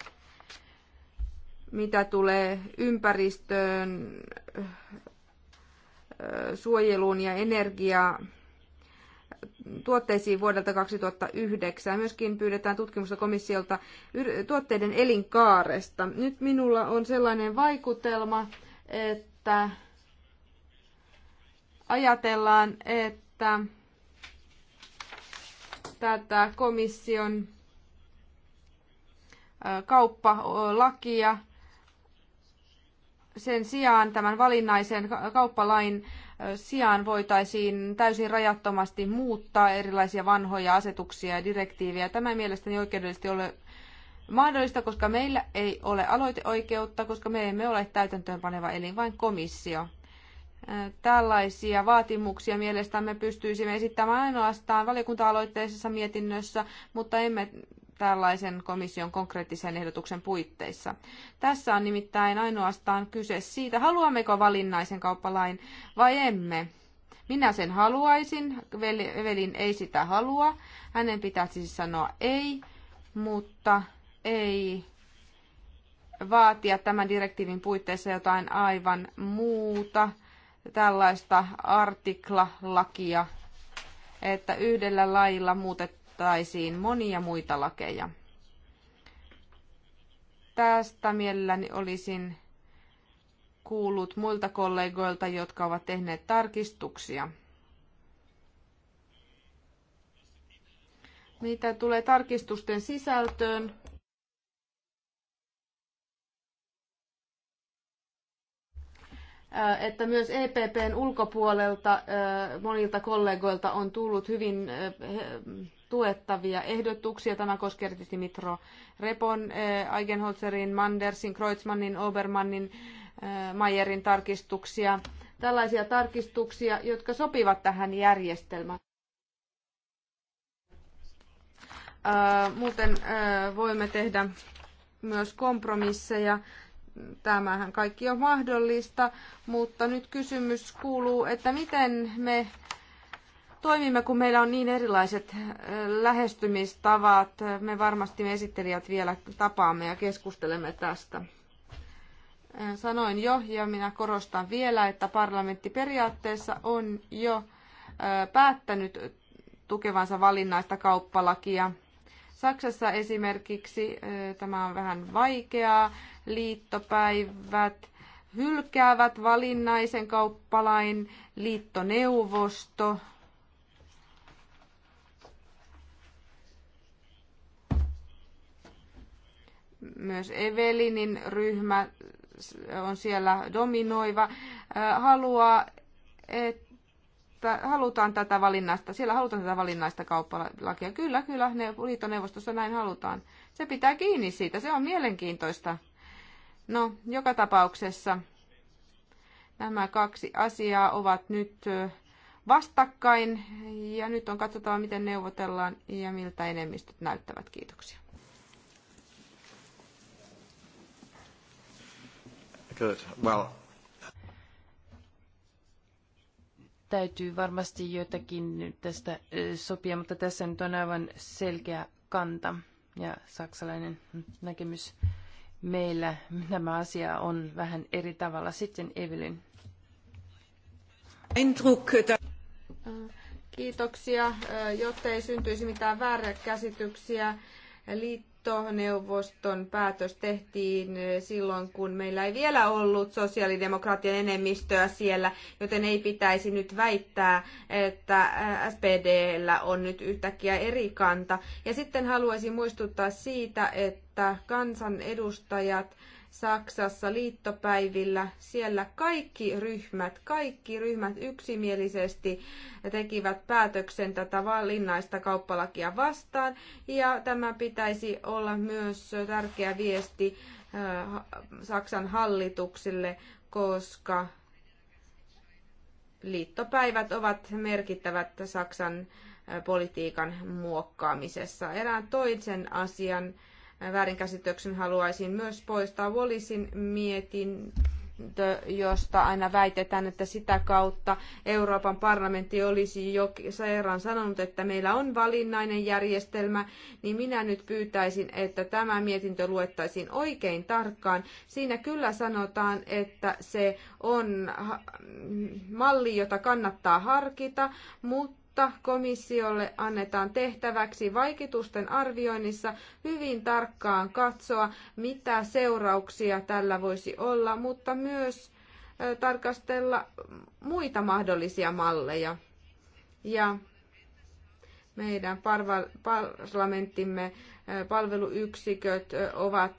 mitä tulee ympäristöön, suojeluun ja energiaa tuotteisiin vuodelta 2009. Myöskin pyydetään tutkimusta komissiolta tuotteiden elinkaaresta. Nyt minulla on sellainen vaikutelma, että ajatellaan, että tätä komission kauppalakia. Sen sijaan tämän valinnaisen kauppalain sijaan voitaisiin täysin rajattomasti muuttaa erilaisia vanhoja asetuksia ja direktiivejä. Tämä ei mielestäni oikeudellisesti ole mahdollista, koska meillä ei ole aloiteoikeutta, koska me emme ole täytäntöönpaneva elin, vain komissio. Tällaisia vaatimuksia mielestämme pystyisimme esittämään ainoastaan valiokunta-aloitteisessa mietinnössä, mutta emme tällaisen komission konkreettisen ehdotuksen puitteissa. Tässä on nimittäin ainoastaan kyse siitä, haluammeko valinnaisen kauppalain vai emme. Minä sen haluaisin, Evelin ei sitä halua, hänen pitäisi siis sanoa ei, mutta ei vaatia tämän direktiivin puitteissa jotain aivan muuta, tällaista artiklalakia, että yhdellä lailla muutettaisiin muutettaisiin monia muita lakeja. Tästä mielelläni olisin kuullut muilta kollegoilta, jotka ovat tehneet tarkistuksia. Mitä tulee tarkistusten sisältöön, Äh, että myös EPPn ulkopuolelta äh, monilta kollegoilta on tullut hyvin äh, tuettavia ehdotuksia. Tämä koskee erityisesti Mitro Repon, Eigenholzerin, Mandersin, Kreutzmannin, Obermannin, Mayerin tarkistuksia. Tällaisia tarkistuksia, jotka sopivat tähän järjestelmään. Muuten voimme tehdä myös kompromisseja tämähän kaikki on mahdollista, mutta nyt kysymys kuuluu, että miten me toimimme, kun meillä on niin erilaiset lähestymistavat. Me varmasti me esittelijät vielä tapaamme ja keskustelemme tästä. Sanoin jo, ja minä korostan vielä, että parlamentti periaatteessa on jo päättänyt tukevansa valinnaista kauppalakia – Saksassa esimerkiksi tämä on vähän vaikeaa. Liittopäivät hylkäävät valinnaisen kauppalain liittoneuvosto. Myös Evelinin ryhmä on siellä dominoiva. Haluaa, että halutaan tätä valinnaista, siellä halutaan tätä valinnaista kauppalakia. Kyllä, kyllä, ne, liittoneuvostossa näin halutaan. Se pitää kiinni siitä, se on mielenkiintoista. No, joka tapauksessa nämä kaksi asiaa ovat nyt vastakkain ja nyt on katsottava, miten neuvotellaan ja miltä enemmistöt näyttävät. Kiitoksia. Good. Well, täytyy varmasti jotakin tästä sopia, mutta tässä nyt on aivan selkeä kanta ja saksalainen näkemys. Meillä tämä asia on vähän eri tavalla. Sitten Evelyn. Kiitoksia, jotta ei syntyisi mitään vääräkäsityksiä liittyen neuvoston päätös tehtiin silloin, kun meillä ei vielä ollut sosiaalidemokraattien enemmistöä siellä, joten ei pitäisi nyt väittää, että SPDllä on nyt yhtäkkiä eri kanta. Ja sitten haluaisin muistuttaa siitä, että kansanedustajat Saksassa liittopäivillä. Siellä kaikki ryhmät, kaikki ryhmät yksimielisesti tekivät päätöksen tätä valinnaista kauppalakia vastaan. Ja tämä pitäisi olla myös tärkeä viesti äh, Saksan hallituksille, koska liittopäivät ovat merkittävät Saksan äh, politiikan muokkaamisessa. Erään toisen asian väärinkäsityksen haluaisin myös poistaa Wallisin mietin josta aina väitetään, että sitä kautta Euroopan parlamentti olisi jo sairaan sanonut, että meillä on valinnainen järjestelmä, niin minä nyt pyytäisin, että tämä mietintö luettaisiin oikein tarkkaan. Siinä kyllä sanotaan, että se on malli, jota kannattaa harkita, mutta jotta komissiolle annetaan tehtäväksi vaikutusten arvioinnissa hyvin tarkkaan katsoa, mitä seurauksia tällä voisi olla, mutta myös tarkastella muita mahdollisia malleja. Ja meidän parlamenttimme palveluyksiköt ovat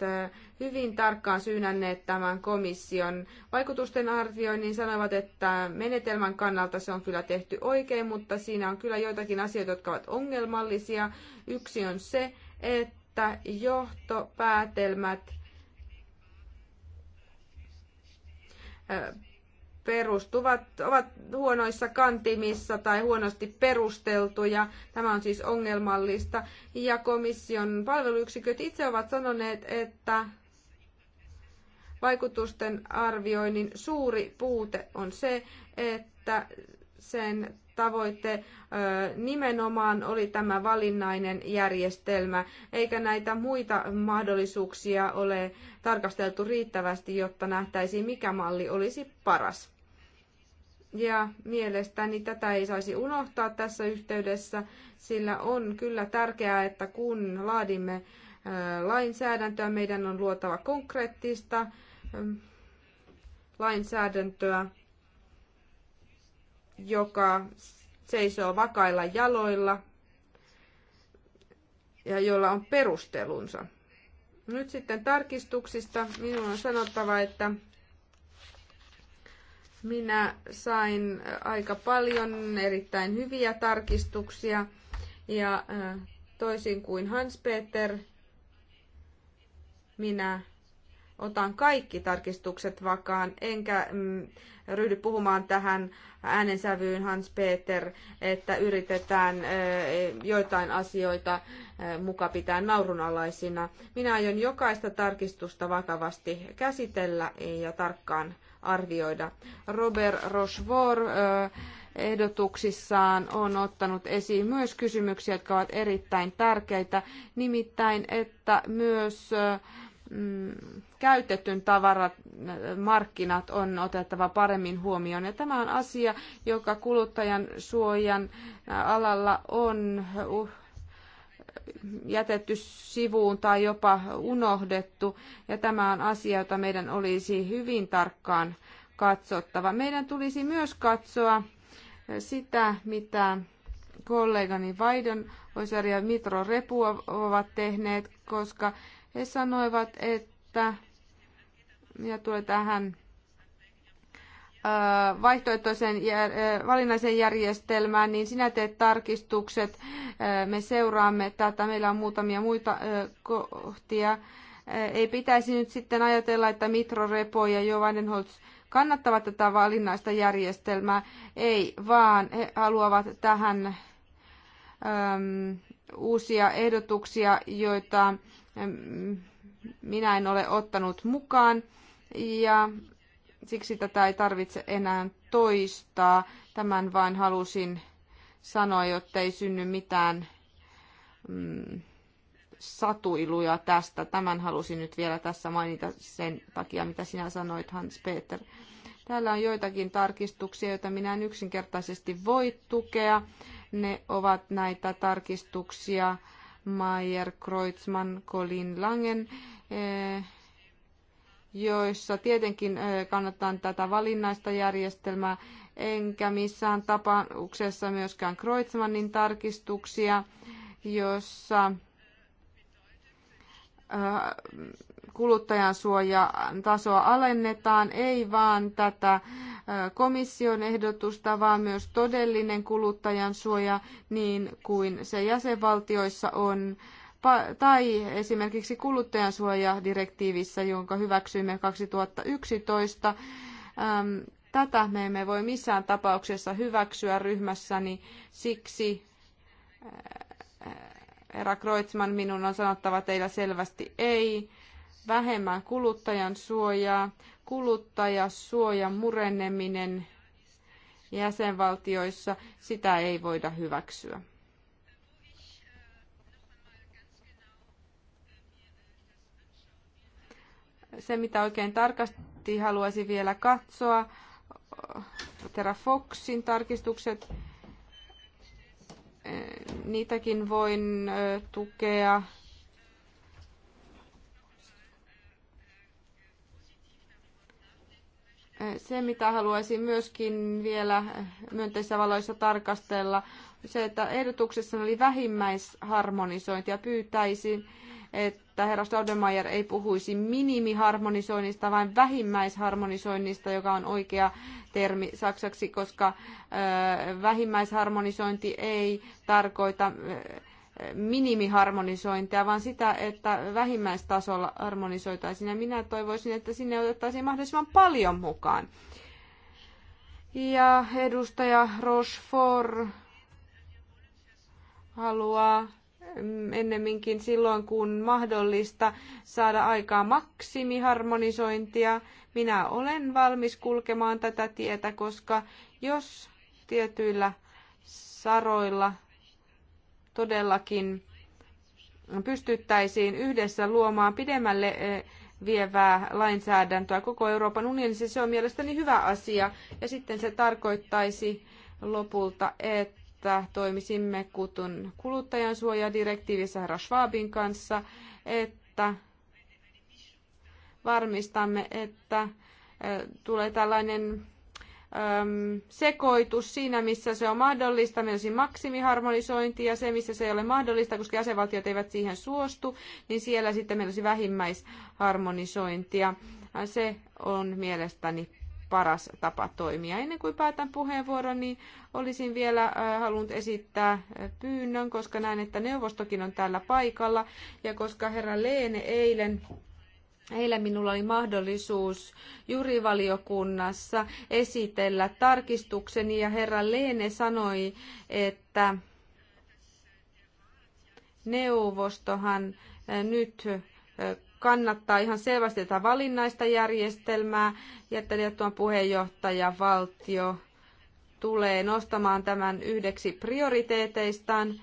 hyvin tarkkaan syynänneet tämän komission vaikutusten arvioinnin, sanovat, että menetelmän kannalta se on kyllä tehty oikein, mutta siinä on kyllä joitakin asioita, jotka ovat ongelmallisia. Yksi on se, että johtopäätelmät perustuvat, ovat huonoissa kantimissa tai huonosti perusteltuja. Tämä on siis ongelmallista. Ja komission palveluyksiköt itse ovat sanoneet, että vaikutusten arvioinnin suuri puute on se, että sen tavoite nimenomaan oli tämä valinnainen järjestelmä, eikä näitä muita mahdollisuuksia ole tarkasteltu riittävästi, jotta nähtäisiin, mikä malli olisi paras. Ja mielestäni tätä ei saisi unohtaa tässä yhteydessä, sillä on kyllä tärkeää, että kun laadimme lainsäädäntöä, meidän on luotava konkreettista lainsäädäntöä, joka seisoo vakailla jaloilla ja jolla on perustelunsa. Nyt sitten tarkistuksista. Minun on sanottava, että minä sain äh, aika paljon erittäin hyviä tarkistuksia ja äh, toisin kuin Hans-Peter, minä otan kaikki tarkistukset vakaan, enkä mm, ryhdy puhumaan tähän äänensävyyn Hans-Peter, että yritetään ö, äh, joitain asioita muka pitää naurunalaisina. Minä aion jokaista tarkistusta vakavasti käsitellä ja tarkkaan arvioida. Robert Rochefort ehdotuksissaan on ottanut esiin myös kysymyksiä, jotka ovat erittäin tärkeitä, nimittäin, että myös mm, käytetyn tavarat, markkinat on otettava paremmin huomioon. Ja tämä on asia, joka kuluttajan suojan alalla on jätetty sivuun tai jopa unohdettu, ja tämä on asia, jota meidän olisi hyvin tarkkaan katsottava. Meidän tulisi myös katsoa sitä, mitä kollegani Vaidon ja Mitro Repu ovat tehneet, koska he sanoivat, että, ja tulee tähän vaihtoehtoiseen valinnaiseen järjestelmään, niin sinä teet tarkistukset. Me seuraamme tätä. Meillä on muutamia muita kohtia. Ei pitäisi nyt sitten ajatella, että Mitro Repo ja Jo Weidenholz kannattavat tätä valinnaista järjestelmää. Ei, vaan he haluavat tähän äm, uusia ehdotuksia, joita äm, minä en ole ottanut mukaan. Ja siksi tätä ei tarvitse enää toistaa. Tämän vain halusin sanoa, jotta ei synny mitään mm, satuiluja tästä. Tämän halusin nyt vielä tässä mainita sen takia, mitä sinä sanoit, Hans-Peter. Täällä on joitakin tarkistuksia, joita minä en yksinkertaisesti voi tukea. Ne ovat näitä tarkistuksia Mayer, Kreutzmann, Colin Langen, eh, joissa tietenkin kannattaa tätä valinnaista järjestelmää, enkä missään tapauksessa myöskään Kreutzmannin tarkistuksia, jossa kuluttajan tasoa alennetaan, ei vaan tätä komission ehdotusta, vaan myös todellinen kuluttajansuoja niin kuin se jäsenvaltioissa on tai esimerkiksi kuluttajansuojadirektiivissä, jonka hyväksyimme 2011. Ähm, tätä me emme voi missään tapauksessa hyväksyä ryhmässäni, siksi äh, Era Kreutzmann, minun on sanottava teillä selvästi ei. Vähemmän kuluttajan suojaa, kuluttajasuojan jäsenvaltioissa, sitä ei voida hyväksyä. Se, mitä oikein tarkasti haluaisin vielä katsoa, Tera Foxin tarkistukset, eh, niitäkin voin eh, tukea. Eh, se, mitä haluaisin myöskin vielä myönteisissä valoissa tarkastella, se, että ehdotuksessa oli vähimmäisharmonisointi ja pyytäisin, että herra Staudemeyer ei puhuisi minimiharmonisoinnista, vaan vähimmäisharmonisoinnista, joka on oikea termi saksaksi, koska vähimmäisharmonisointi ei tarkoita minimiharmonisointia, vaan sitä, että vähimmäistasolla harmonisoitaisiin. Ja minä toivoisin, että sinne otettaisiin mahdollisimman paljon mukaan. Ja edustaja Rochefort haluaa ennemminkin silloin, kun mahdollista saada aikaa maksimiharmonisointia. Minä olen valmis kulkemaan tätä tietä, koska jos tietyillä saroilla todellakin pystyttäisiin yhdessä luomaan pidemmälle eh, vievää lainsäädäntöä koko Euroopan unionissa, se on mielestäni hyvä asia. Ja sitten se tarkoittaisi lopulta, että että toimisimme kutun kuluttajansuojadirektiivissä herra Schwabin kanssa, että varmistamme, että tulee tällainen sekoitus siinä, missä se on mahdollista, myös maksimiharmonisointi ja se, missä se ei ole mahdollista, koska jäsenvaltiot eivät siihen suostu, niin siellä sitten meillä olisi vähimmäisharmonisointia. Se on mielestäni paras tapa toimia. Ennen kuin päätän puheenvuoron, niin olisin vielä halunnut esittää pyynnön, koska näen, että neuvostokin on täällä paikalla. Ja koska herra Leene eilen Eilen minulla oli mahdollisuus jurivaliokunnassa esitellä tarkistukseni ja herra Leene sanoi, että neuvostohan nyt kannattaa ihan selvästi tätä valinnaista järjestelmää, ja että Liettuan puheenjohtaja valtio tulee nostamaan tämän yhdeksi prioriteeteistaan,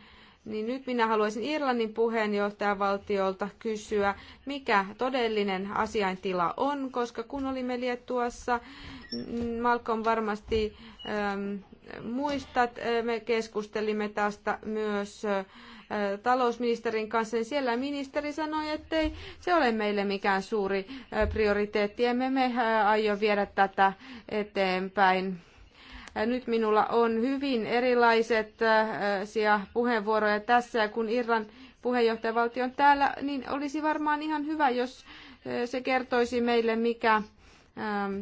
niin nyt minä haluaisin Irlannin puheenjohtajavaltiolta kysyä, mikä todellinen asiaintila on, koska kun olimme Liettuassa, mm, Malcolm varmasti ähm, muistat, me keskustelimme tästä myös talousministerin kanssa, niin siellä ministeri sanoi, ettei se ole meille mikään suuri prioriteetti. Emme me aio viedä tätä eteenpäin. Nyt minulla on hyvin erilaiset puheenvuoroja tässä, ja kun Irran puheenjohtajavaltio on täällä, niin olisi varmaan ihan hyvä, jos se kertoisi meille, mikä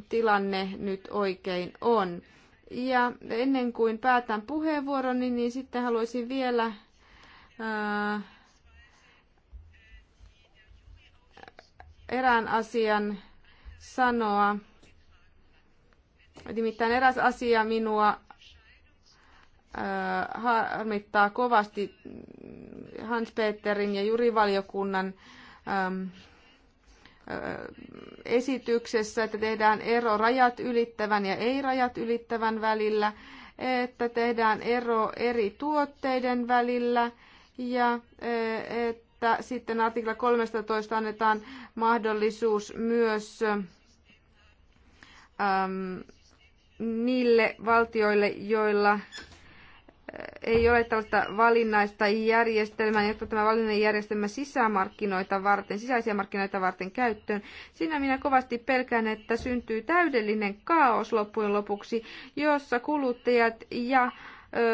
tilanne nyt oikein on. Ja ennen kuin päätän puheenvuoroni, niin sitten haluaisin vielä ää, äh, erään asian sanoa. Nimittäin eräs asia minua ää, äh, harmittaa kovasti Hans-Peterin ja jurivaliokunnan ää, ähm, esityksessä, että tehdään ero rajat ylittävän ja ei-rajat ylittävän välillä, että tehdään ero eri tuotteiden välillä ja että sitten artikla 13 annetaan mahdollisuus myös äm, niille valtioille, joilla ei ole tällaista valinnaista järjestelmää, jotta tämä valinnainen järjestelmä sisämarkkinoita varten, sisäisiä markkinoita varten käyttöön. Siinä minä kovasti pelkään, että syntyy täydellinen kaos loppujen lopuksi, jossa kuluttajat ja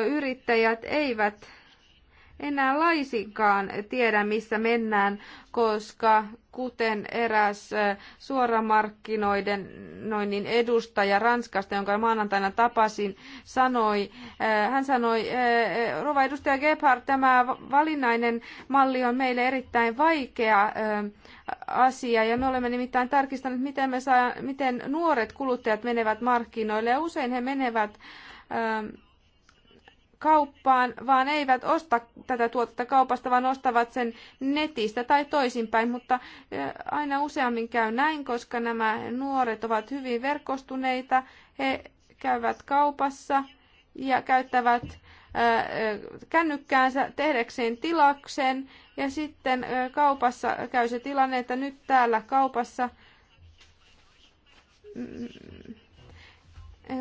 yrittäjät eivät enää laisinkaan tiedä, missä mennään, koska kuten eräs suoramarkkinoiden noin niin edustaja Ranskasta, jonka maanantaina tapasin, sanoi, hän sanoi, rova edustaja Gebhardt, tämä valinnainen malli on meille erittäin vaikea asia ja me olemme nimittäin tarkistaneet, miten, me saa, miten nuoret kuluttajat menevät markkinoille ja usein he menevät kauppaan, vaan eivät osta tätä tuotetta kaupasta, vaan ostavat sen netistä tai toisinpäin. Mutta aina useammin käy näin, koska nämä nuoret ovat hyvin verkostuneita. He käyvät kaupassa ja käyttävät kännykkäänsä tehdäkseen tilaksen. Ja sitten kaupassa käy se tilanne, että nyt täällä kaupassa mm,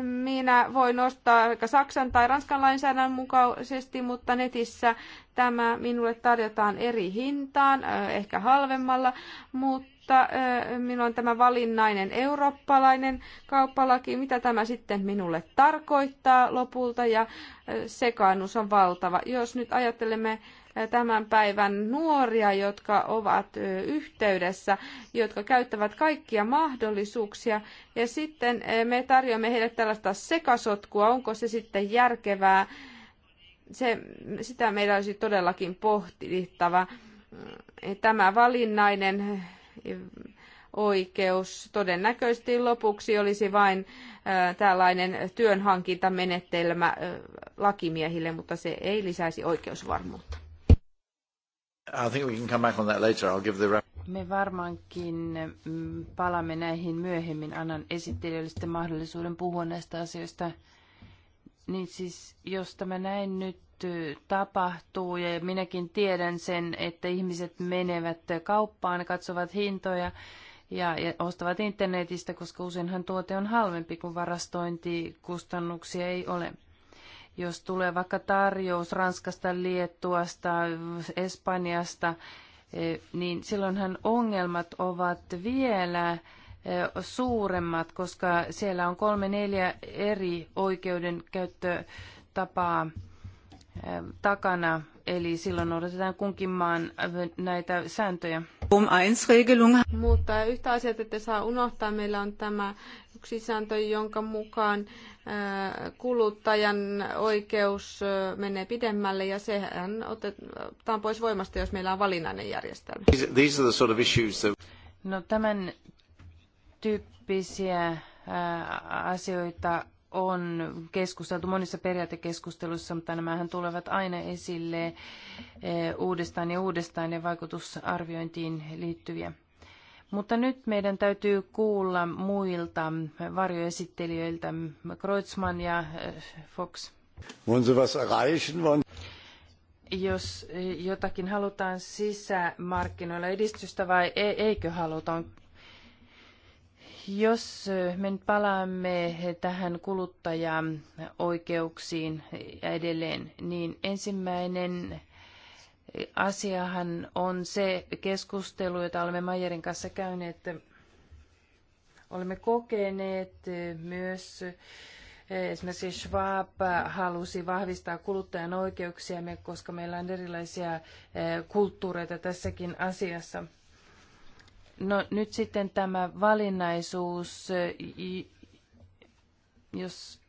minä voin ostaa vaikka Saksan tai Ranskan lainsäädännön mukaisesti, mutta netissä tämä minulle tarjotaan eri hintaan, ehkä halvemmalla, mutta minulla on tämä valinnainen eurooppalainen kauppalaki, mitä tämä sitten minulle tarkoittaa lopulta ja sekaannus on valtava. Jos nyt ajattelemme tämän päivän nuoria, jotka ovat yhteydessä, jotka käyttävät kaikkia mahdollisuuksia. Ja sitten me tarjoamme heille tällaista sekasotkua, onko se sitten järkevää. Se, sitä meidän olisi todellakin pohtittava. Tämä valinnainen oikeus todennäköisesti lopuksi olisi vain tällainen työnhankintamenetelmä lakimiehille, mutta se ei lisäisi oikeusvarmuutta. I think we can come back on that later. I'll give the me varmaankin mm, palaamme näihin myöhemmin. Annan esittelijöille sitten mahdollisuuden puhua näistä asioista. Niin siis, jos tämä näin nyt tapahtuu ja minäkin tiedän sen, että ihmiset menevät kauppaan, katsovat hintoja ja, ja ostavat internetistä, koska useinhan tuote on halvempi, kun varastointikustannuksia ei ole. Jos tulee vaikka tarjous Ranskasta, Liettuasta, Espanjasta, eh, niin silloinhan ongelmat ovat vielä eh, suuremmat, koska siellä on kolme neljä eri oikeudenkäyttötapaa eh, takana, eli silloin noudatetaan kunkin maan näitä sääntöjä. Um Mutta yhtä asiaa että saa unohtaa, meillä on tämä perustuksisääntö, jonka mukaan kuluttajan oikeus menee pidemmälle ja sehän otetaan pois voimasta, jos meillä on valinnainen järjestelmä. No tämän tyyppisiä asioita on keskusteltu monissa periaatekeskusteluissa, mutta nämähän tulevat aina esille uudestaan ja uudestaan ja vaikutusarviointiin liittyviä. Mutta nyt meidän täytyy kuulla muilta varjoesittelijöiltä, Kreutzmann ja äh, Fox. Jos äh, jotakin halutaan sisämarkkinoilla edistystä vai e-, eikö haluta, jos äh, me nyt palaamme tähän kuluttajaoikeuksiin ja edelleen, niin ensimmäinen asiahan on se keskustelu, jota olemme Majerin kanssa käyneet. Olemme kokeneet myös, esimerkiksi Schwab halusi vahvistaa kuluttajan oikeuksia, koska meillä on erilaisia eh, kulttuureita tässäkin asiassa. No nyt sitten tämä valinnaisuus, eh, jos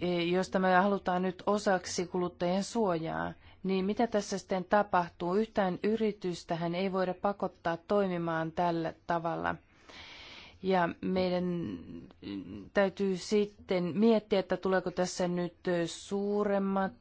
E, jos tämä halutaan nyt osaksi kuluttajien suojaa, niin mitä tässä sitten tapahtuu? Yhtään yritystähän ei voida pakottaa toimimaan tällä tavalla. Ja meidän täytyy sitten miettiä, että tuleeko tässä nyt suuremmat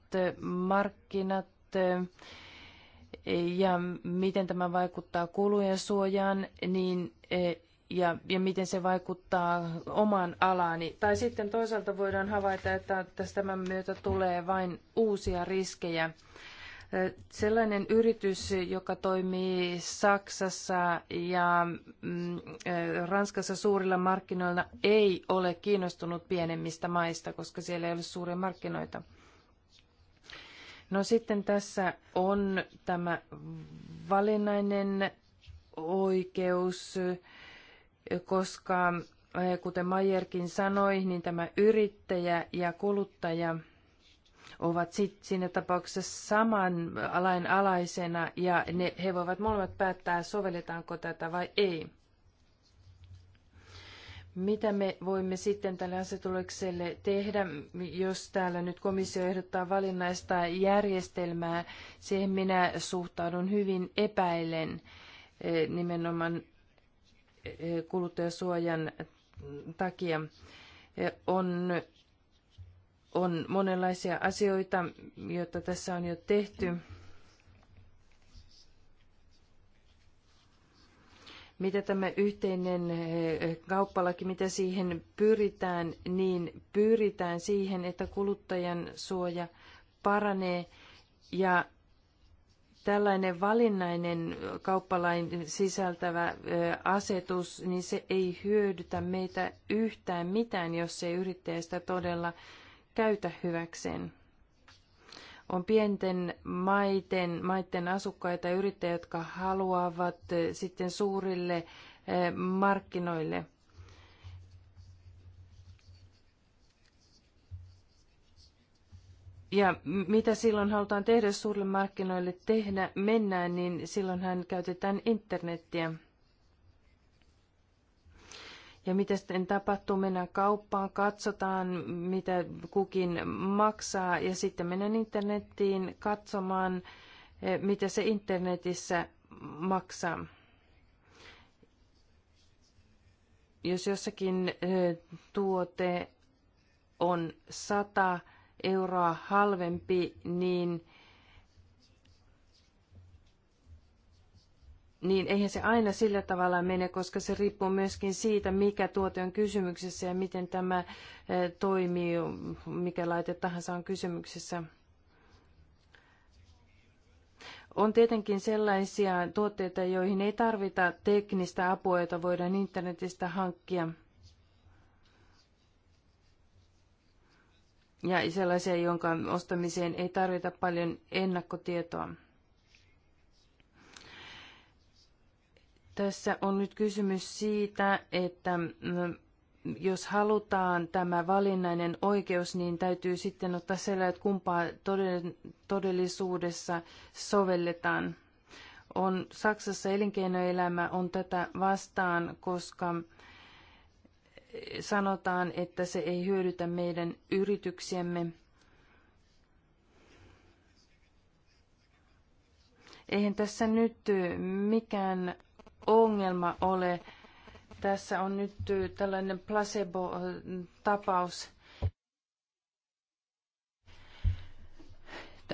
markkinat e, ja miten tämä vaikuttaa kulujen suojaan, niin e, ja, ja miten se vaikuttaa omaan alaani. Tai sitten toisaalta voidaan havaita, että tästä tämän myötä tulee vain uusia riskejä. Sellainen yritys, joka toimii Saksassa ja mm, Ranskassa suurilla markkinoilla, ei ole kiinnostunut pienemmistä maista, koska siellä ei ole suuria markkinoita. No sitten tässä on tämä valinnainen oikeus koska eh, kuten Majerkin sanoi, niin tämä yrittäjä ja kuluttaja ovat sit siinä tapauksessa saman alain alaisena ja ne, he voivat molemmat päättää, sovelletaanko tätä vai ei. Mitä me voimme sitten tälle asetulokselle tehdä, jos täällä nyt komissio ehdottaa valinnaista järjestelmää? Siihen minä suhtaudun hyvin epäilen eh, nimenomaan kuluttajasuojan takia on, on monenlaisia asioita, joita tässä on jo tehty. Mitä tämä yhteinen eh, kauppalaki, mitä siihen pyritään, niin pyritään siihen, että kuluttajan suoja paranee ja tällainen valinnainen kauppalain sisältävä asetus, niin se ei hyödytä meitä yhtään mitään, jos ei yrittäjä sitä todella käytä hyväkseen. On pienten maiden, maiden asukkaita ja yrittäjiä, jotka haluavat sitten suurille markkinoille – Ja mitä silloin halutaan tehdä suurille markkinoille tehdä, mennään, niin silloinhan käytetään internettiä. Ja mitä sitten tapahtuu, mennään kauppaan, katsotaan mitä kukin maksaa ja sitten mennään internettiin katsomaan, eh, mitä se internetissä maksaa. Jos jossakin eh, tuote on 100 euroa halvempi, niin, niin eihän se aina sillä tavalla mene, koska se riippuu myöskin siitä, mikä tuote on kysymyksessä ja miten tämä eh, toimii, mikä laite tahansa on kysymyksessä. On tietenkin sellaisia tuotteita, joihin ei tarvita teknistä apua, jota voidaan internetistä hankkia – ja sellaisia, jonka ostamiseen ei tarvita paljon ennakkotietoa. Tässä on nyt kysymys siitä, että mm, jos halutaan tämä valinnainen oikeus, niin täytyy sitten ottaa selvää, että kumpaa todellisuudessa sovelletaan. On Saksassa elinkeinoelämä on tätä vastaan, koska sanotaan, että se ei hyödytä meidän yrityksiämme. Eihän tässä nyt mikään ongelma ole. Tässä on nyt tällainen placebo-tapaus.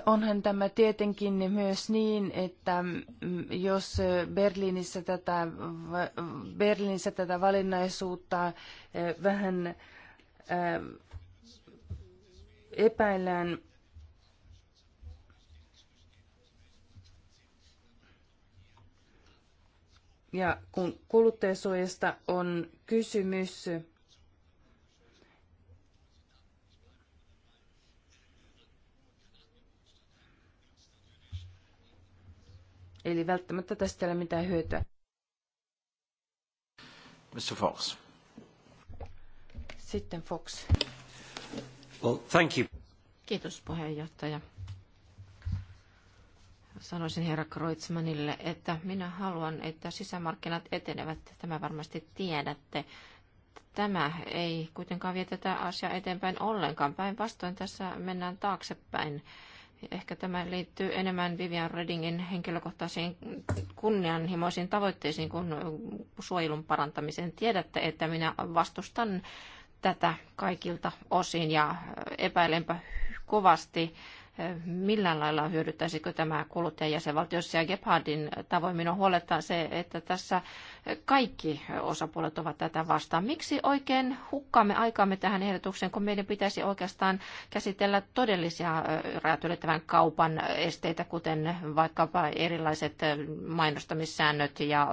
Onhan tämä tietenkin myös niin, että mm, jos Berliinissä tätä, Berliinissä tätä valinnaisuutta eh, vähän eh, epäillään, ja kun kuluttajasuojasta on kysymys, Eli välttämättä tästä ei ole mitään hyötyä. Mr. Fox. Sitten Fox. Well, thank you. Kiitos puheenjohtaja. Sanoisin herra Kreutzmanille, että minä haluan, että sisämarkkinat etenevät. Tämä varmasti tiedätte. Tämä ei kuitenkaan vie tätä asiaa eteenpäin ollenkaan. Päinvastoin tässä mennään taaksepäin. Ehkä tämä liittyy enemmän Vivian Reddingin henkilökohtaisiin kunnianhimoisiin tavoitteisiin kuin suojelun parantamiseen. Tiedätte, että minä vastustan tätä kaikilta osin ja epäilenpä kovasti millään lailla hyödyttäisikö tämä kuluttajajäsenvaltiossa ja Gebhardin tavoin minun huolettaa se, että tässä kaikki osapuolet ovat tätä vastaan. Miksi oikein hukkaamme aikaamme tähän ehdotukseen, kun meidän pitäisi oikeastaan käsitellä todellisia rajat ylittävän kaupan esteitä, kuten vaikkapa erilaiset mainostamissäännöt ja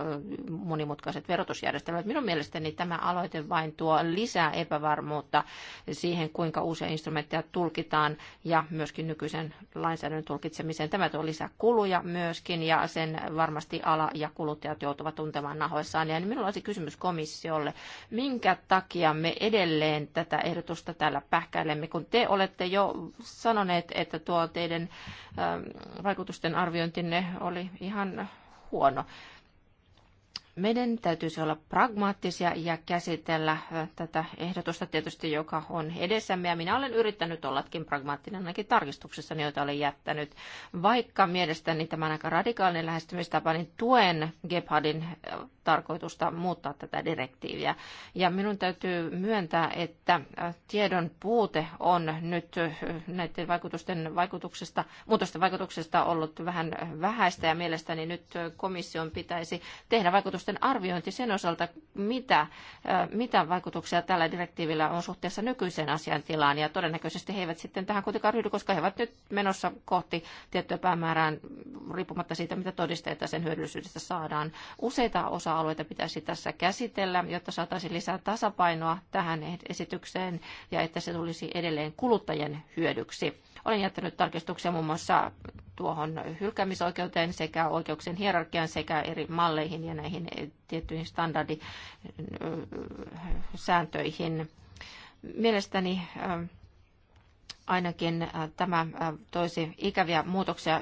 monimutkaiset verotusjärjestelmät. Minun mielestäni tämä aloite vain tuo lisää epävarmuutta siihen, kuinka uusia instrumentteja tulkitaan ja myöskin nykyisen lainsäädännön tulkitsemiseen. Tämä tuo lisää kuluja myöskin ja sen varmasti ala ja kuluttajat joutuvat tuntemaan nahoja määrärahoissaan. Ja niin minulla olisi kysymys komissiolle, minkä takia me edelleen tätä ehdotusta täällä pähkäilemme, kun te olette jo sanoneet, että tuo teidän ähm, vaikutusten arviointinne oli ihan huono meidän täytyisi olla pragmaattisia ja käsitellä tätä ehdotusta tietysti, joka on edessämme. Ja minä olen yrittänyt ollakin pragmaattinen ainakin tarkistuksessa, joita olen jättänyt. Vaikka mielestäni tämä on aika radikaalinen lähestymistapa, niin tuen Gebhardin tarkoitusta muuttaa tätä direktiiviä. Ja minun täytyy myöntää, että tiedon puute on nyt näiden vaikutusten vaikutuksesta, muutosten vaikutuksesta ollut vähän vähäistä ja mielestäni nyt komission pitäisi tehdä vaikutusten vaikutusten arviointi sen osalta, mitä, mitä vaikutuksia tällä direktiivillä on suhteessa nykyiseen asiantilaan. Ja todennäköisesti he eivät sitten tähän kuitenkaan ryhdy, koska he ovat nyt menossa kohti tiettyä päämäärää riippumatta siitä, mitä todisteita sen hyödyllisyydestä saadaan. Useita osa-alueita pitäisi tässä käsitellä, jotta saataisiin lisää tasapainoa tähän esitykseen ja että se tulisi edelleen kuluttajien hyödyksi. Olen jättänyt tarkistuksia muun muassa tuohon hylkäämisoikeuteen sekä oikeuksien hierarkian sekä eri malleihin ja näihin tiettyihin standardisääntöihin. Mielestäni äh, ainakin äh, tämä äh, toisi ikäviä muutoksia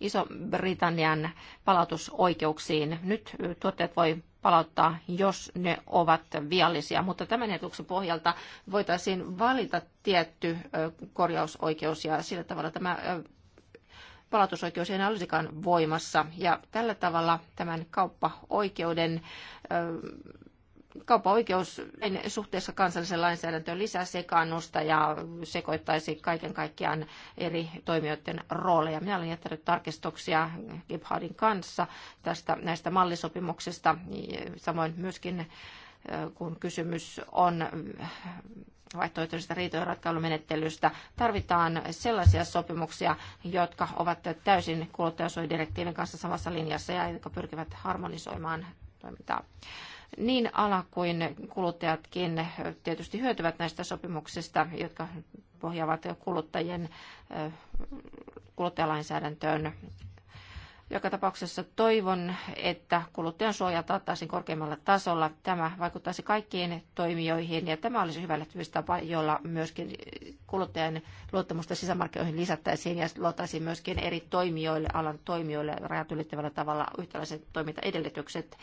Iso-Britannian palautusoikeuksiin. Nyt tuotteet voi palauttaa, jos ne ovat viallisia. Mutta tämän etuksen pohjalta voitaisiin valita tietty korjausoikeus ja sillä tavalla tämä palautusoikeus ei enää olisikaan voimassa. Ja tällä tavalla tämän kauppaoikeuden kauppaoikeus suhteessa kansalliseen lainsäädäntöön lisää sekaannusta ja sekoittaisi kaiken kaikkiaan eri toimijoiden rooleja. Minä olen jättänyt tarkistuksia Gibhardin kanssa tästä näistä mallisopimuksista, samoin myöskin äh, kun kysymys on äh, vaihtoehtoisesta riitojen ratkailumenettelystä. Tarvitaan sellaisia sopimuksia, jotka ovat täysin kuluttajasuojadirektiivin kanssa samassa linjassa ja jotka pyrkivät harmonisoimaan toimintaa niin ala kuin kuluttajatkin tietysti hyötyvät näistä sopimuksista, jotka pohjaavat kuluttajien eh, kuluttajalainsäädäntöön. Joka tapauksessa toivon, että kuluttajan suoja taattaisiin korkeammalla tasolla. Tämä vaikuttaisi kaikkiin toimijoihin ja tämä olisi hyvä tapa, jolla myöskin kuluttajan luottamusta sisämarkkinoihin lisättäisiin ja luotaisiin myöskin eri toimijoille, alan toimijoille rajat ylittävällä tavalla yhtäläiset toimintaedellytykset.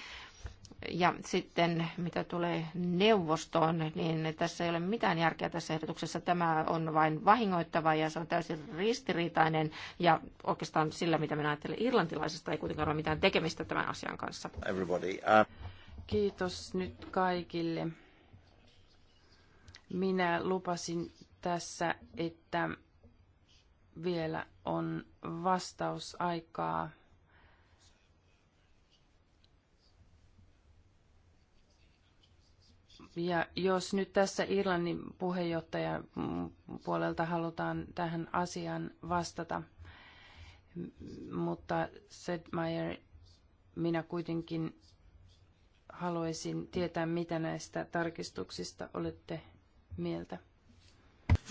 Ja sitten mitä tulee neuvostoon, niin tässä ei ole mitään järkeä tässä ehdotuksessa. Tämä on vain vahingoittava ja se on täysin ristiriitainen. Ja oikeastaan sillä, mitä minä ajattelen irlantilaisesta, ei kuitenkaan ole mitään tekemistä tämän asian kanssa. Everybody, uh... Kiitos nyt kaikille. Minä lupasin tässä, että vielä on vastausaikaa. Ja jos nyt tässä Irlannin puheenjohtajan puolelta halutaan tähän asiaan vastata, mutta Sedmeier, minä kuitenkin haluaisin tietää, mitä näistä tarkistuksista olette mieltä.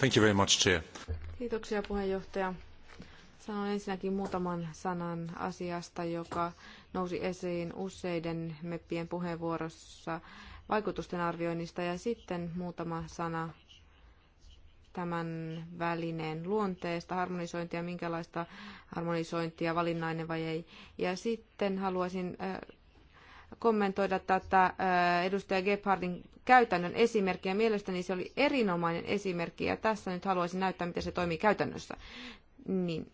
Thank you very much, Chair. Kiitoksia puheenjohtaja. Sanon ensinnäkin muutaman sanan asiasta, joka nousi esiin useiden meppien puheenvuorossa vaikutusten arvioinnista ja sitten muutama sana tämän välineen luonteesta, harmonisointia, minkälaista harmonisointia, valinnainen vai ei. Ja sitten haluaisin kommentoida tätä edustaja Gebhardin käytännön esimerkkiä. Mielestäni se oli erinomainen esimerkki ja tässä nyt haluaisin näyttää, miten se toimii käytännössä. Niin,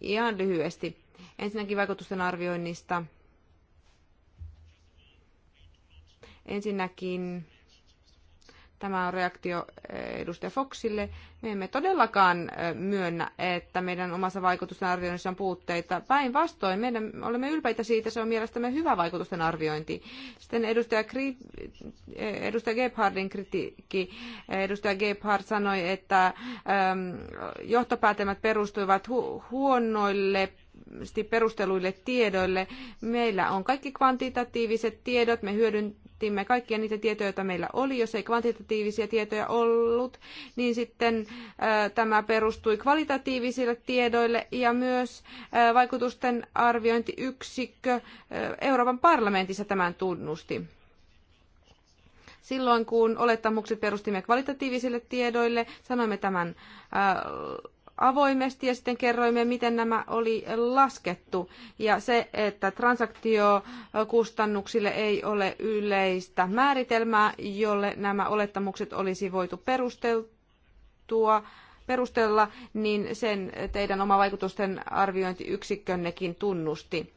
ihan lyhyesti. Ensinnäkin vaikutusten arvioinnista. Ensinnäkin tämä on reaktio eh, edustaja Foxille. Me emme todellakaan eh, myönnä, että meidän omassa vaikutusten arvioinnissa on puutteita. Päinvastoin, meidän olemme ylpeitä siitä, se on mielestämme hyvä vaikutusten arviointi. Sitten edustaja, Kri, eh, edustaja Gebhardin kritiikki. Edustaja Gebhard sanoi, että ehm, johtopäätelmät perustuivat hu- huonoille perusteluille tiedoille. Meillä on kaikki kvantitatiiviset tiedot, me hyödyn käytimme kaikkia niitä tietoja, joita meillä oli. Jos ei kvantitatiivisia tietoja ollut, niin sitten tämä perustui kvalitatiivisille tiedoille ja myös vaikutusten arviointiyksikkö Euroopan parlamentissa tämän tunnusti. Silloin kun olettamukset perustimme kvalitatiivisille tiedoille, sanoimme tämän avoimesti ja sitten kerroimme, miten nämä oli laskettu. Ja se, että transaktiokustannuksille ei ole yleistä määritelmää, jolle nämä olettamukset olisi voitu perusteltua perusteella, niin sen teidän oma vaikutusten arviointiyksikkönnekin tunnusti.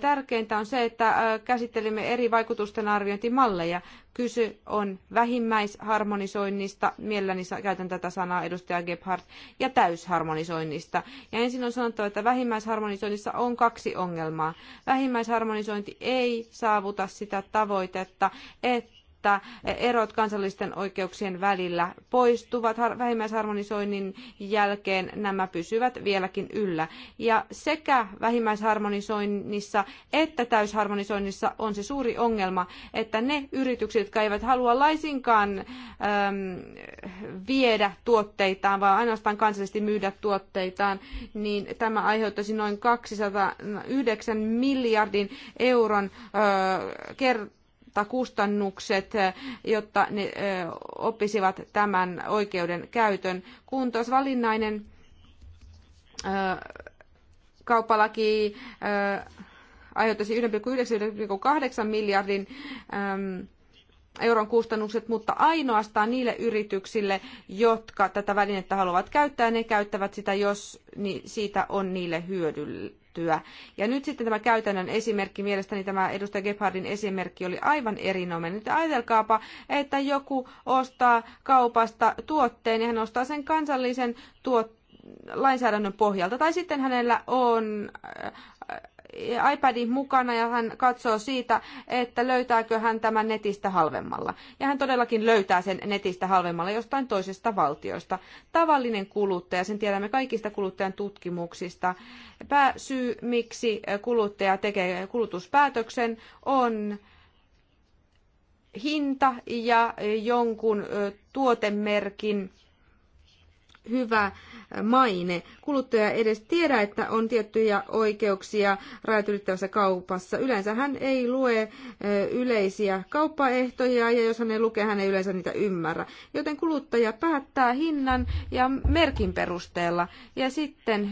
Tärkeintä on se, että käsittelimme eri vaikutusten arviointimalleja. Kysy on vähimmäisharmonisoinnista, mielelläni käytän tätä sanaa edustaja Gebhardt, ja täysharmonisoinnista. Ja ensin on sanottava, että vähimmäisharmonisoinnissa on kaksi ongelmaa. Vähimmäisharmonisointi ei saavuta sitä tavoitetta, että että erot kansallisten oikeuksien välillä poistuvat vähimmäisharmonisoinnin jälkeen nämä pysyvät vieläkin yllä. Ja sekä vähimmäisharmonisoinnissa että täysharmonisoinnissa on se suuri ongelma, että ne yritykset, jotka eivät halua laisinkaan äm, viedä tuotteitaan, vaan ainoastaan kansallisesti myydä tuotteitaan, niin tämä aiheuttaisi noin 209 miljardin euron ö, kert- tai kustannukset, jotta ne oppisivat tämän oikeuden käytön. Kun tuossa valinnainen kauppalaki aiheuttaisi 1,9-1,8 miljardin euron kustannukset, mutta ainoastaan niille yrityksille, jotka tätä välinettä haluavat käyttää, ne käyttävät sitä, jos siitä on niille hyödyllistä välttyä. Ja nyt sitten tämä käytännön esimerkki, mielestäni tämä edustaja Gebhardin esimerkki oli aivan erinomainen. Nyt ajatelkaapa, että joku ostaa kaupasta tuotteen ja hän ostaa sen kansallisen tuotteen lainsäädännön pohjalta, tai sitten hänellä on äh, iPadin mukana ja hän katsoo siitä, että löytääkö hän tämän netistä halvemmalla. Ja hän todellakin löytää sen netistä halvemmalla jostain toisesta valtiosta. Tavallinen kuluttaja, sen tiedämme kaikista kuluttajan tutkimuksista. Pääsyy, miksi kuluttaja tekee kulutuspäätöksen, on hinta ja jonkun tuotemerkin hyvä maine. Kuluttaja ei edes tiedä, että on tiettyjä oikeuksia rajat ylittävässä kaupassa. Yleensä hän ei lue yleisiä kauppaehtoja ja jos hän ei lukee, hän ei yleensä niitä ymmärrä. Joten kuluttaja päättää hinnan ja merkin perusteella. Ja sitten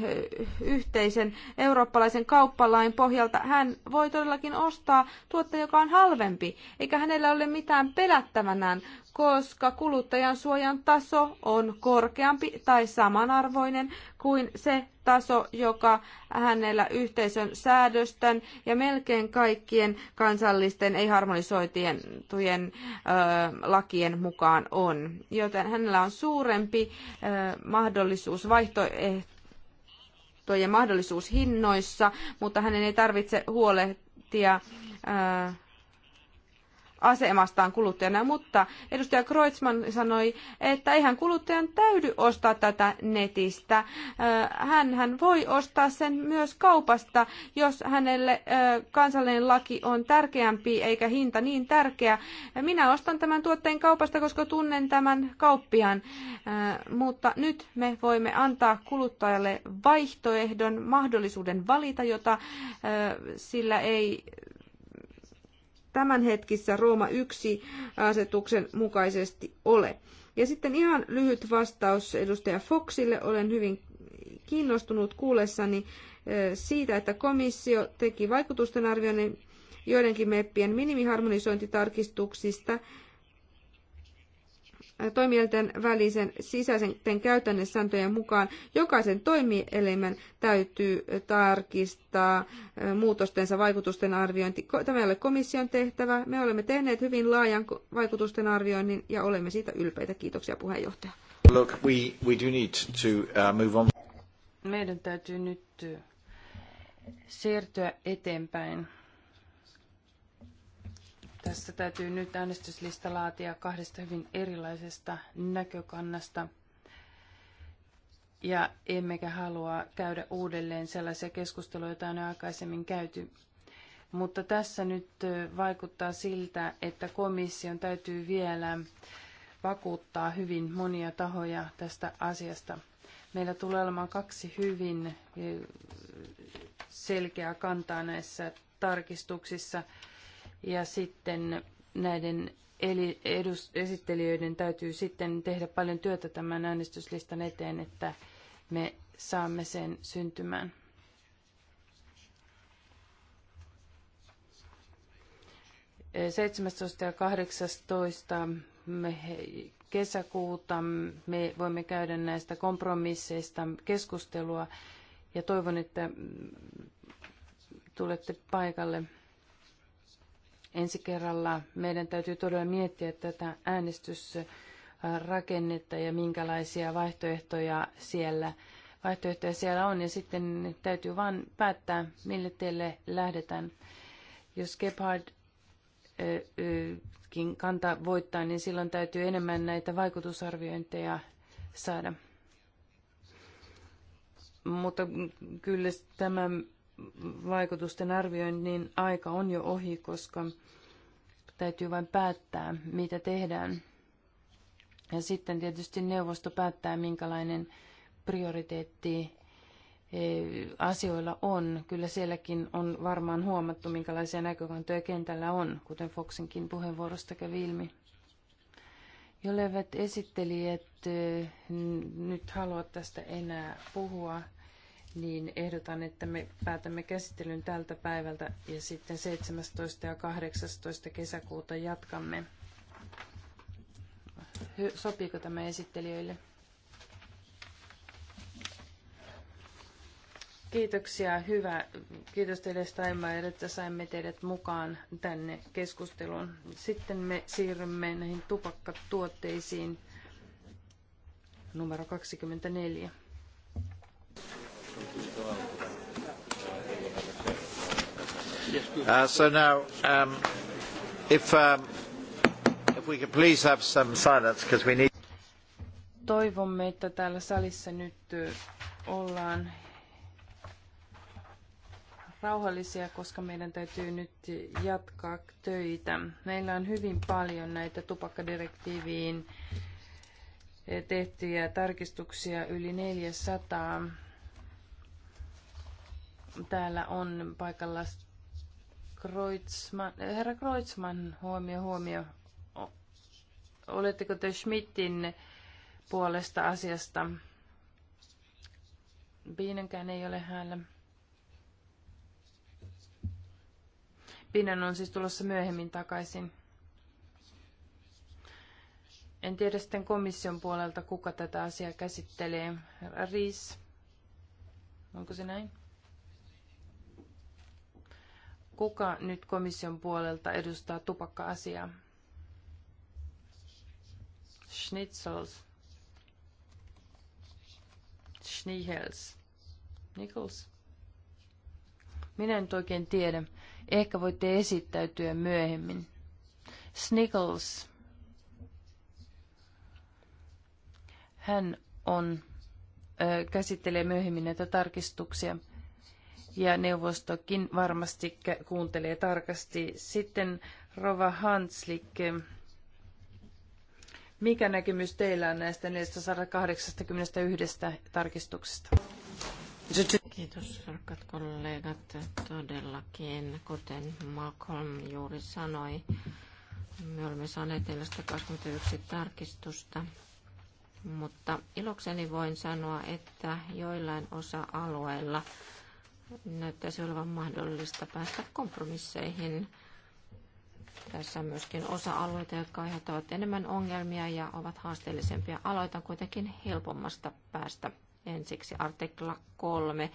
yhteisen eurooppalaisen kauppalain pohjalta hän voi todellakin ostaa tuotteen, joka on halvempi, eikä hänellä ole mitään pelättävänään, koska kuluttajan suojan taso on korkeampi tai samanarvoinen kuin se taso, joka hänellä yhteisön säädösten ja melkein kaikkien kansallisten ei-harmonisoitujen lakien mukaan on. Joten hänellä on suurempi ö, mahdollisuus vaihtoehtojen mahdollisuus hinnoissa, mutta hänen ei tarvitse huolehtia ö, asemastaan kuluttajana, mutta edustaja Kreutzmann sanoi, että eihän kuluttajan täydy ostaa tätä netistä. Hän, hän voi ostaa sen myös kaupasta, jos hänelle kansallinen laki on tärkeämpi eikä hinta niin tärkeä. Minä ostan tämän tuotteen kaupasta, koska tunnen tämän kauppian, mutta nyt me voimme antaa kuluttajalle vaihtoehdon, mahdollisuuden valita, jota sillä ei tämänhetkissä Rooma 1 asetuksen mukaisesti ole. Ja sitten ihan lyhyt vastaus edustaja Foxille. Olen hyvin kiinnostunut kuullessani eh, siitä, että komissio teki vaikutusten arvioinnin joidenkin meppien minimiharmonisointitarkistuksista toimielten välisen sisäisen käytännesääntöjen mukaan jokaisen toimielimen täytyy tarkistaa muutostensa vaikutusten arviointi. Tämä ei ole komission tehtävä. Me olemme tehneet hyvin laajan vaikutusten arvioinnin ja olemme siitä ylpeitä. Kiitoksia puheenjohtaja. Look, we, we do need to uh, move on. Meidän täytyy nyt siirtyä eteenpäin. Tässä täytyy nyt äänestyslista laatia kahdesta hyvin erilaisesta näkökannasta. Ja emmekä halua käydä uudelleen sellaisia keskusteluja, joita on jo aikaisemmin käyty. Mutta tässä nyt vaikuttaa siltä, että komission täytyy vielä vakuuttaa hyvin monia tahoja tästä asiasta. Meillä tulee olemaan kaksi hyvin selkeää kantaa näissä tarkistuksissa ja sitten näiden eli edus, esittelijöiden täytyy sitten tehdä paljon työtä tämän äänestyslistan eteen, että me saamme sen syntymään. E, 17. ja 18. Me kesäkuuta me voimme käydä näistä kompromisseista keskustelua ja toivon, että tulette paikalle ensi kerralla meidän täytyy todella miettiä tätä äänestysrakennetta ja minkälaisia vaihtoehtoja siellä, vaihtoehtoja siellä on. Ja sitten täytyy vain päättää, mille teille lähdetään. Jos Gebhard kanta voittaa, niin silloin täytyy enemmän näitä vaikutusarviointeja saada. Mutta kyllä tämä vaikutusten arvioinnin aika on jo ohi, koska täytyy vain päättää, mitä tehdään. Ja sitten tietysti neuvosto päättää, minkälainen prioriteetti e, asioilla on. Kyllä sielläkin on varmaan huomattu, minkälaisia näkökantoja kentällä on, kuten Foxinkin puheenvuorosta kävi ilmi. esitteli, esittelijät nyt haluat tästä enää puhua, niin ehdotan, että me päätämme käsittelyn tältä päivältä ja sitten 17. ja 18. kesäkuuta jatkamme. Sopiiko tämä esittelijöille? Kiitoksia, hyvä. Kiitos teille Steinmeier, että saimme teidät mukaan tänne keskusteluun. Sitten me siirrymme näihin tupakkatuotteisiin numero 24. Uh, so now, um, if, um, if we could please have some silence, because we need... Toivomme, että täällä salissa nyt ollaan rauhallisia, koska meidän täytyy nyt jatkaa töitä. Meillä on hyvin paljon näitä tupakkadirektiiviin eh, tehtyjä tarkistuksia, yli 400. Täällä on paikalla Kreutzmann. Eh, herra Kreutzmann, huomio, huomio. Oletteko te Schmidtin puolesta asiasta? Biinenkään ei ole häällä. Biinen on siis tulossa myöhemmin takaisin. En tiedä sitten komission puolelta, kuka tätä asiaa käsittelee. Riis, onko se näin? kuka nyt komission puolelta edustaa tupakka-asiaa? Schnitzels. Schnihels. Nichols. Minä en oikein tiedä. Ehkä voitte esittäytyä myöhemmin. Snickles. Hän on, käsittelee myöhemmin näitä tarkistuksia ja neuvostokin varmasti kuuntelee tarkasti. Sitten Rova Hanslik, mikä näkemys teillä on näistä 481 tarkistuksesta? Kiitos rakkaat kollegat. Todellakin, kuten Malcolm juuri sanoi, me olemme saaneet 421 tarkistusta mutta ilokseni voin sanoa, että joillain osa-alueilla näyttäisi olevan mahdollista päästä kompromisseihin. Tässä on myöskin osa-alueita, jotka aiheuttavat enemmän ongelmia ja ovat haasteellisempia. Aloitan kuitenkin helpommasta päästä ensiksi. Artikla 3.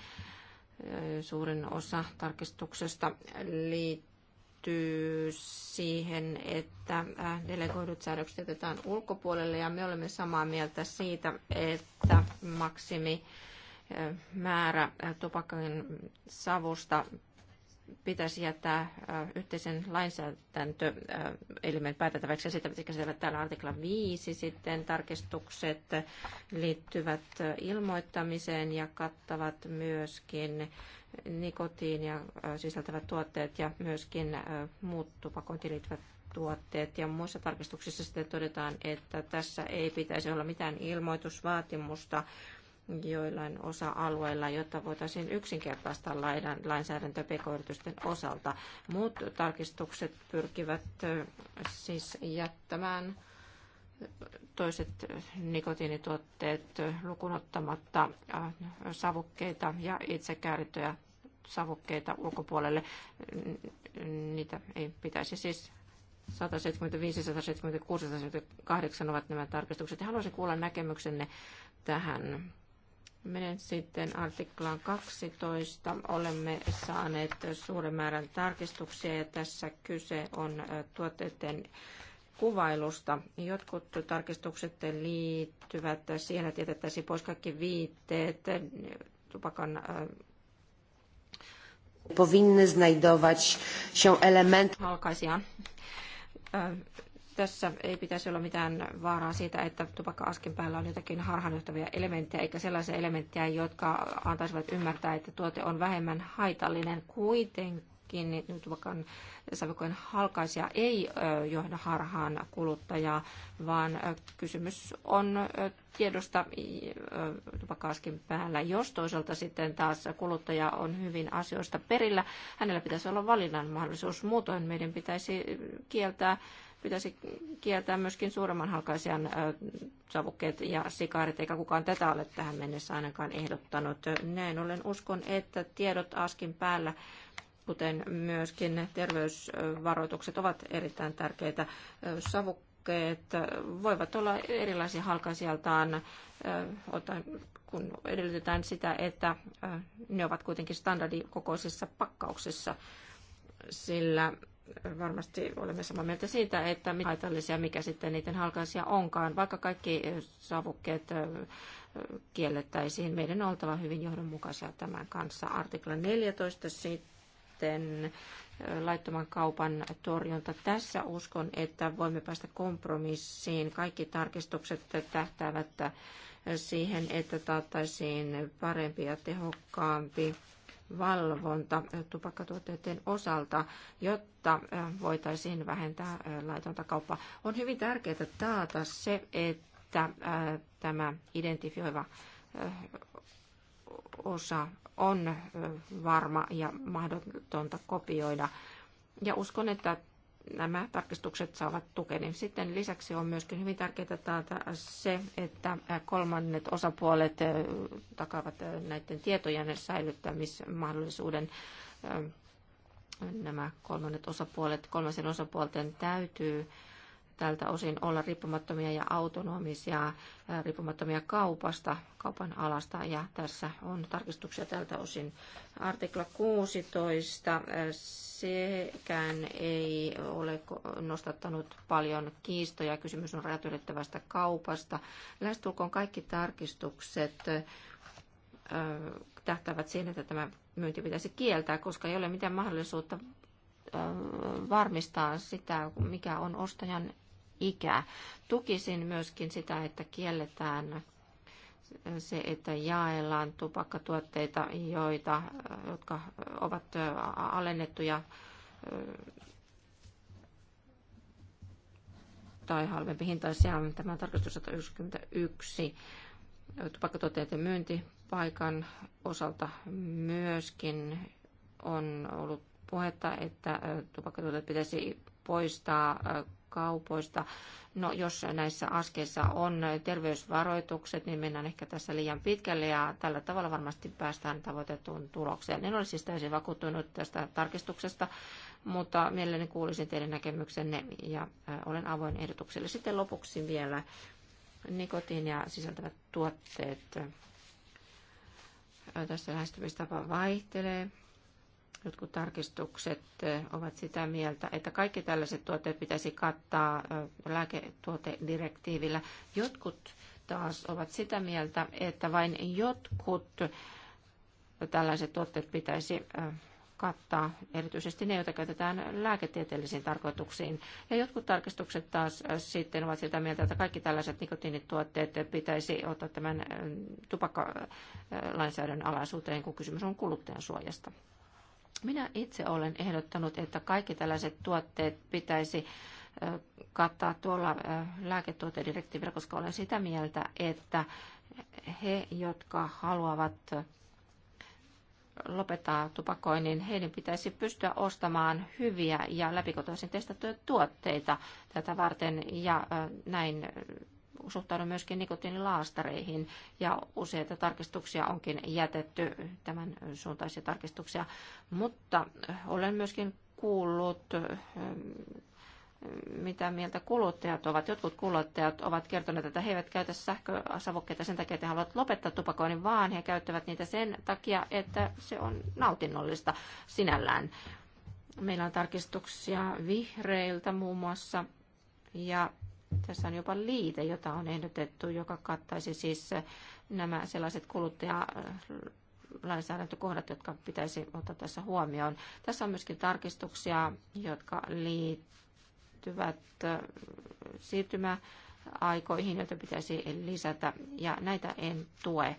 Suurin osa tarkistuksesta liittyy siihen, että äh, delegoidut säädökset jätetään ulkopuolelle ja me olemme samaa mieltä siitä, että maksimi määrä tupakan savusta pitäisi jättää äh, yhteisen lainsäädäntöelimen päätettäväksi sitä pitäisi käsitellä täällä artikla 5. Sitten tarkistukset liittyvät äh, ilmoittamiseen ja kattavat myöskin nikotiinia äh, sisältävät tuotteet ja myöskin muut tupakointiin liittyvät tuotteet. Ja muissa tarkistuksissa sitten todetaan, että tässä ei pitäisi olla mitään ilmoitusvaatimusta joillain osa-alueilla, jotta voitaisiin yksinkertaistaa laidan, lainsäädäntö pk-yritysten osalta. Muut tarkistukset pyrkivät siis jättämään toiset nikotiinituotteet lukunottamatta savukkeita ja itse savukkeita ulkopuolelle. Niitä ei pitäisi siis 175, 176, 178 ovat nämä tarkistukset. Haluaisin kuulla näkemyksenne tähän Menen sitten artiklaan 12. Olemme saaneet suuren määrän tarkistuksia ja tässä kyse on tuotteiden kuvailusta. Jotkut tarkistukset liittyvät siihen, että jätettäisiin pois kaikki viitteet tupakan powinny znajdować się elementy tässä ei pitäisi olla mitään vaaraa siitä, että tupakka-askin päällä on jotakin harhanjohtavia elementtejä, eikä sellaisia elementtejä, jotka antaisivat ymmärtää, että tuote on vähemmän haitallinen kuitenkin Niin tupakan savukojen halkaisia ei johda harhaan kuluttajaa, vaan kysymys on tiedosta tupakaaskin päällä. Jos toisaalta sitten taas kuluttaja on hyvin asioista perillä, hänellä pitäisi olla valinnan mahdollisuus. Muutoin meidän pitäisi kieltää pitäisi kieltää myöskin suuremman halkaisijan savukkeet ja sikaarit, eikä kukaan tätä ole tähän mennessä ainakaan ehdottanut. Näin ollen uskon, että tiedot askin päällä kuten myöskin terveysvaroitukset ovat erittäin tärkeitä. Savukkeet voivat olla erilaisia halkaisijaltaan, kun edellytetään sitä, että ne ovat kuitenkin standardikokoisissa pakkauksissa, sillä varmasti olemme samaa mieltä siitä, että mitä haitallisia, mikä sitten niiden halkaisia onkaan. Vaikka kaikki savukkeet kiellettäisiin, meidän on oltava hyvin johdonmukaisia tämän kanssa. Artikla 14 sitten laittoman kaupan torjunta. Tässä uskon, että voimme päästä kompromissiin. Kaikki tarkistukset tähtäävät siihen, että taattaisiin parempi ja tehokkaampi valvonta tupakkatuotteiden osalta, jotta voitaisiin vähentää laitonta kauppaa. On hyvin tärkeää taata se, että tämä identifioiva osa on varma ja mahdotonta kopioida. Ja uskon, että nämä tarkistukset saavat tukeni. Sitten lisäksi on myöskin hyvin tärkeää taata se, että kolmannet osapuolet takaavat näiden tietojen säilyttämismahdollisuuden nämä kolmannet osapuolet, kolmasen osapuolten täytyy tältä osin olla riippumattomia ja autonomisia, äh, riippumattomia kaupasta, kaupan alasta. Ja tässä on tarkistuksia tältä osin. Artikla 16. Äh, sekään ei ole nostattanut paljon kiistoja. Kysymys on rajat ylittävästä kaupasta. Lähestulkoon kaikki tarkistukset äh, tähtävät siihen, että tämä myynti pitäisi kieltää, koska ei ole mitään mahdollisuutta varmistaa sitä, mikä on ostajan ikää. Tukisin myöskin sitä, että kielletään se, että jaellaan tupakkatuotteita, joita, jotka ovat alennettuja tai halvempi hintaisia. Tämä on tarkastus 191 tupakkatuotteiden myyntipaikan osalta myöskin on ollut puhetta, että tupakkatuotteet pitäisi poistaa kaupoista. No, jos näissä askeissa on terveysvaroitukset, niin mennään ehkä tässä liian pitkälle ja tällä tavalla varmasti päästään tavoitettuun tulokseen. En ole siis täysin vakuuttunut tästä tarkistuksesta, mutta mielelläni kuulisin teidän näkemyksenne ja äh, olen avoin ehdotukselle. Sitten lopuksi vielä nikotiinia sisältävät tuotteet. Äh, tässä lähestymistapa vaihtelee Jotkut tarkistukset ovat sitä mieltä, että kaikki tällaiset tuotteet pitäisi kattaa lääketuotedirektiivillä. Jotkut taas ovat sitä mieltä, että vain jotkut tällaiset tuotteet pitäisi kattaa, erityisesti ne, joita käytetään lääketieteellisiin tarkoituksiin. Ja jotkut tarkistukset taas sitten ovat sitä mieltä, että kaikki tällaiset nikotiinituotteet pitäisi ottaa tämän tupakkalainsäädännön alaisuuteen, kun kysymys on kuluttajan suojasta. Minä itse olen ehdottanut, että kaikki tällaiset tuotteet pitäisi kattaa tuolla lääketuotedirektiivillä, koska olen sitä mieltä, että he, jotka haluavat lopettaa tupakoinnin, niin heidän pitäisi pystyä ostamaan hyviä ja läpikotoisin testattuja tuotteita tätä varten ja näin suhtaudun myöskin nikotiinilaastareihin ja useita tarkistuksia onkin jätetty, tämän suuntaisia tarkistuksia. Mutta eh, olen myöskin kuullut eh, eh, mitä mieltä kuluttajat ovat. Jotkut kuluttajat ovat kertoneet, että he eivät käytä sähkösavukkeita sen takia, että he haluavat lopettaa tupakoinnin, vaan he käyttävät niitä sen takia, että se on nautinnollista sinällään. Meillä on tarkistuksia vihreiltä muun muassa ja tässä on jopa liite, jota on ehdotettu, joka kattaisi siis eh, nämä sellaiset kuluttajalainsäädäntökohdat, jotka pitäisi ottaa tässä huomioon. Tässä on myöskin tarkistuksia, jotka liittyvät eh, siirtymäaikoihin, joita pitäisi lisätä, ja näitä en tue.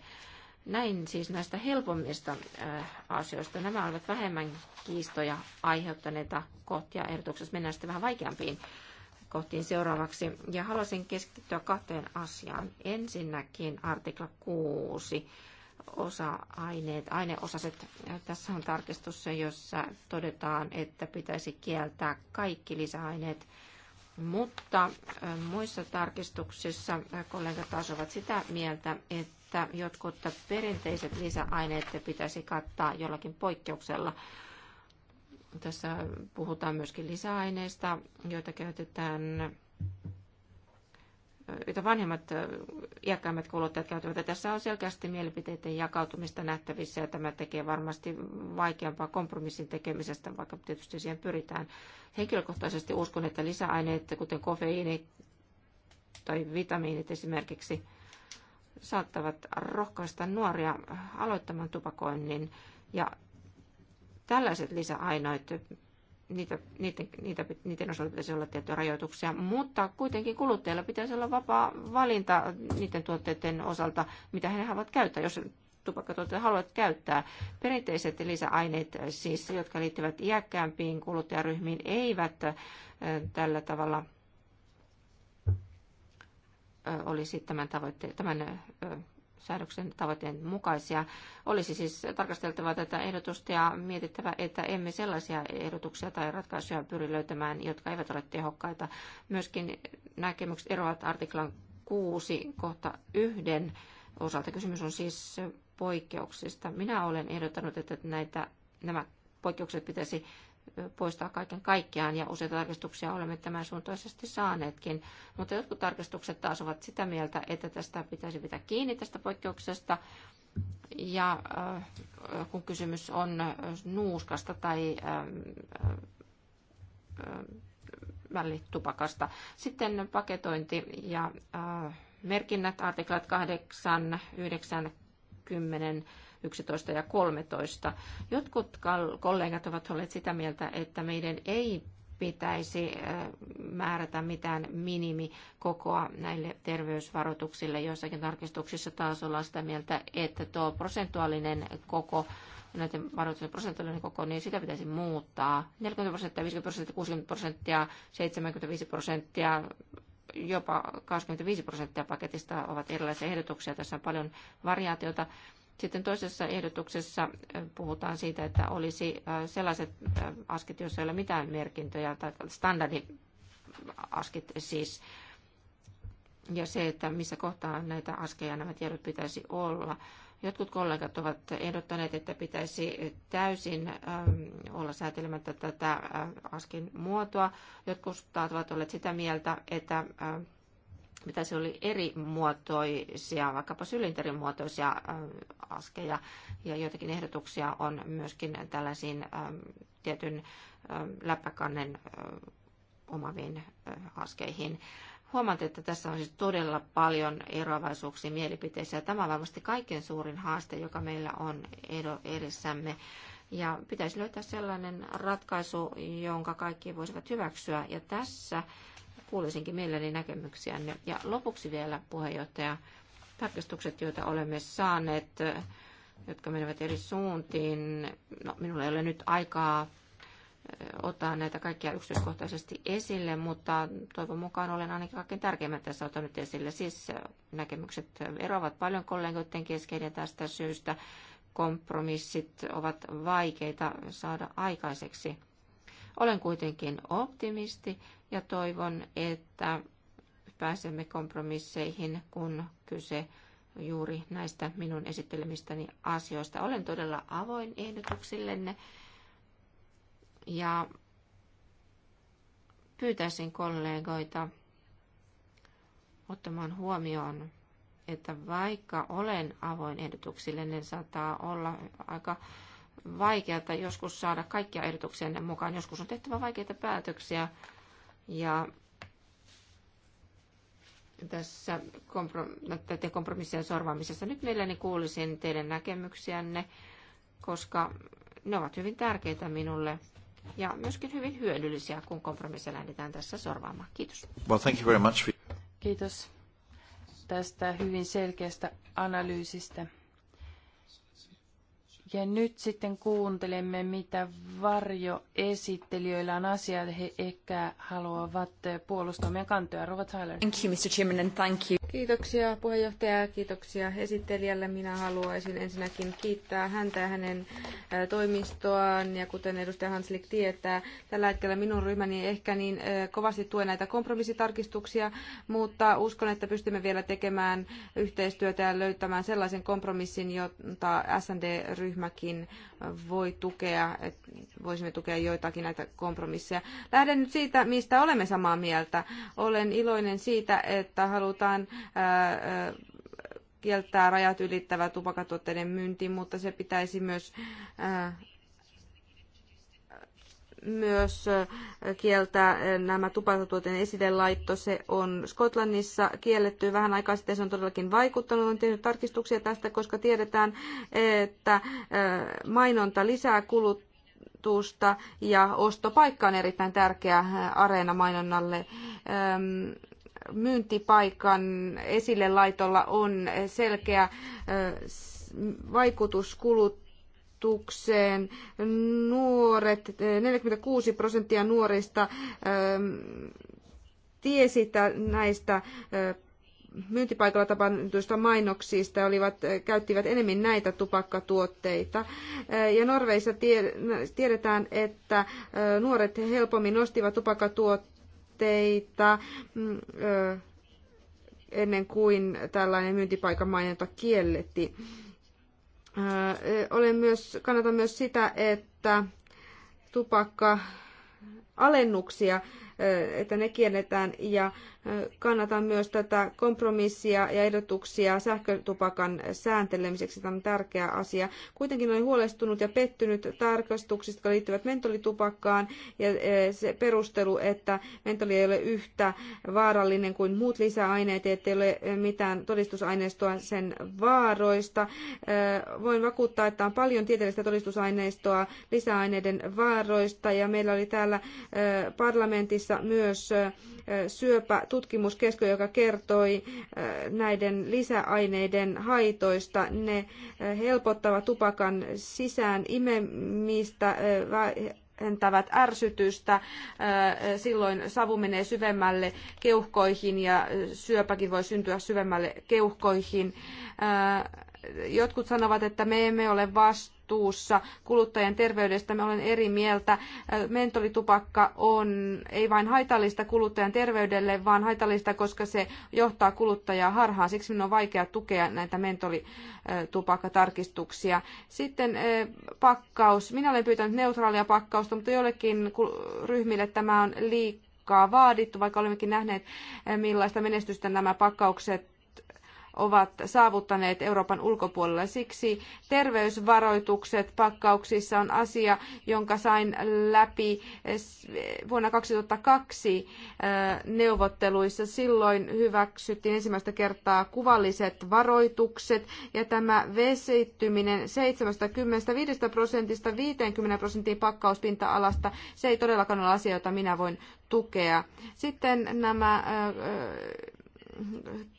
Näin siis näistä helpommista eh, asioista. Nämä olivat vähemmän kiistoja aiheuttaneita kohtia ehdotuksessa. Mennään sitten vähän vaikeampiin kohtiin seuraavaksi. Ja haluaisin keskittyä kahteen asiaan. Ensinnäkin artikla 6 osa-aineet, aineosaset. Tässä on tarkistus, jossa todetaan, että pitäisi kieltää kaikki lisäaineet. Mutta muissa tarkistuksissa kollegat taas ovat sitä mieltä, että jotkut perinteiset lisäaineet pitäisi kattaa jollakin poikkeuksella tässä puhutaan myöskin lisäaineista, joita käytetään joita vanhemmat iäkkäimmät kuluttajat käyttävät. tässä on selkeästi mielipiteiden jakautumista nähtävissä ja tämä tekee varmasti vaikeampaa kompromissin tekemisestä, vaikka tietysti siihen pyritään. Henkilökohtaisesti uskon, että lisäaineet, kuten kofeiini tai vitamiinit esimerkiksi, saattavat rohkaista nuoria aloittamaan tupakoinnin ja Tällaiset lisäaineet, niitä, niitä, niitä, niiden osalta pitäisi olla tiettyjä rajoituksia, mutta kuitenkin kuluttajilla pitäisi olla vapaa valinta niiden tuotteiden osalta, mitä he haluavat käyttää. Jos tupakkatuotteita haluat käyttää. Perinteiset lisäaineet, siis, jotka liittyvät iäkkäämpiin kuluttajaryhmiin, eivät tällä tavalla olisi tämän, tavoitte- tämän säädöksen tavoitteen mukaisia. Olisi siis tarkasteltava tätä ehdotusta ja mietittävä, että emme sellaisia ehdotuksia tai ratkaisuja pyri löytämään, jotka eivät ole tehokkaita. Myöskin näkemykset eroavat artiklan 6 kohta yhden osalta. Kysymys on siis poikkeuksista. Minä olen ehdottanut, että näitä, nämä poikkeukset pitäisi poistaa kaiken kaikkiaan ja useita tarkistuksia olemme tämän suuntaisesti saaneetkin. Mutta jotkut tarkistukset taas ovat sitä mieltä, että tästä pitäisi pitää kiinni tästä poikkeuksesta. Ja äh, kun kysymys on äh, nuuskasta tai ähm, äh, välitupakasta. Sitten paketointi ja merkinnät, artiklat 8, 9, 10, 11 ja 13. Jotkut kollegat ovat olleet sitä mieltä, että meidän ei pitäisi määrätä mitään minimikokoa näille terveysvaroituksille. Joissakin tarkistuksissa taas ollaan sitä mieltä, että tuo prosentuaalinen koko näiden varoitusten prosentuaalinen koko, niin sitä pitäisi muuttaa. 40 prosenttia, 50 prosenttia, 60 prosenttia, 75 prosenttia, jopa 25 prosenttia paketista ovat erilaisia ehdotuksia. Tässä on paljon variaatiota. Sitten toisessa ehdotuksessa puhutaan siitä, että olisi sellaiset askit, joissa ei ole mitään merkintöjä, tai standardiaskit siis, ja se, että missä kohtaa näitä askeja nämä tiedot pitäisi olla. Jotkut kollegat ovat ehdottaneet, että pitäisi täysin olla säätelemättä tätä askin muotoa. Jotkut taas ovat olleet sitä mieltä, että mitä se oli eri muotoisia, vaikkapa sylinterin muotoisia askeja. Ja joitakin ehdotuksia on myöskin tällaisiin tietyn läppäkannen omaviin askeihin. Huomaatte, että tässä on siis todella paljon eroavaisuuksia mielipiteissä. Ja tämä on varmasti kaikkein suurin haaste, joka meillä on edessämme. Ja pitäisi löytää sellainen ratkaisu, jonka kaikki voisivat hyväksyä. Ja tässä Kuulisinkin mielelläni näkemyksiänne. Ja lopuksi vielä puheenjohtaja, tarkistukset, joita olemme saaneet, jotka menevät eri suuntiin. No, minulla ei ole nyt aikaa ottaa näitä kaikkia yksityiskohtaisesti esille, mutta toivon mukaan olen ainakin kaikkein tärkeimmät tässä ottanut esille. Siis näkemykset eroavat paljon kollegoiden kesken ja tästä syystä kompromissit ovat vaikeita saada aikaiseksi. Olen kuitenkin optimisti ja toivon, että pääsemme kompromisseihin, kun kyse juuri näistä minun esittelemistäni asioista. Olen todella avoin ehdotuksillenne ja pyytäisin kollegoita ottamaan huomioon, että vaikka olen avoin ehdotuksillenne, saattaa olla aika vaikeata joskus saada kaikkia ennen mukaan. Joskus on tehtävä vaikeita päätöksiä ja tässä komprom- kompromissien sorvaamisessa. Nyt mielelläni kuulisin teidän näkemyksiänne, koska ne ovat hyvin tärkeitä minulle ja myöskin hyvin hyödyllisiä, kun kompromissia lähdetään tässä sorvaamaan. Kiitos. Well, thank you very much. Kiitos tästä hyvin selkeästä analyysistä. Ja nyt sitten kuuntelemme, mitä varjoesittelijöillä on asiaa. He ehkä haluavat puolustaa meidän kantoja. Tyler. Thank you, Mr. Chairman, and thank you. Kiitoksia puheenjohtaja ja kiitoksia esittelijälle. Minä haluaisin ensinnäkin kiittää häntä ja hänen toimistoaan. Ja kuten edustaja Hanslik tietää, tällä hetkellä minun ryhmäni ei ehkä niin kovasti tue näitä kompromissitarkistuksia, mutta uskon, että pystymme vielä tekemään yhteistyötä ja löytämään sellaisen kompromissin, jota SND-ryhmäkin voi tukea, että voisimme tukea joitakin näitä kompromisseja. Lähden nyt siitä, mistä olemme samaa mieltä. Olen iloinen siitä, että halutaan kieltää rajat ylittävä tupakatuotteiden myynti, mutta se pitäisi myös myös kieltää nämä tupakatuotteiden esitelaitto. Se on Skotlannissa kielletty vähän aikaa sitten. Se on todellakin vaikuttanut. On tehnyt tarkistuksia tästä, koska tiedetään, että mainonta lisää kulutusta ja ostopaikka on erittäin tärkeä areena mainonnalle myyntipaikan esille laitolla on selkeä vaikutus kulutukseen. Nuoret, 46 prosenttia nuorista tiesi näistä myyntipaikalla tapahtuista mainoksista olivat, käyttivät enemmän näitä tupakkatuotteita. Ja Norveissa tiedetään, että nuoret helpommin ostivat tupakkatuotteita todisteita mm, ennen kuin tällainen myyntipaikan mainonta kiellettiin. Olen myös, kannatan myös sitä, että tupakka alennuksia, että ne kielletään ja Kannatan myös tätä kompromissia ja ehdotuksia sähkötupakan sääntelemiseksi. Tämä on tärkeä asia. Kuitenkin olen huolestunut ja pettynyt tarkastuksista, jotka liittyvät mentolitupakkaan ja e, se perustelu, että mentoli ei ole yhtä vaarallinen kuin muut lisäaineet, ettei ole mitään todistusaineistoa sen vaaroista. E, voin vakuuttaa, että on paljon tieteellistä todistusaineistoa lisäaineiden vaaroista ja meillä oli täällä e, parlamentissa myös syöpä tutkimuskeskus, joka kertoi äh, näiden lisäaineiden haitoista. Ne äh, helpottavat tupakan sisään imemistä, äh, vähentävät ärsytystä, silloin savu menee syvemmälle keuhkoihin ja syöpäkin voi syntyä syvemmälle keuhkoihin jotkut sanovat, että me emme ole vastuussa kuluttajan terveydestä. Me olen eri mieltä. Mentolitupakka on ei vain haitallista kuluttajan terveydelle, vaan haitallista, koska se johtaa kuluttajaa harhaan. Siksi minun on vaikea tukea näitä mentolitupakkatarkistuksia. Sitten eh, pakkaus. Minä olen pyytänyt neutraalia pakkausta, mutta joillekin ryhmille tämä on liikaa vaadittu, vaikka olemmekin nähneet, eh, millaista menestystä nämä pakkaukset ovat saavuttaneet Euroopan ulkopuolella. Siksi terveysvaroitukset pakkauksissa on asia, jonka sain läpi vuonna 2002 äh, neuvotteluissa. Silloin hyväksyttiin ensimmäistä kertaa kuvalliset varoitukset ja tämä vesittyminen 75 prosentista 50 prosenttiin pakkauspinta-alasta, se ei todellakaan ole asia, jota minä voin tukea. Sitten nämä äh, äh,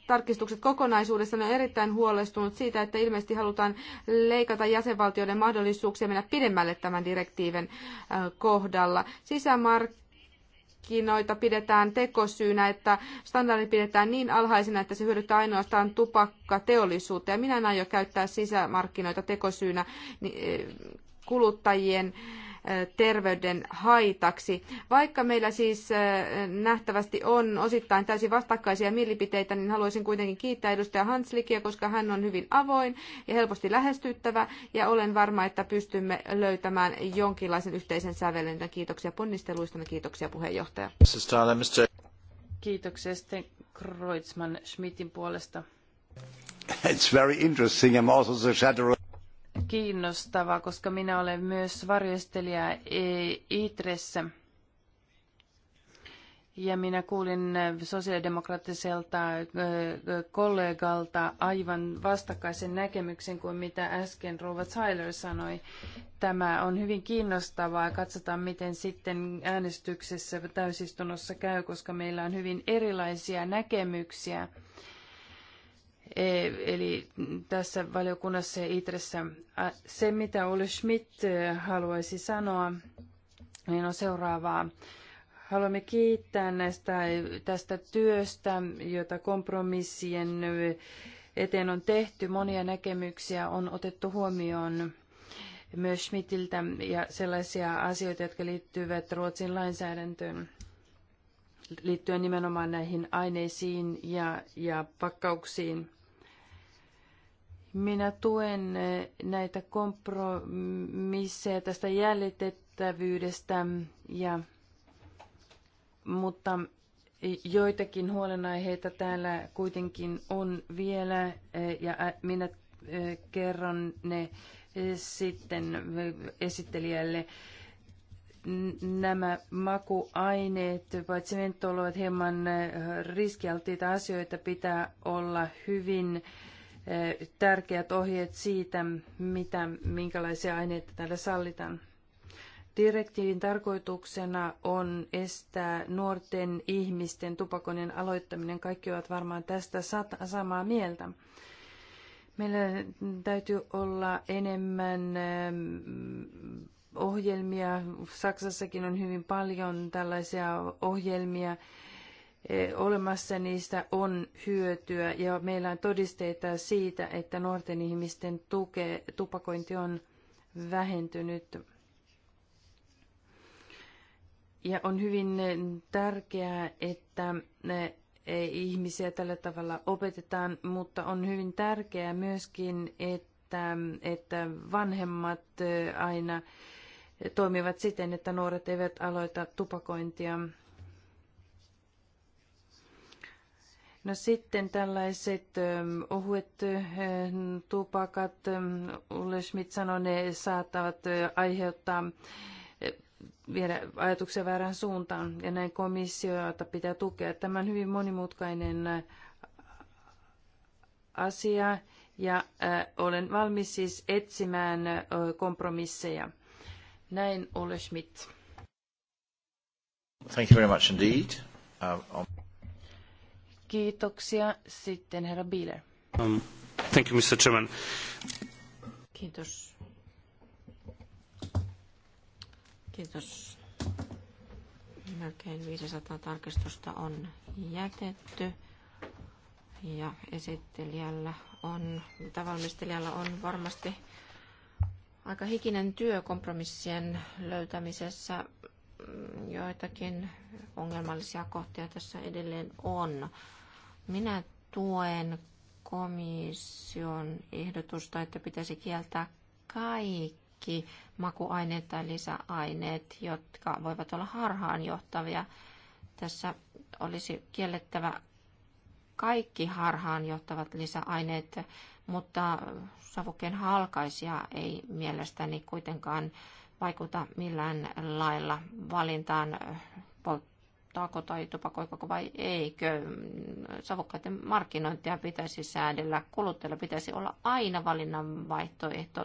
tarkistukset kokonaisuudessaan on erittäin huolestunut siitä, että ilmeisesti halutaan leikata jäsenvaltioiden mahdollisuuksia mennä pidemmälle tämän direktiivin kohdalla. Sisämarkkinoita pidetään tekosyynä, että standardi pidetään niin alhaisina, että se hyödyttää ainoastaan tupakkateollisuutta. Ja minä en aio käyttää sisämarkkinoita tekosyynä kuluttajien terveyden haitaksi. Vaikka meillä siis nähtävästi on osittain täysin vastakkaisia mielipiteitä, niin haluaisin kuitenkin kiittää edustaja Hanslikia, koska hän on hyvin avoin ja helposti lähestyttävä, ja olen varma, että pystymme löytämään jonkinlaisen yhteisen sävelen. Kiitoksia ponnisteluista ja kiitoksia puheenjohtaja. Kiitoksia sitten Kreutzmann Schmidtin puolesta. It's very interesting. I'm also the shadow kiinnostavaa, koska minä olen myös varjostelija e- Itressä. Ja minä kuulin sosiaalidemokraattiselta kollegalta aivan vastakkaisen näkemyksen kuin mitä äsken Rova Tyler sanoi. Tämä on hyvin kiinnostavaa. Katsotaan, miten sitten äänestyksessä täysistunnossa käy, koska meillä on hyvin erilaisia näkemyksiä E, eli tässä valiokunnassa ja se, mitä Ole Schmidt e, haluaisi sanoa, niin on seuraavaa. Haluamme kiittää näistä, tästä työstä, jota kompromissien eteen on tehty. Monia näkemyksiä on otettu huomioon myös Schmidtiltä ja sellaisia asioita, jotka liittyvät Ruotsin lainsäädäntöön liittyen nimenomaan näihin aineisiin ja, ja pakkauksiin. Minä tuen eh, näitä kompromisseja tästä jäljitettävyydestä, ja, mutta joitakin huolenaiheita täällä kuitenkin on vielä eh, ja minä eh, kerron ne sitten esittelijälle. Nämä makuaineet, paitsi mentoloivat hieman riskialtiita asioita, pitää olla hyvin äh, tärkeät ohjeet siitä, mitä, minkälaisia aineita täällä sallitaan. Direktiivin tarkoituksena on estää nuorten ihmisten tupakoinnin aloittaminen. Kaikki ovat varmaan tästä samaa mieltä. Meillä täytyy olla enemmän ähm, ohjelmia. Saksassakin on hyvin paljon tällaisia ohjelmia, Eh, olemassa, niistä on hyötyä ja meillä on todisteita siitä, että nuorten ihmisten tuke, tupakointi on vähentynyt. Ja on hyvin tärkeää, että ihmisiä tällä tavalla opetetaan, mutta on hyvin tärkeää myöskin, että, että vanhemmat eh, aina toimivat siten, että nuoret eivät aloita tupakointia No sitten tällaiset ähm, ohuet äh, tupakat, ähm, Ulle Schmidt sanoi, ne saattavat äh, aiheuttaa äh, viedä ajatuksia väärään suuntaan ja näin komissioita pitää tukea. Tämä on hyvin monimutkainen asia ja olen valmis siis etsimään kompromisseja. Näin Ulle Schmidt. Thank you very much indeed. Uh, on... Kiitoksia. Sitten herra Bieler. Um, thank you, Mr. Chairman. Kiitos. Kiitos. Melkein 500 tarkistusta on jätetty ja esittelijällä on, valmistelijalla on varmasti aika hikinen työ kompromissien löytämisessä. Joitakin ongelmallisia kohtia tässä edelleen on. Minä tuen komission ehdotusta, että pitäisi kieltää kaikki makuaineet tai lisäaineet, jotka voivat olla harhaanjohtavia. Tässä olisi kiellettävä kaikki harhaanjohtavat lisäaineet, mutta savukkeen halkaisia ei mielestäni kuitenkaan vaikuta millään lailla valintaan polttaa tupakoitaanko tai tupakoikako vai eikö. Savukkaiden markkinointia pitäisi säädellä. Kuluttajilla pitäisi olla aina valinnan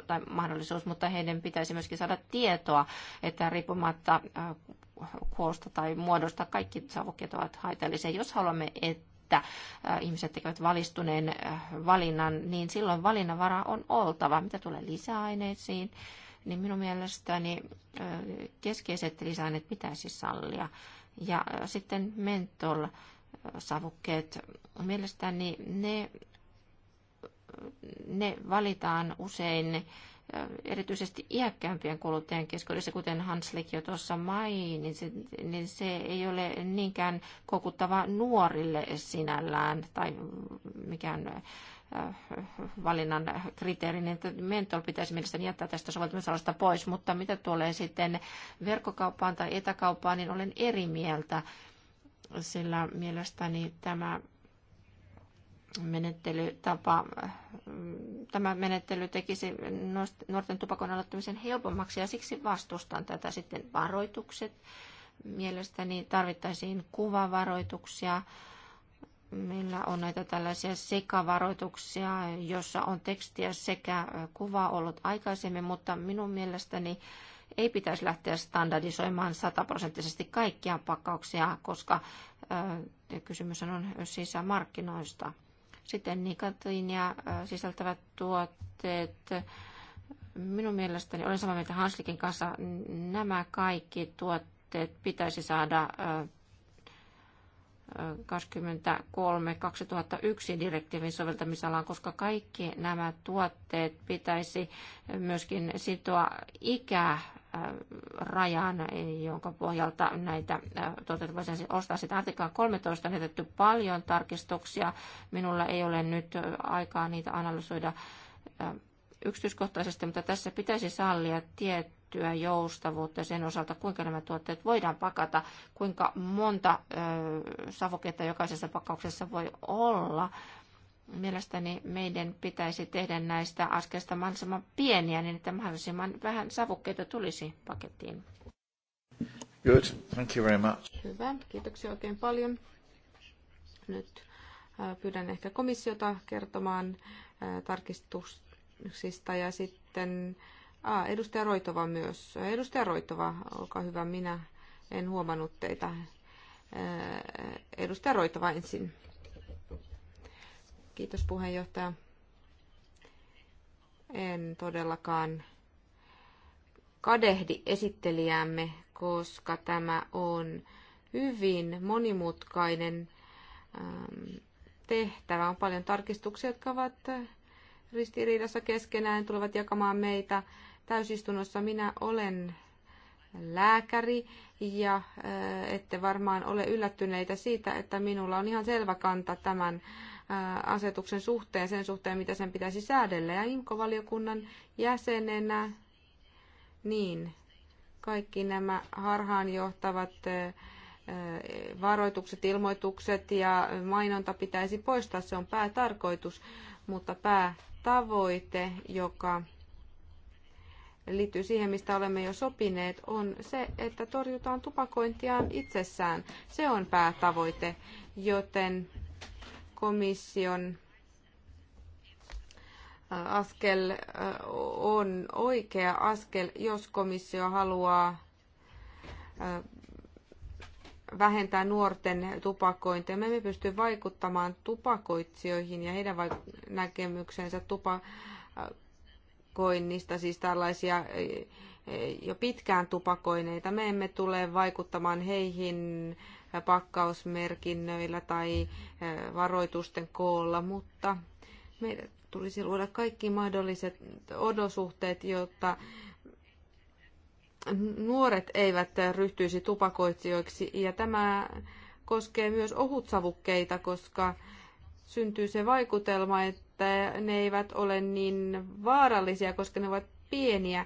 tai mahdollisuus, mutta heidän pitäisi myöskin saada tietoa, että riippumatta äh, koosta tai muodosta kaikki savukkeet ovat haitallisia. Jos haluamme, että että äh, ihmiset tekevät valistuneen äh, valinnan, niin silloin valinnanvara on oltava. Mitä tulee lisäaineisiin, niin minun mielestäni keskeiset lisäaineet pitäisi sallia ja äh, sitten mentol-savukkeet. Äh, Mielestäni ne, äh, ne valitaan usein erityisesti iäkkäämpien kuluttajien keskuudessa, kuten Hanslik jo tuossa mainitsi, niin se ei ole niinkään koukuttava nuorille sinällään tai mikään valinnan kriteerin, niin että mentol pitäisi mielestäni jättää tästä soveltamisalasta pois, mutta mitä tulee sitten verkkokauppaan tai etäkauppaan, niin olen eri mieltä, sillä mielestäni tämä menettelytapa, tämä menettely tekisi nuorten tupakon aloittamisen helpommaksi ja siksi vastustan tätä sitten varoitukset. Mielestäni tarvittaisiin kuvavaroituksia, meillä on näitä tällaisia sekavaroituksia, jossa on tekstiä sekä kuvaa ollut aikaisemmin, mutta minun mielestäni ei pitäisi lähteä standardisoimaan sataprosenttisesti kaikkia pakkauksia, koska kysymys on sisämarkkinoista. Sitten nikotiinia sisältävät tuotteet, minun mielestäni, olen samaa mieltä Hanslikin kanssa, nämä kaikki tuotteet pitäisi saada 23-2001 direktiivin soveltamisalaan, koska kaikki nämä tuotteet pitäisi myöskin sitoa ikää rajan, jonka pohjalta näitä tuotteita voisi ostaa. Sitten artiklaan 13 on jätetty paljon tarkistuksia. Minulla ei ole nyt aikaa niitä analysoida yksityiskohtaisesti, mutta tässä pitäisi sallia tietty tiettyä joustavuutta sen osalta, kuinka nämä tuotteet voidaan pakata, kuinka monta ö, savuketta jokaisessa pakkauksessa voi olla. Mielestäni meidän pitäisi tehdä näistä askelista mahdollisimman pieniä, niin että mahdollisimman vähän savukkeita tulisi pakettiin. Good. Thank you very much. Hyvä. Kiitoksia oikein paljon. Nyt pyydän ehkä komissiota kertomaan tarkistuksista ja sitten Ah, edustaja Roitova myös. Edustaja Roitova, olkaa hyvä, minä en huomannut teitä. Eh, edustaja Roitova ensin. Kiitos puheenjohtaja. En todellakaan kadehdi esittelijäämme, koska tämä on hyvin monimutkainen ähm, tehtävä. On paljon tarkistuksia, jotka ovat ristiriidassa keskenään, tulevat jakamaan meitä täysistunnossa. Minä olen lääkäri ja äh, ette varmaan ole yllättyneitä siitä, että minulla on ihan selvä kanta tämän äh, asetuksen suhteen, sen suhteen, mitä sen pitäisi säädellä. Ja imkovaliokunnan jäsenenä, niin kaikki nämä harhaanjohtavat äh, varoitukset, ilmoitukset ja mainonta pitäisi poistaa, se on päätarkoitus, mutta päätavoite, joka liittyy siihen, mistä olemme jo sopineet, on se, että torjutaan tupakointia itsessään. Se on päätavoite, joten komission äh, askel äh, on oikea askel, jos komissio haluaa äh, vähentää nuorten tupakointia. Me emme pysty vaikuttamaan tupakoitsijoihin ja heidän näkemyksensä tupakointia tupakoinnista, siis tällaisia eh, eh, jo pitkään tupakoineita. Me emme tule vaikuttamaan heihin pakkausmerkinnöillä tai eh, varoitusten koolla, mutta meidän tulisi luoda kaikki mahdolliset odosuhteet, jotta nuoret eivät ryhtyisi tupakoitsijoiksi. Ja tämä koskee myös ohutsavukkeita, koska syntyy se vaikutelma, että että ne eivät ole niin vaarallisia, koska ne ovat pieniä.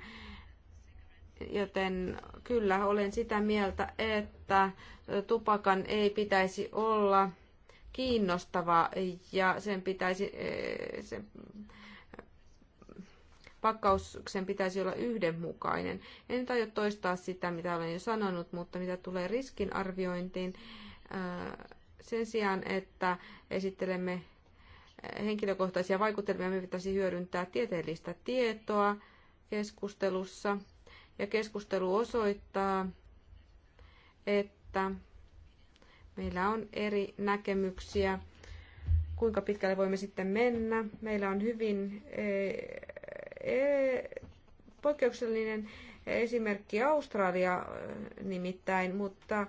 Joten kyllä olen sitä mieltä, että tupakan ei pitäisi olla kiinnostava ja sen pitäisi, eh, sen pakkauksen pitäisi olla yhdenmukainen. En nyt aio toistaa sitä, mitä olen jo sanonut, mutta mitä tulee riskinarviointiin, eh, sen sijaan, että esittelemme henkilökohtaisia vaikutelmia, me pitäisi hyödyntää tieteellistä tietoa keskustelussa. Ja keskustelu osoittaa, että meillä on eri näkemyksiä, kuinka pitkälle voimme sitten mennä. Meillä on hyvin e, e, poikkeuksellinen esimerkki Australia e, nimittäin, mutta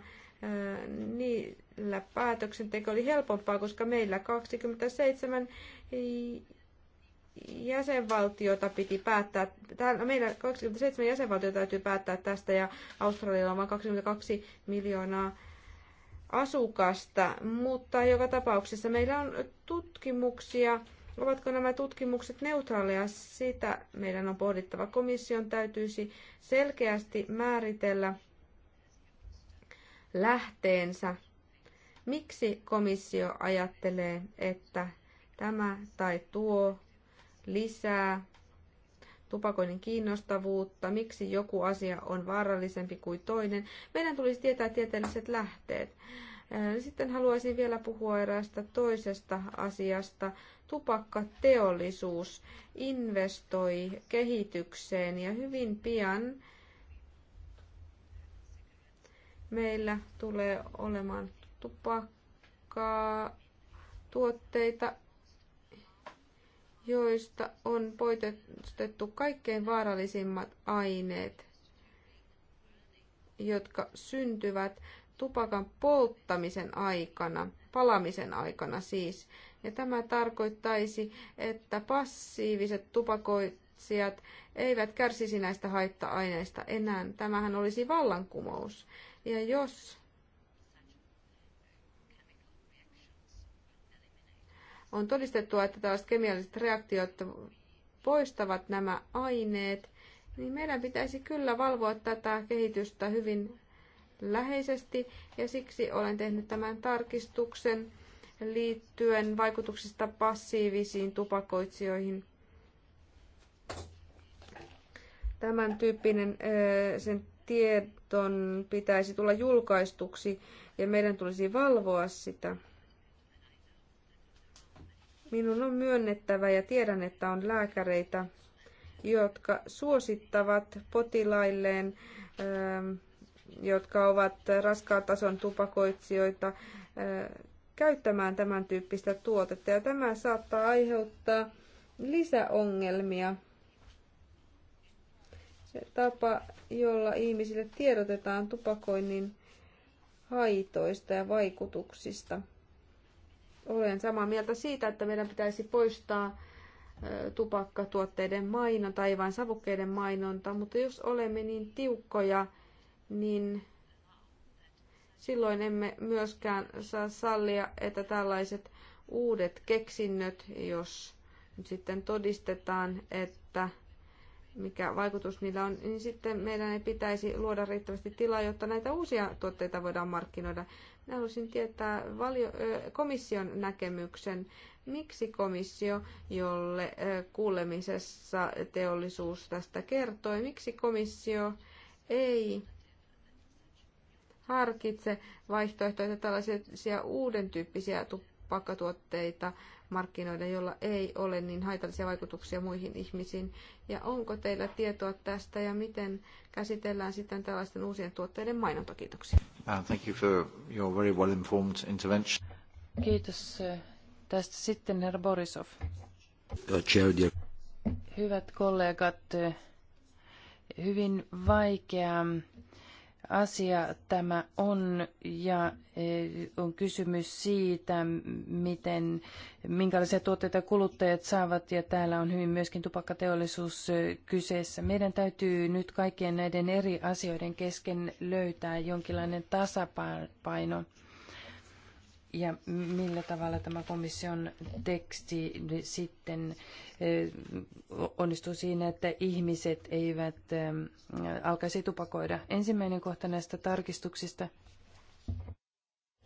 niin meillä päätöksenteko oli helpompaa, koska meillä 27 jäsenvaltiota piti päättää, täällä meillä 27 jäsenvaltiota täytyy päättää tästä ja Australialla on vain 22 miljoonaa asukasta, mutta joka tapauksessa meillä on tutkimuksia, ovatko nämä tutkimukset neutraaleja, sitä meidän on pohdittava. Komission täytyisi selkeästi määritellä lähteensä Miksi komissio ajattelee, että tämä tai tuo lisää tupakoinnin kiinnostavuutta, miksi joku asia on vaarallisempi kuin toinen. Meidän tulisi tietää tieteelliset lähteet. Sitten haluaisin vielä puhua eräästä toisesta asiasta. Tupakkateollisuus investoi kehitykseen ja hyvin pian meillä tulee olemaan tupakkaa, tuotteita, joista on poistettu kaikkein vaarallisimmat aineet, jotka syntyvät tupakan polttamisen aikana, palamisen aikana siis. Ja tämä tarkoittaisi, että passiiviset tupakoitsijat eivät kärsisi näistä haitta-aineista enää. Tämähän olisi vallankumous. Ja jos On todistettu, että tällaiset kemialliset reaktiot poistavat nämä aineet, niin meidän pitäisi kyllä valvoa tätä kehitystä hyvin läheisesti ja siksi olen tehnyt tämän tarkistuksen liittyen vaikutuksista passiivisiin tupakoitsijoihin. Tämän tyyppinen sen tieton pitäisi tulla julkaistuksi ja meidän tulisi valvoa sitä. Minun on myönnettävä ja tiedän, että on lääkäreitä, jotka suosittavat potilailleen, ähm, jotka ovat raskaan tason tupakoitsijoita, äh, käyttämään tämän tyyppistä tuotetta. Ja tämä saattaa aiheuttaa lisäongelmia. Se tapa, jolla ihmisille tiedotetaan tupakoinnin haitoista ja vaikutuksista. Olen samaa mieltä siitä, että meidän pitäisi poistaa tupakkatuotteiden mainonta, ei vain savukkeiden mainonta, mutta jos olemme niin tiukkoja, niin silloin emme myöskään saa sallia, että tällaiset uudet keksinnöt, jos nyt sitten todistetaan, että mikä vaikutus niillä on, niin sitten meidän ei pitäisi luoda riittävästi tilaa, jotta näitä uusia tuotteita voidaan markkinoida. Haluaisin tietää komission näkemyksen. Miksi komissio, jolle kuulemisessa teollisuus tästä kertoi, miksi komissio ei harkitse vaihtoehtoja tällaisia uuden tyyppisiä tukia? tupakkatuotteita markkinoille, jolla ei ole niin haitallisia vaikutuksia muihin ihmisiin. Ja onko teillä tietoa tästä ja miten käsitellään sitten tällaisten uusien tuotteiden mainonta? Kiitoksia. Uh, thank you for your very well informed intervention. Kiitos. Eh, tästä sitten herra Borisov. Uh, Hyvät kollegat, eh, hyvin vaikea asia tämä on ja e, on kysymys siitä, miten, minkälaisia tuotteita kuluttajat saavat ja täällä on hyvin myöskin tupakkateollisuus e, kyseessä. Meidän täytyy nyt kaikkien näiden eri asioiden kesken löytää jonkinlainen tasapaino ja millä tavalla tämä komission teksti sitten eh, onnistuu siinä, että ihmiset eivät eh, alkaisi tupakoida. Ensimmäinen kohta näistä tarkistuksista.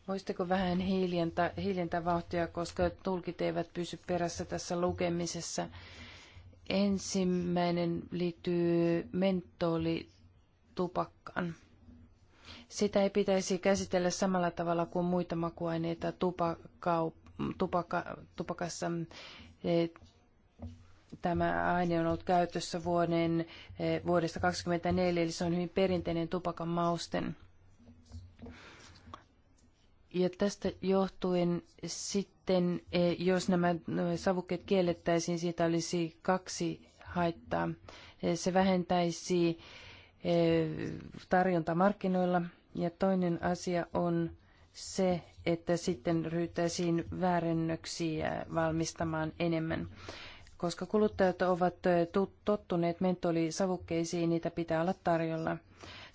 Voisitteko vähän hiljentää, hiljentää vauhtia, koska tulkit eivät pysy perässä tässä lukemisessa. Ensimmäinen liittyy mentoolitupakkaan. tupakkaan. Sitä ei pitäisi käsitellä samalla tavalla kuin muita makuaineita tupakka, tupaka, tupakassa. E, tämä aine on ollut käytössä vuoden, e, vuodesta 1924, eli se on hyvin perinteinen tupakan mausten. Ja tästä johtuen sitten, e, jos nämä savukkeet kiellettäisiin, siitä olisi kaksi haittaa. Se vähentäisi tarjontaa markkinoilla – ja toinen asia on se, että sitten ryhtäisiin väärennöksiä valmistamaan enemmän. Koska kuluttajat ovat tottuneet mentolisavukkeisiin, niitä pitää olla tarjolla.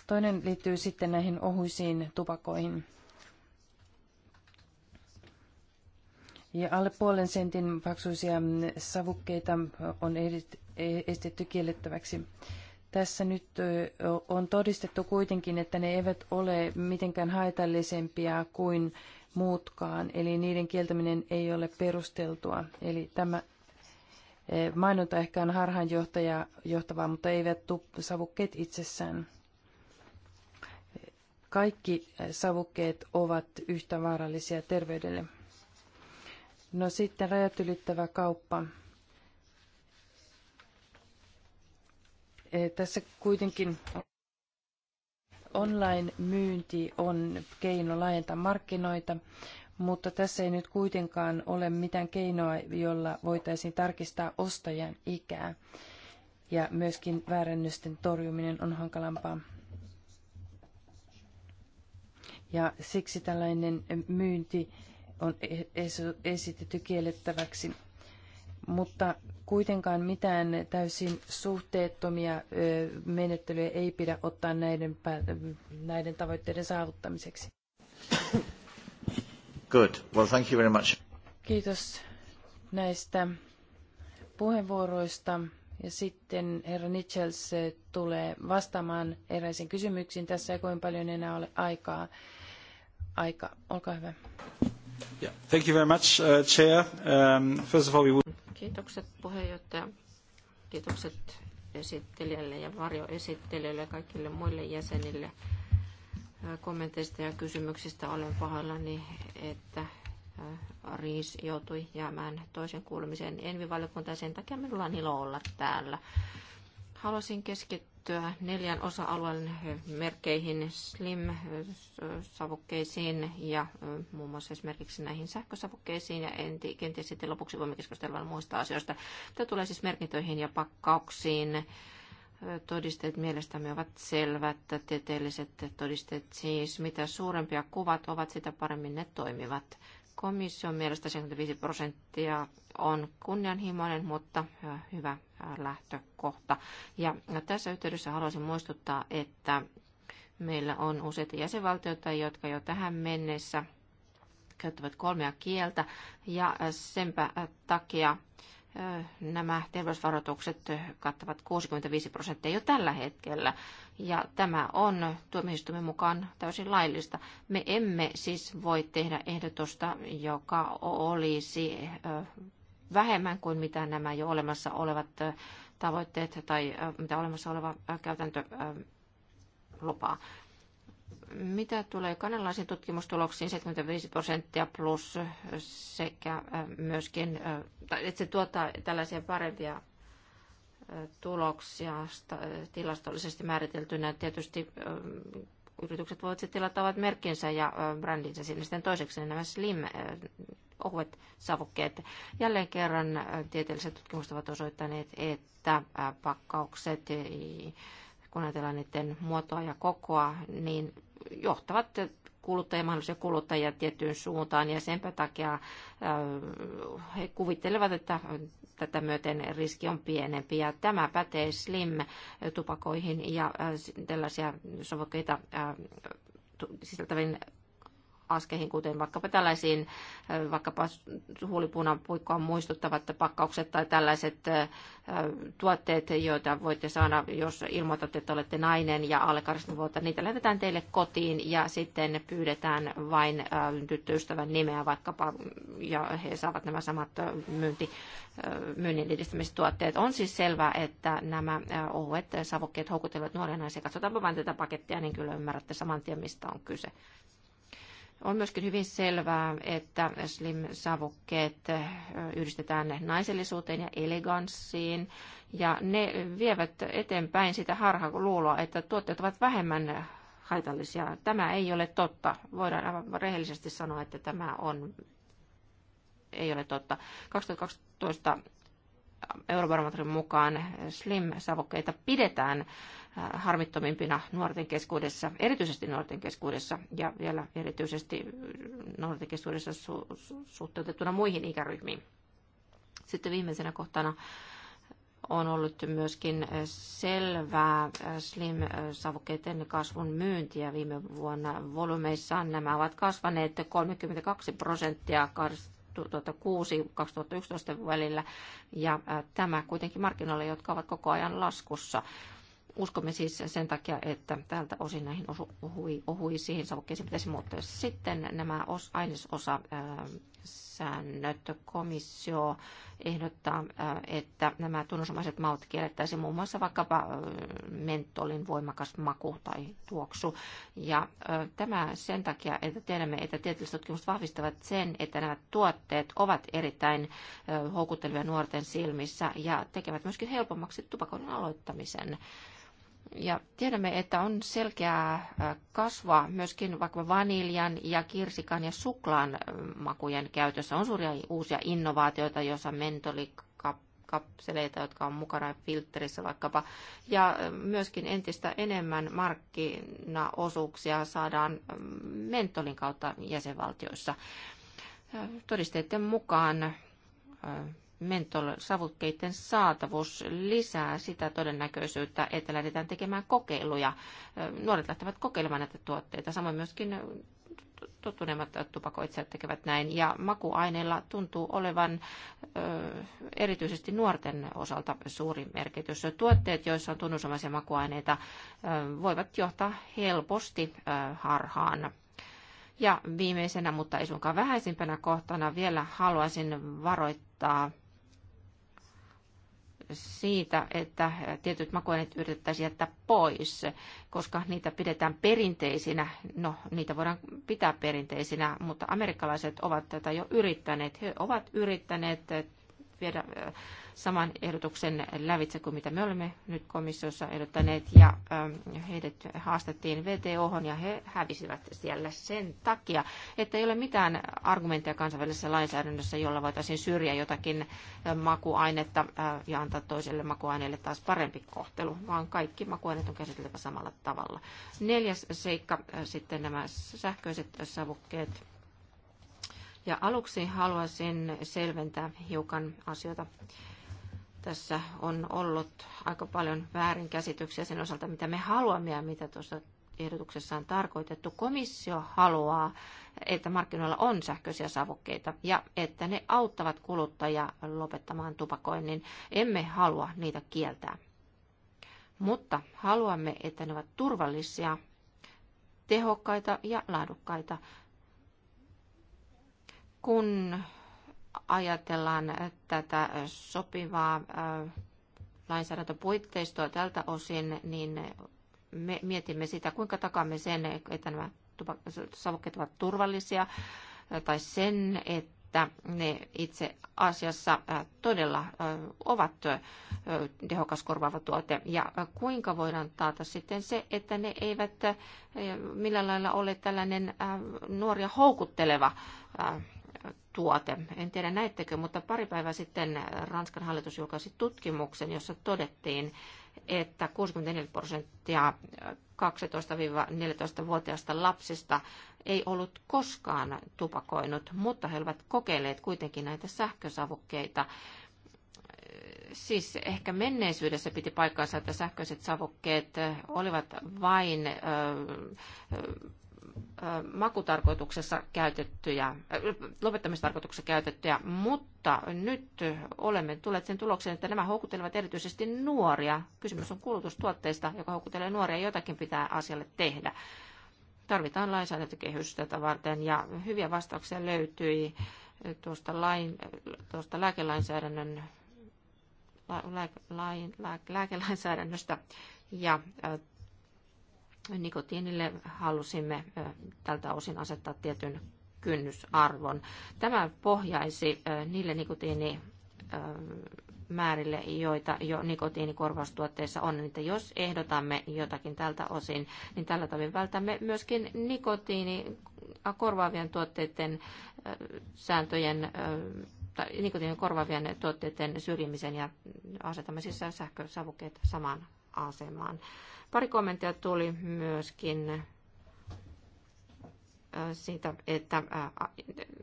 Toinen liittyy sitten näihin ohuisiin tupakoihin. Ja alle puolen sentin paksuisia savukkeita on e-, estetty kiellettäväksi. Tässä nyt on todistettu kuitenkin, että ne eivät ole mitenkään haitallisempia kuin muutkaan, eli niiden kieltäminen ei ole perusteltua. Eli tämä mainonta ehkä on harhaanjohtaja, johtavaa, mutta eivät savukkeet itsessään. Kaikki savukkeet ovat yhtä vaarallisia terveydelle. No sitten rajat ylittävä kauppa. Eh, tässä kuitenkin online-myynti on keino laajentaa markkinoita, mutta tässä ei nyt kuitenkaan ole mitään keinoa, jolla voitaisiin tarkistaa ostajan ikää. Ja myöskin väärännysten torjuminen on hankalampaa. Ja siksi tällainen myynti on e- e- esitetty kiellettäväksi mutta kuitenkaan mitään täysin suhteettomia menettelyjä ei pidä ottaa näiden, näiden tavoitteiden saavuttamiseksi. Good. Well, thank you very much. Kiitos näistä puheenvuoroista. Ja sitten herra Nichols tulee vastaamaan eräisiin kysymyksiin. Tässä ei kovin paljon enää ole aikaa. Aika, olkaa hyvä. Yeah. Thank you very much, uh, Chair. Um, first of all, we would... Kiitokset puheenjohtaja. Kiitokset esittelijälle ja varjoesittelijälle ja kaikille muille jäsenille kommenteista ja kysymyksistä. Olen pahoillani, että Riis joutui jäämään toisen kuulemisen envivaliokuntaan. Sen takia minulla on ilo olla täällä. Haluaisin keskittyä liittyä neljän osa-alueen merkkeihin, slim-savukkeisiin ja muun muassa esimerkiksi näihin sähkösavukkeisiin ja enti, kenties sitten lopuksi voimme keskustella muista asioista. Tämä tulee siis merkintöihin ja pakkauksiin. Todisteet mielestämme ovat selvät, tieteelliset todisteet siis. Mitä suurempia kuvat ovat, sitä paremmin ne toimivat. Komission mielestä 75 prosenttia on kunnianhimoinen, mutta hyvä lähtökohta. Ja tässä yhteydessä haluaisin muistuttaa, että meillä on useita jäsenvaltioita, jotka jo tähän mennessä käyttävät kolmea kieltä, ja senpä takia nämä terveysvaroitukset kattavat 65 prosenttia jo tällä hetkellä. Ja tämä on tuomioistuimen mukaan täysin laillista. Me emme siis voi tehdä ehdotusta, joka olisi vähemmän kuin mitä nämä jo olemassa olevat tavoitteet tai mitä olemassa oleva käytäntö lupaa. Mitä tulee kanalaisiin tutkimustuloksiin, 75 prosenttia plus sekä äh, myöskin, äh, että se tuottaa tällaisia parempia äh, tuloksia tilastollisesti määriteltynä. Tietysti yritykset voivat sitten tilata merkkinsä ja brändinsä sinne sitten toiseksi niin nämä slim ohuet savukkeet. Jälleen kerran tieteelliset tutkimukset ovat osoittaneet, että pakkaukset kun ajatellaan niiden muotoa ja kokoa, niin johtavat kuluttajia, mahdollisia kuluttajia tiettyyn suuntaan ja senpä takia äh, he kuvittelevat, että tätä myöten riski on pienempi ja tämä pätee slim-tupakoihin ja äh, tällaisia sovokkeita äh, sisältäviin askeihin, kuten vaikkapa tällaisiin, vaikkapa huulipunan puikkoa muistuttavat pakkaukset tai tällaiset tuotteet, joita voitte saada, jos ilmoitatte, että olette nainen ja alle 18 vuotta. Niitä lähetetään teille kotiin ja sitten pyydetään vain tyttöystävän nimeä vaikkapa ja he saavat nämä samat myynti, myynnin edistämistuotteet. On siis selvää, että nämä ohuet savokkeet houkuttelevat nuoria naisia. Katsotaanpa vain tätä pakettia, niin kyllä ymmärrätte saman tien, mistä on kyse. On myöskin hyvin selvää, että slim-savukkeet yhdistetään naisellisuuteen ja eleganssiin, ja ne vievät eteenpäin sitä harhaluuloa, että tuotteet ovat vähemmän haitallisia. Tämä ei ole totta. Voidaan aivan rehellisesti sanoa, että tämä on, ei ole totta. 2012 Eurobarometrin mukaan slim savokkeita pidetään äh, harmittomimpina nuorten keskuudessa, erityisesti nuorten keskuudessa ja vielä erityisesti nuorten keskuudessa su- su- suhteutettuna muihin ikäryhmiin. Sitten viimeisenä kohtana on ollut myöskin selvää äh, slim-savukkeiden kasvun myyntiä viime vuonna. Volyymeissaan nämä ovat kasvaneet 32 prosenttia 2006-2011 välillä, ja tämä kuitenkin markkinoille, jotka ovat koko ajan laskussa. Uskomme siis sen takia, että tältä osin näihin ohui, ohuisiin savukkeisiin pitäisi muuttua. Sitten nämä ainesosa säännöt. Komissio ehdottaa, että nämä tunnusomaiset maut kiellettäisiin muun muassa vaikkapa mentolin voimakas maku tai tuoksu. Ja tämä sen takia, että tiedämme, että tieteelliset tutkimukset vahvistavat sen, että nämä tuotteet ovat erittäin houkuttelevia nuorten silmissä ja tekevät myöskin helpommaksi tupakoinnin aloittamisen ja tiedämme, että on selkeää kasvaa myöskin vaikka vaniljan ja kirsikan ja suklaan makujen käytössä. On suuria uusia innovaatioita, joissa mentolikapseleita, jotka on mukana filterissä vaikkapa. Ja myöskin entistä enemmän markkinaosuuksia saadaan mentolin kautta jäsenvaltioissa. Todisteiden mukaan mentol saatavuus lisää sitä todennäköisyyttä, että lähdetään tekemään kokeiluja. Nuoret lähtevät kokeilemaan näitä tuotteita, samoin myöskin tottuneemmat tupakoitsijat tekevät näin. Ja makuaineilla tuntuu olevan erityisesti nuorten osalta suuri merkitys. Tuotteet, joissa on tunnusomaisia makuaineita, voivat johtaa helposti harhaan. Ja viimeisenä, mutta ei suinkaan vähäisimpänä kohtana, vielä haluaisin varoittaa siitä, että tietyt makuaineet yritettäisiin jättää pois, koska niitä pidetään perinteisinä. No, niitä voidaan pitää perinteisinä, mutta amerikkalaiset ovat tätä jo yrittäneet. He ovat yrittäneet viedä saman ehdotuksen lävitse kuin mitä me olemme nyt komissiossa ehdottaneet. Ja ähm, heidät haastettiin VTOhon ja he hävisivät siellä sen takia, että ei ole mitään argumentteja kansainvälisessä lainsäädännössä, jolla voitaisiin syrjiä jotakin makuainetta ja antaa toiselle makuaineelle taas parempi kohtelu, vaan kaikki makuaineet on käsiteltävä samalla tavalla. Neljäs seikka sitten nämä sähköiset savukkeet ja aluksi haluaisin selventää hiukan asioita. Tässä on ollut aika paljon väärinkäsityksiä sen osalta, mitä me haluamme ja mitä tuossa ehdotuksessa on tarkoitettu. Komissio haluaa, että markkinoilla on sähköisiä savukkeita ja että ne auttavat kuluttajia lopettamaan tupakoinnin. Emme halua niitä kieltää. Mutta haluamme, että ne ovat turvallisia, tehokkaita ja laadukkaita kun ajatellaan tätä sopivaa lainsäädäntöpuitteistoa tältä osin, niin me mietimme sitä, kuinka takaamme sen, että nämä savukkeet ovat turvallisia, tai sen, että ne itse asiassa todella ovat tehokas korvaava tuote, ja kuinka voidaan taata sitten se, että ne eivät millään lailla ole tällainen nuoria houkutteleva tuote. En tiedä näittekö, mutta pari päivää sitten Ranskan hallitus julkaisi tutkimuksen, jossa todettiin, että 64 prosenttia 12-14-vuotiaista lapsista ei ollut koskaan tupakoinut, mutta he olivat kokeilleet kuitenkin näitä sähkösavukkeita. Siis ehkä menneisyydessä piti paikkaansa, että sähköiset savukkeet olivat vain makutarkoituksessa käytettyjä, lopettamistarkoituksessa käytettyjä, mutta nyt olemme tulleet sen tulokseen, että nämä houkuttelevat erityisesti nuoria. Kysymys on kulutustuotteista, joka houkuttelee nuoria, jotakin pitää asialle tehdä. Tarvitaan lainsäädäntökehys tätä varten ja hyviä vastauksia löytyi tuosta, lain, tuosta lääkelainsäädännön lääkelainsäädännöstä ja nikotiinille halusimme tältä osin asettaa tietyn kynnysarvon. Tämä pohjaisi niille nikotiini määrille, joita jo nikotiinikorvaustuotteissa on. Että jos ehdotamme jotakin tältä osin, niin tällä tavoin vältämme myöskin nikotiini korvaavien tuotteiden sääntöjen tai nikotiinikorvaavien korvaavien tuotteiden syrjimisen ja asetamme siis sähkösavukkeet samaan asemaan. Pari kommenttia tuli myöskin äh, siitä, että äh,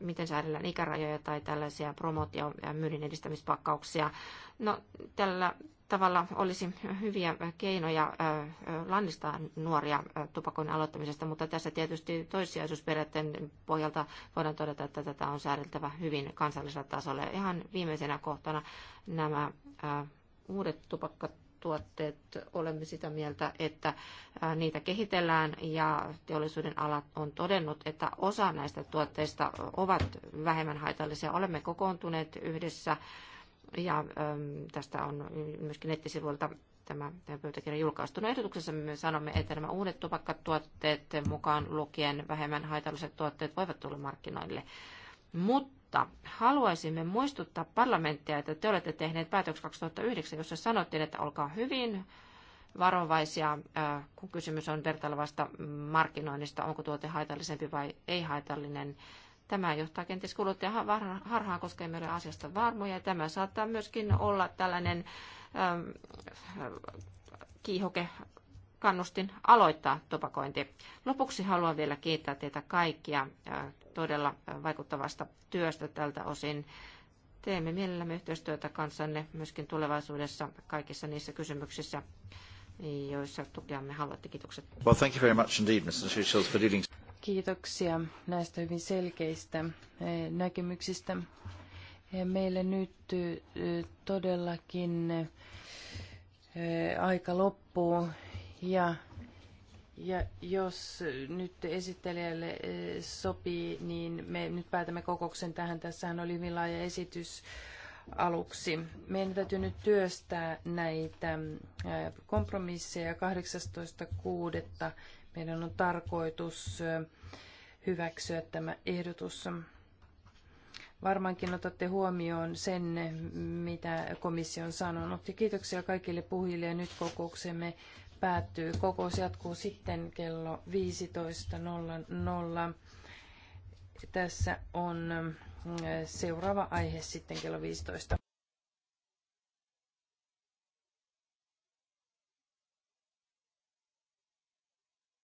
miten säädellään ikärajoja tai tällaisia promootio- ja myynnin edistämispakkauksia. No, tällä tavalla olisi hyviä keinoja äh, lannistaa nuoria tupakoinnin aloittamisesta, mutta tässä tietysti toissijaisuusperiaatteen pohjalta voidaan todeta, että tätä on säädeltävä hyvin kansallisella tasolla. Ihan viimeisenä kohtana nämä uudet tupakkat tuotteet, olemme sitä mieltä, että niitä kehitellään ja teollisuuden alat on todennut, että osa näistä tuotteista ovat vähemmän haitallisia. Olemme kokoontuneet yhdessä ja tästä on myöskin nettisivuilta tämä, tämä pöytäkirja julkaistu. No ehdotuksessa me sanomme, että nämä uudet tupakkatuotteet mukaan lukien vähemmän haitalliset tuotteet voivat tulla markkinoille mutta haluaisimme muistuttaa parlamenttia, että te olette tehneet päätöksen 2009, jossa sanottiin, että olkaa hyvin varovaisia, kun kysymys on vertailevasta markkinoinnista, onko tuote haitallisempi vai ei haitallinen. Tämä johtaa kenties kuluttajan harhaan, koska emme ole asiasta varmoja. Ja tämä saattaa myöskin olla tällainen ähm, kiihoke kannustin aloittaa tupakointi. Lopuksi haluan vielä kiittää teitä kaikkia todella vaikuttavasta työstä tältä osin. Teemme mielellämme yhteistyötä kanssanne myöskin tulevaisuudessa kaikissa niissä kysymyksissä, joissa tukeamme haluatte. Kiitokset. Well, thank you very much indeed, Mr. Schultz, for dealing... Kiitoksia näistä hyvin selkeistä näkemyksistä. Meille nyt todellakin aika loppuu. Ja, ja jos nyt esittelijälle eh, sopii, niin me nyt päätämme kokouksen tähän. Tässähän oli hyvin laaja esitys aluksi. Meidän täytyy nyt työstää näitä eh, kompromisseja 18.6. Meidän on tarkoitus eh, hyväksyä tämä ehdotus. Varmaankin otatte huomioon sen, mitä komissio on sanonut. Ja kiitoksia kaikille puhujille ja nyt kokouksemme päättyy. Kokous jatkuu sitten kello 15.00. Tässä on mm, seuraava aihe sitten kello 15.